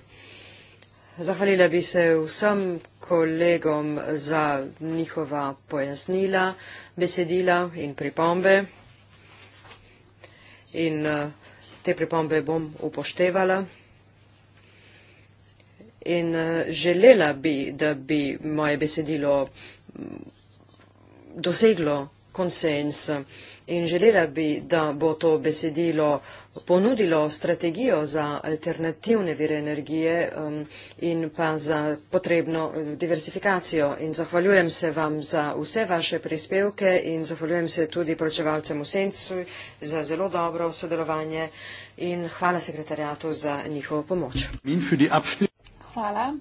Zahvalila bi se vsem kolegom za njihova pojasnila, besedila in pripombe in eh, te pripombe bom upoštevala. In eh, želela bi, da bi moje besedilo mm, doseglo konsens in želela bi, da bo to besedilo ponudilo strategijo za alternativne vire energije um, in pa za potrebno eh, diversifikacijo. In zahvaljujem se vam za vse vaše prispevke in zahvaljujem se tudi pročevalcem v Sencu za zelo dobro sodelovanje in hvala sekretarjatu za njihovo pomoč. Hvala.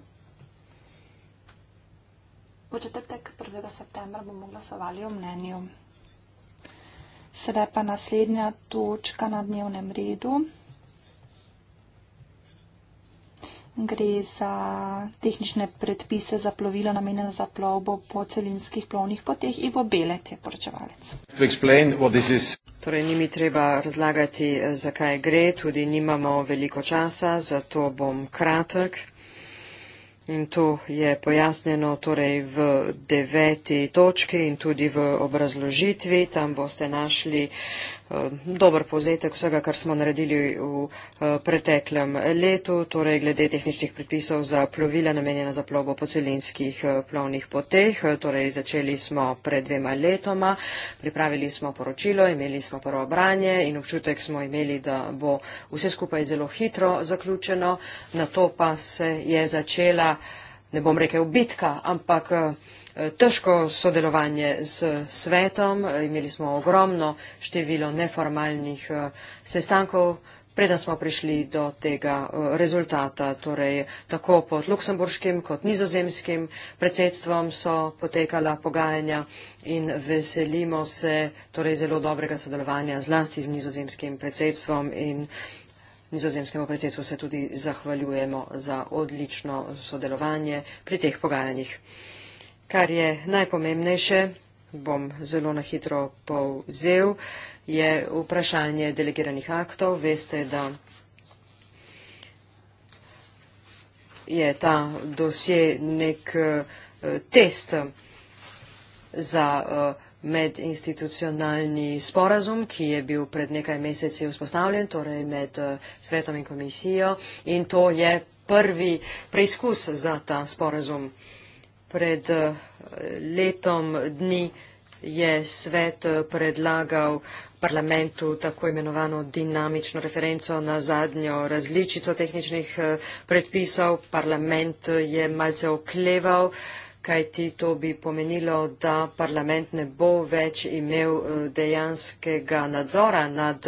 V četrtek 1. septembra bomo glasovali o mnenju. Sedaj pa naslednja točka na dnevnem redu. Gre za tehnične predpise za plovila namenjena za plovbo po celinskih plovnih poteh in v bele te poročevalec. Torej, ni mi treba razlagati, eh, zakaj gre, tudi nimamo veliko časa, zato bom kratek. In to je pojasnjeno torej v deveti točki in tudi v obrazložitvi. Tam boste našli uh, Eh, dober povzetek vsega, kar smo naredili v eh, preteklem letu, torej glede tehničnih predpisov za plovila namenjena za plovbo po celinskih eh, plovnih poteh. Torej začeli smo pred dvema letoma, pripravili smo poročilo, imeli smo prvo branje in občutek smo imeli, da bo vse skupaj zelo hitro zaključeno. Na to pa se je začela, ne bom rekel bitka, ampak Eh, težko sodelovanje z svetom, imeli smo ogromno število neformalnih eh, sestankov, preden smo prišli do tega eh, rezultata. Torej, tako pod luksemburškim kot nizozemskim predsedstvom so potekala pogajanja in veselimo se torej, zelo dobrega sodelovanja zlasti z nizozemskim predsedstvom in nizozemskemu predsedstvu se tudi zahvaljujemo za odlično sodelovanje pri teh pogajanjih. Kar je najpomembnejše, bom zelo na hitro povzel, je vprašanje delegiranih aktov. Veste, da je ta dosje nek eh, test za eh, medinstitucionalni sporazum, ki je bil pred nekaj meseci vzpostavljen, torej med eh, svetom in komisijo. In to je prvi preizkus za ta sporazum pred eh, letom dni je svet eh, predlagal parlamentu tako imenovano dinamično referenco na zadnjo različico tehničnih eh, predpisov. Parlament je malce okleval, kajti to bi pomenilo, da parlament ne bo več imel dejanskega nadzora nad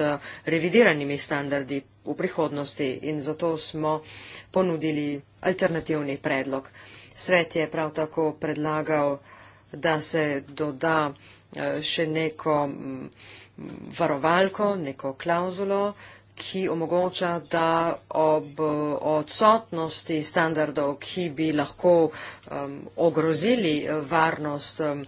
revidiranimi standardi v prihodnosti in zato smo ponudili alternativni predlog. Svet je prav tako predlagal, da se doda eh, še neko mm, varovalko, neko klauzulo, ki omogoča, da ob eh, odsotnosti standardov, ki bi lahko um, ogrozili eh, varnost um,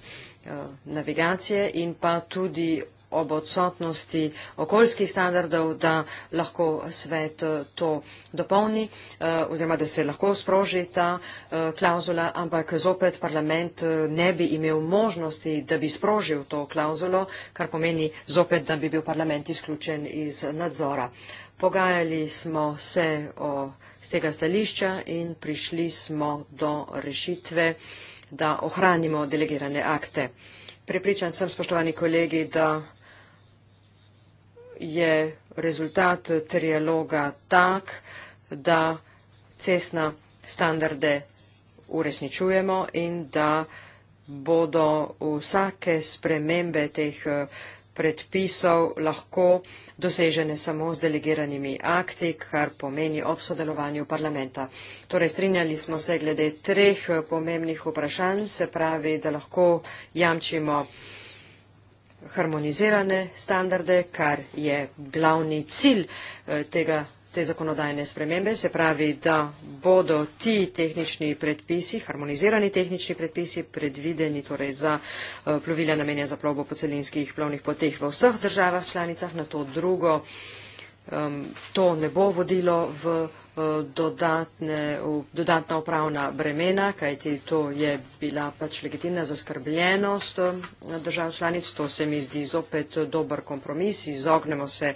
navigacije in pa tudi ob odsotnosti okoljskih standardov, da lahko svet eh, to dopolni eh, oziroma da se lahko sproži ta eh, klauzula, ampak zopet parlament ne bi imel možnosti, da bi sprožil to klauzulo, kar pomeni zopet, da bi bil parlament izključen iz nadzora. Pogajali smo se o, z tega stališča in prišli smo do rešitve, da ohranimo delegirane akte. Pripričan sem, spoštovani kolegi, da je rezultat trialoga tak, da cesna standarde uresničujemo in da bodo vsake spremembe teh eh, predpisov lahko dosežene samo z delegiranimi akti, kar pomeni ob sodelovanju parlamenta. Torej, strinjali smo se glede treh eh, pomembnih vprašanj, se pravi, da lahko jamčimo harmonizirane standarde, kar je glavni cilj eh, tega, te zakonodajne spremembe, se pravi, da bodo ti tehnični predpisi, harmonizirani tehnični predpisi, predvideni torej za eh, plovila namenja za plovbo po celinskih plovnih poteh v vseh državah članicah, na to drugo, to ne bo vodilo v Eh, dodatne, dodatna upravna bremena, kajti to je bila pač legitimna zaskrbljenost eh, držav članic. To se mi zdi zopet dober kompromis, izognemo se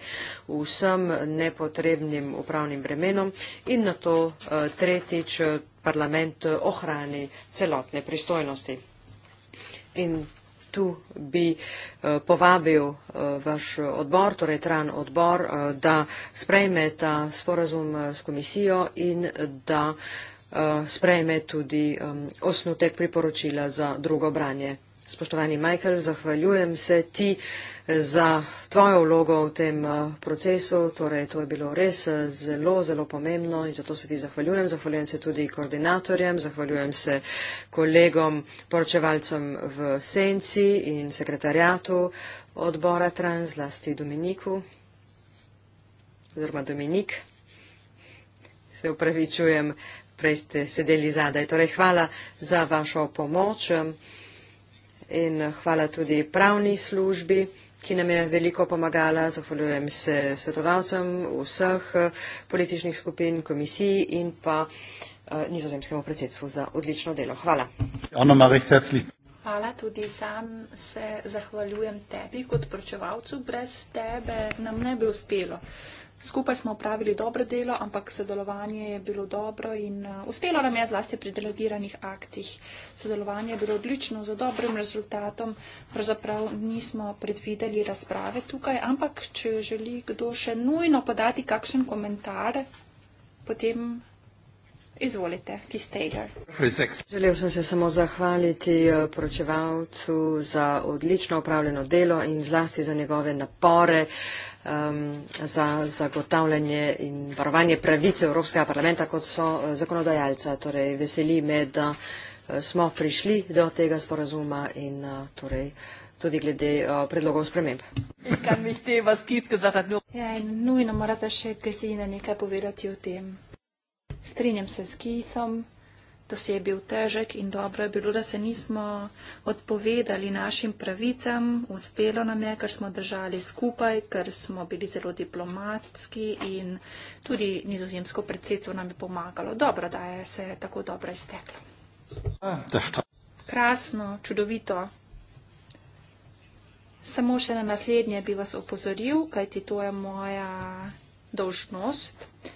vsem nepotrebnim upravnim bremenom in na to eh, tretjič parlament ohrani celotne pristojnosti. In tu bi eh, povabil eh, vaš odbor, torej Tran odbor, eh, da sprejme ta sporazum s komisijo in da sprejme tudi osnutek priporočila za drugo branje. Spoštovani Michael, zahvaljujem se ti eh, za tvojo vlogo v tem eh, procesu. Torej, to je bilo res eh, zelo, zelo pomembno in zato se ti zahvaljujem. Zahvaljujem se tudi koordinatorjem, zahvaljujem se kolegom poročevalcem v Senci in sekretarjatu odbora Trans, zlasti Dominiku. Oziroma Dominik, se upravičujem, prej ste sedeli zadaj. Torej, hvala za vašo pomoč in hvala tudi pravni službi ki nam je veliko pomagala. Zahvaljujem se svetovalcem vseh eh, političnih skupin, komisiji in pa eh, nizozemskemu predsedstvu za odlično delo. Hvala. Hvala tudi sam se zahvaljujem tebi kot pročevalcu. Brez tebe nam ne bi uspelo. Skupaj smo upravili dobro delo, ampak sodelovanje je bilo dobro in eh, uspelo nam je zlasti pri delegiranih aktih. Sodelovanje je bilo odlično, z dobrim rezultatom. Pravzaprav nismo predvideli razprave tukaj, ampak če želi kdo še nujno podati kakšen komentar, potem. Izvolite, ki ste ga. Želel sem se samo zahvaliti eh, poročevalcu za odlično upravljeno delo in zlasti za njegove napore. Uh, um, za zagotavljanje in varovanje pravice Evropskega parlamenta kot so uh, zakonodajalca. Torej, veseli me, da uh, smo prišli do tega sporazuma in uh, torej, tudi glede uh, predlogov sprememb. Ja, nujno morate še kaj si na nekaj povedati o tem. Strinjam se s Keithom da se je bil težek in dobro je bilo, da se nismo odpovedali našim pravicam. Uspelo nam je, ker smo držali skupaj, ker smo bili zelo diplomatski in tudi nizozemsko predsedstvo nam je pomagalo. Dobro, da je se tako dobro izteklo. Krasno, čudovito. Samo še na naslednje bi vas opozoril, kajti to je moja dolžnost. Uh,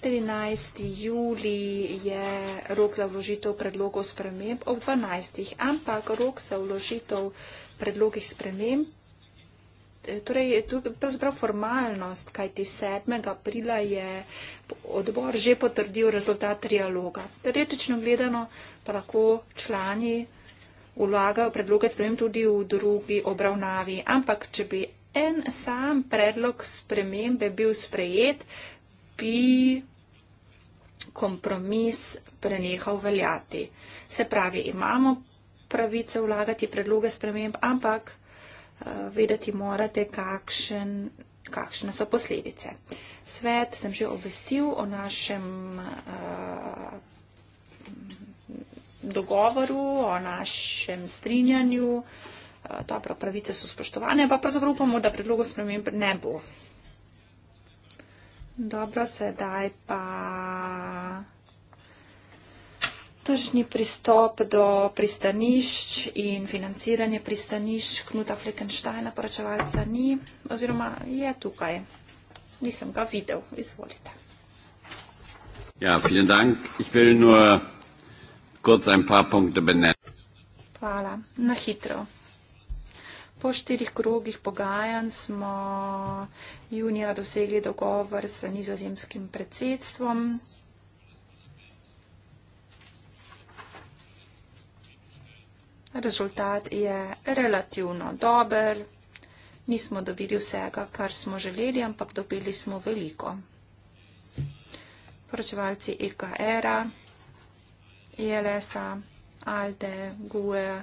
14. juli je rok za vložitev predlogov sprememb ob 12. ampak rok za vložitev predlogih sprememb. Eh, torej, je tu pravzaprav formalnost, kaj ti 7. aprila je odbor že potrdil rezultat trialoga. Teoretično gledano pa lahko člani vlagajo predloge sprememb tudi v drugi obravnavi, ampak če bi en sam predlog spremembe bil sprejet, bi kompromis prenehal veljati. Se pravi, imamo pravice vlagati predloge sprememb, ampak eh, vedeti morate, kakšen, kakšne so posledice. Svet sem že obvestil o našem eh, dogovoru, o našem strinjanju. Eh, dobro, pravice so spoštovane, pa pravzaprav upamo, da predlogov sprememb ne bo. Dobro, sedaj pa tržni pristop do pristanišč in financiranje pristanišč Knuta Fleckensteina, poračevalca ni, oziroma je tukaj. Nisem ga videl. Izvolite. Ja, vielen Dank. Ich will nur kurz ein paar Punkte benennen. Hvala. Na hitro. Po štirih krogih pogajanj smo junija dosegli dogovor z nizozemskim predsedstvom. Rezultat je relativno dober. Nismo dobili vsega, kar smo želeli, ampak dobili smo veliko. Poročevalci EKR-a, ILS-a, e ALDE, GUE-a.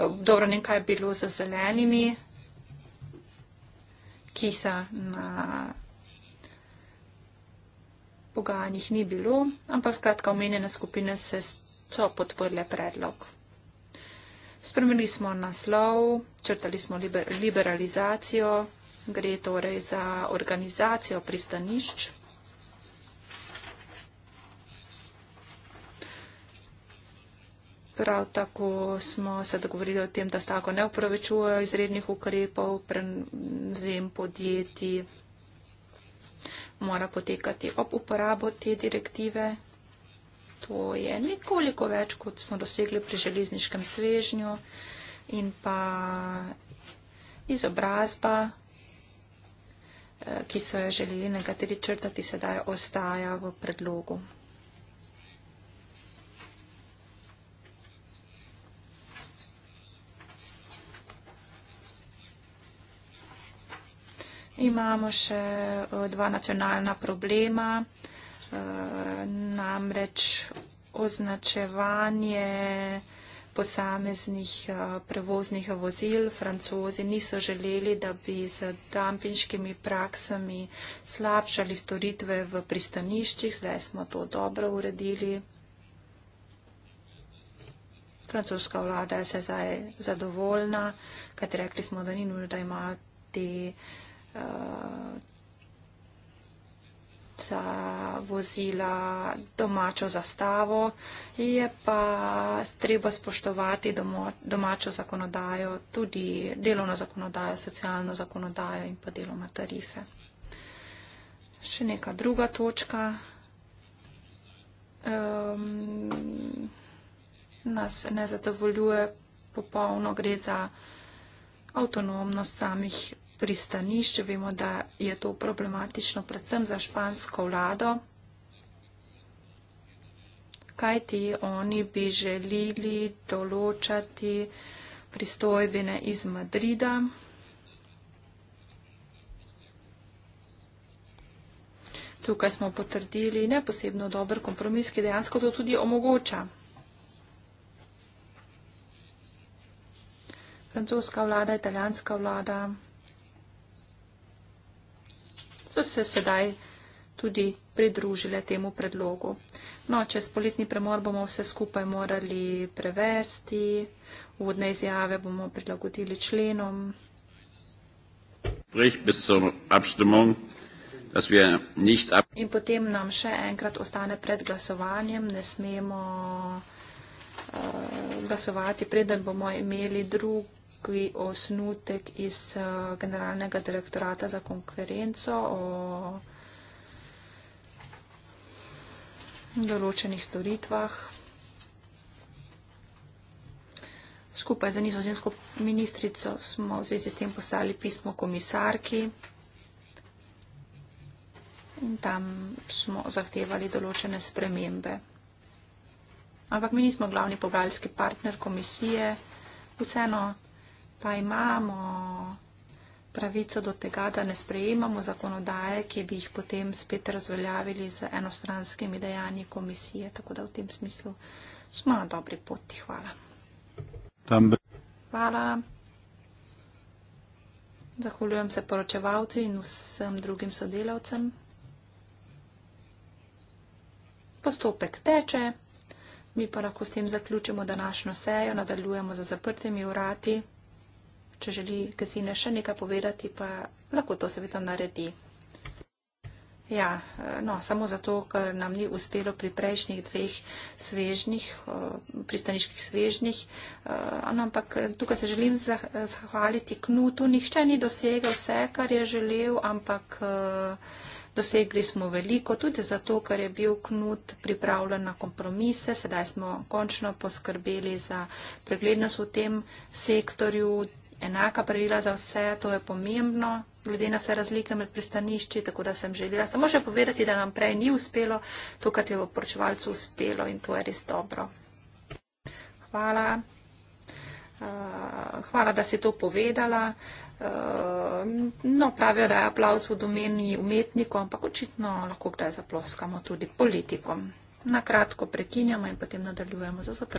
dobro, nekaj je bilo za zelenimi, ki se na pogajanjih ni bilo, ampak skratka omenjene skupine se so podprle predlog. Spremenili smo naslov, črtali smo liber, liberalizacijo, gre torej za organizacijo pristanišč. Prav tako smo se dogovorili o tem, da stavko ne upravičujejo izrednih ukrepov, prevzem podjetij mora potekati ob uporabo te direktive. To je nekoliko več, kot smo dosegli pri železniškem svežnju in pa izobrazba, eh, ki so jo želeli nekateri črtati, sedaj ostaja v predlogu. imamo še eh, dva nacionalna problema, eh, namreč označevanje posameznih eh, prevoznih vozil. Francozi niso želeli, da bi z dampinškimi praksami slabšali storitve v pristaniščih. Zdaj smo to dobro uredili. Francoska vlada je se zdaj zadovoljna, kajti rekli smo, da ni nujno, da ima te uh, ta eh, vozila domačo zastavo, je pa treba spoštovati domo, domačo zakonodajo, tudi delovno zakonodajo, socialno zakonodajo in pa deloma tarife. Še neka druga točka. Um, nas ne zadovoljuje popolno, gre za avtonomnost samih pristanišč. Vemo, da je to problematično predvsem za špansko vlado, kajti oni bi želeli določati pristojbine iz Madrida. Tukaj smo potrdili neposebno dober kompromis, ki dejansko to tudi omogoča. Francoska vlada, italijanska vlada so se sedaj tudi pridružile temu predlogu. No, čez poletni premor bomo vse skupaj morali prevesti, uvodne izjave bomo prilagodili členom. In potem nam še enkrat ostane pred glasovanjem, ne smemo uh, glasovati, preden bomo imeli drug. Moskvi osnutek iz uh, generalnega direktorata za konkurenco o določenih storitvah. Skupaj za nizozemsko ministrico smo v zvezi s tem poslali pismo komisarki in tam smo zahtevali določene spremembe. Ampak mi nismo glavni pogajalski partner komisije, vseeno pa imamo pravico do tega, da ne sprejemamo zakonodaje, ki bi jih potem spet razveljavili z enostranskimi dejanji komisije. Tako da v tem smislu smo na dobri poti. Hvala. Hvala. Zahvaljujem se poročevalcu in vsem drugim sodelavcem. Postopek teče. Mi pa lahko s tem zaključimo današnjo sejo, nadaljujemo za zaprtimi urati. Če želi Kazine še nekaj povedati, pa lahko to seveda naredi. Ja, no, samo zato, ker nam ni uspelo pri prejšnjih dveh svežnih, eh, pristaniških svežnih, eh, no, ampak eh, tukaj se želim zahvaliti Knutu. Nihče ni dosegel vse, kar je želel, ampak dosegli smo veliko, tudi zato, ker je bil Knut pripravljen na kompromise. Sedaj smo končno poskrbeli za preglednost v tem sektorju enaka pravila za vse, to je pomembno, glede na vse razlike med pristanišči, tako da sem želela samo še povedati, da nam prej ni uspelo, to, kar je v poročevalcu uspelo in to je res dobro. Hvala. Uh, hvala, da si to povedala. Eh, no, pravijo, da je aplauz v domeni umetnikov, ampak očitno lahko kdaj zaploskamo tudi politikom. Na kratko prekinjamo in potem nadaljujemo za zaprtje.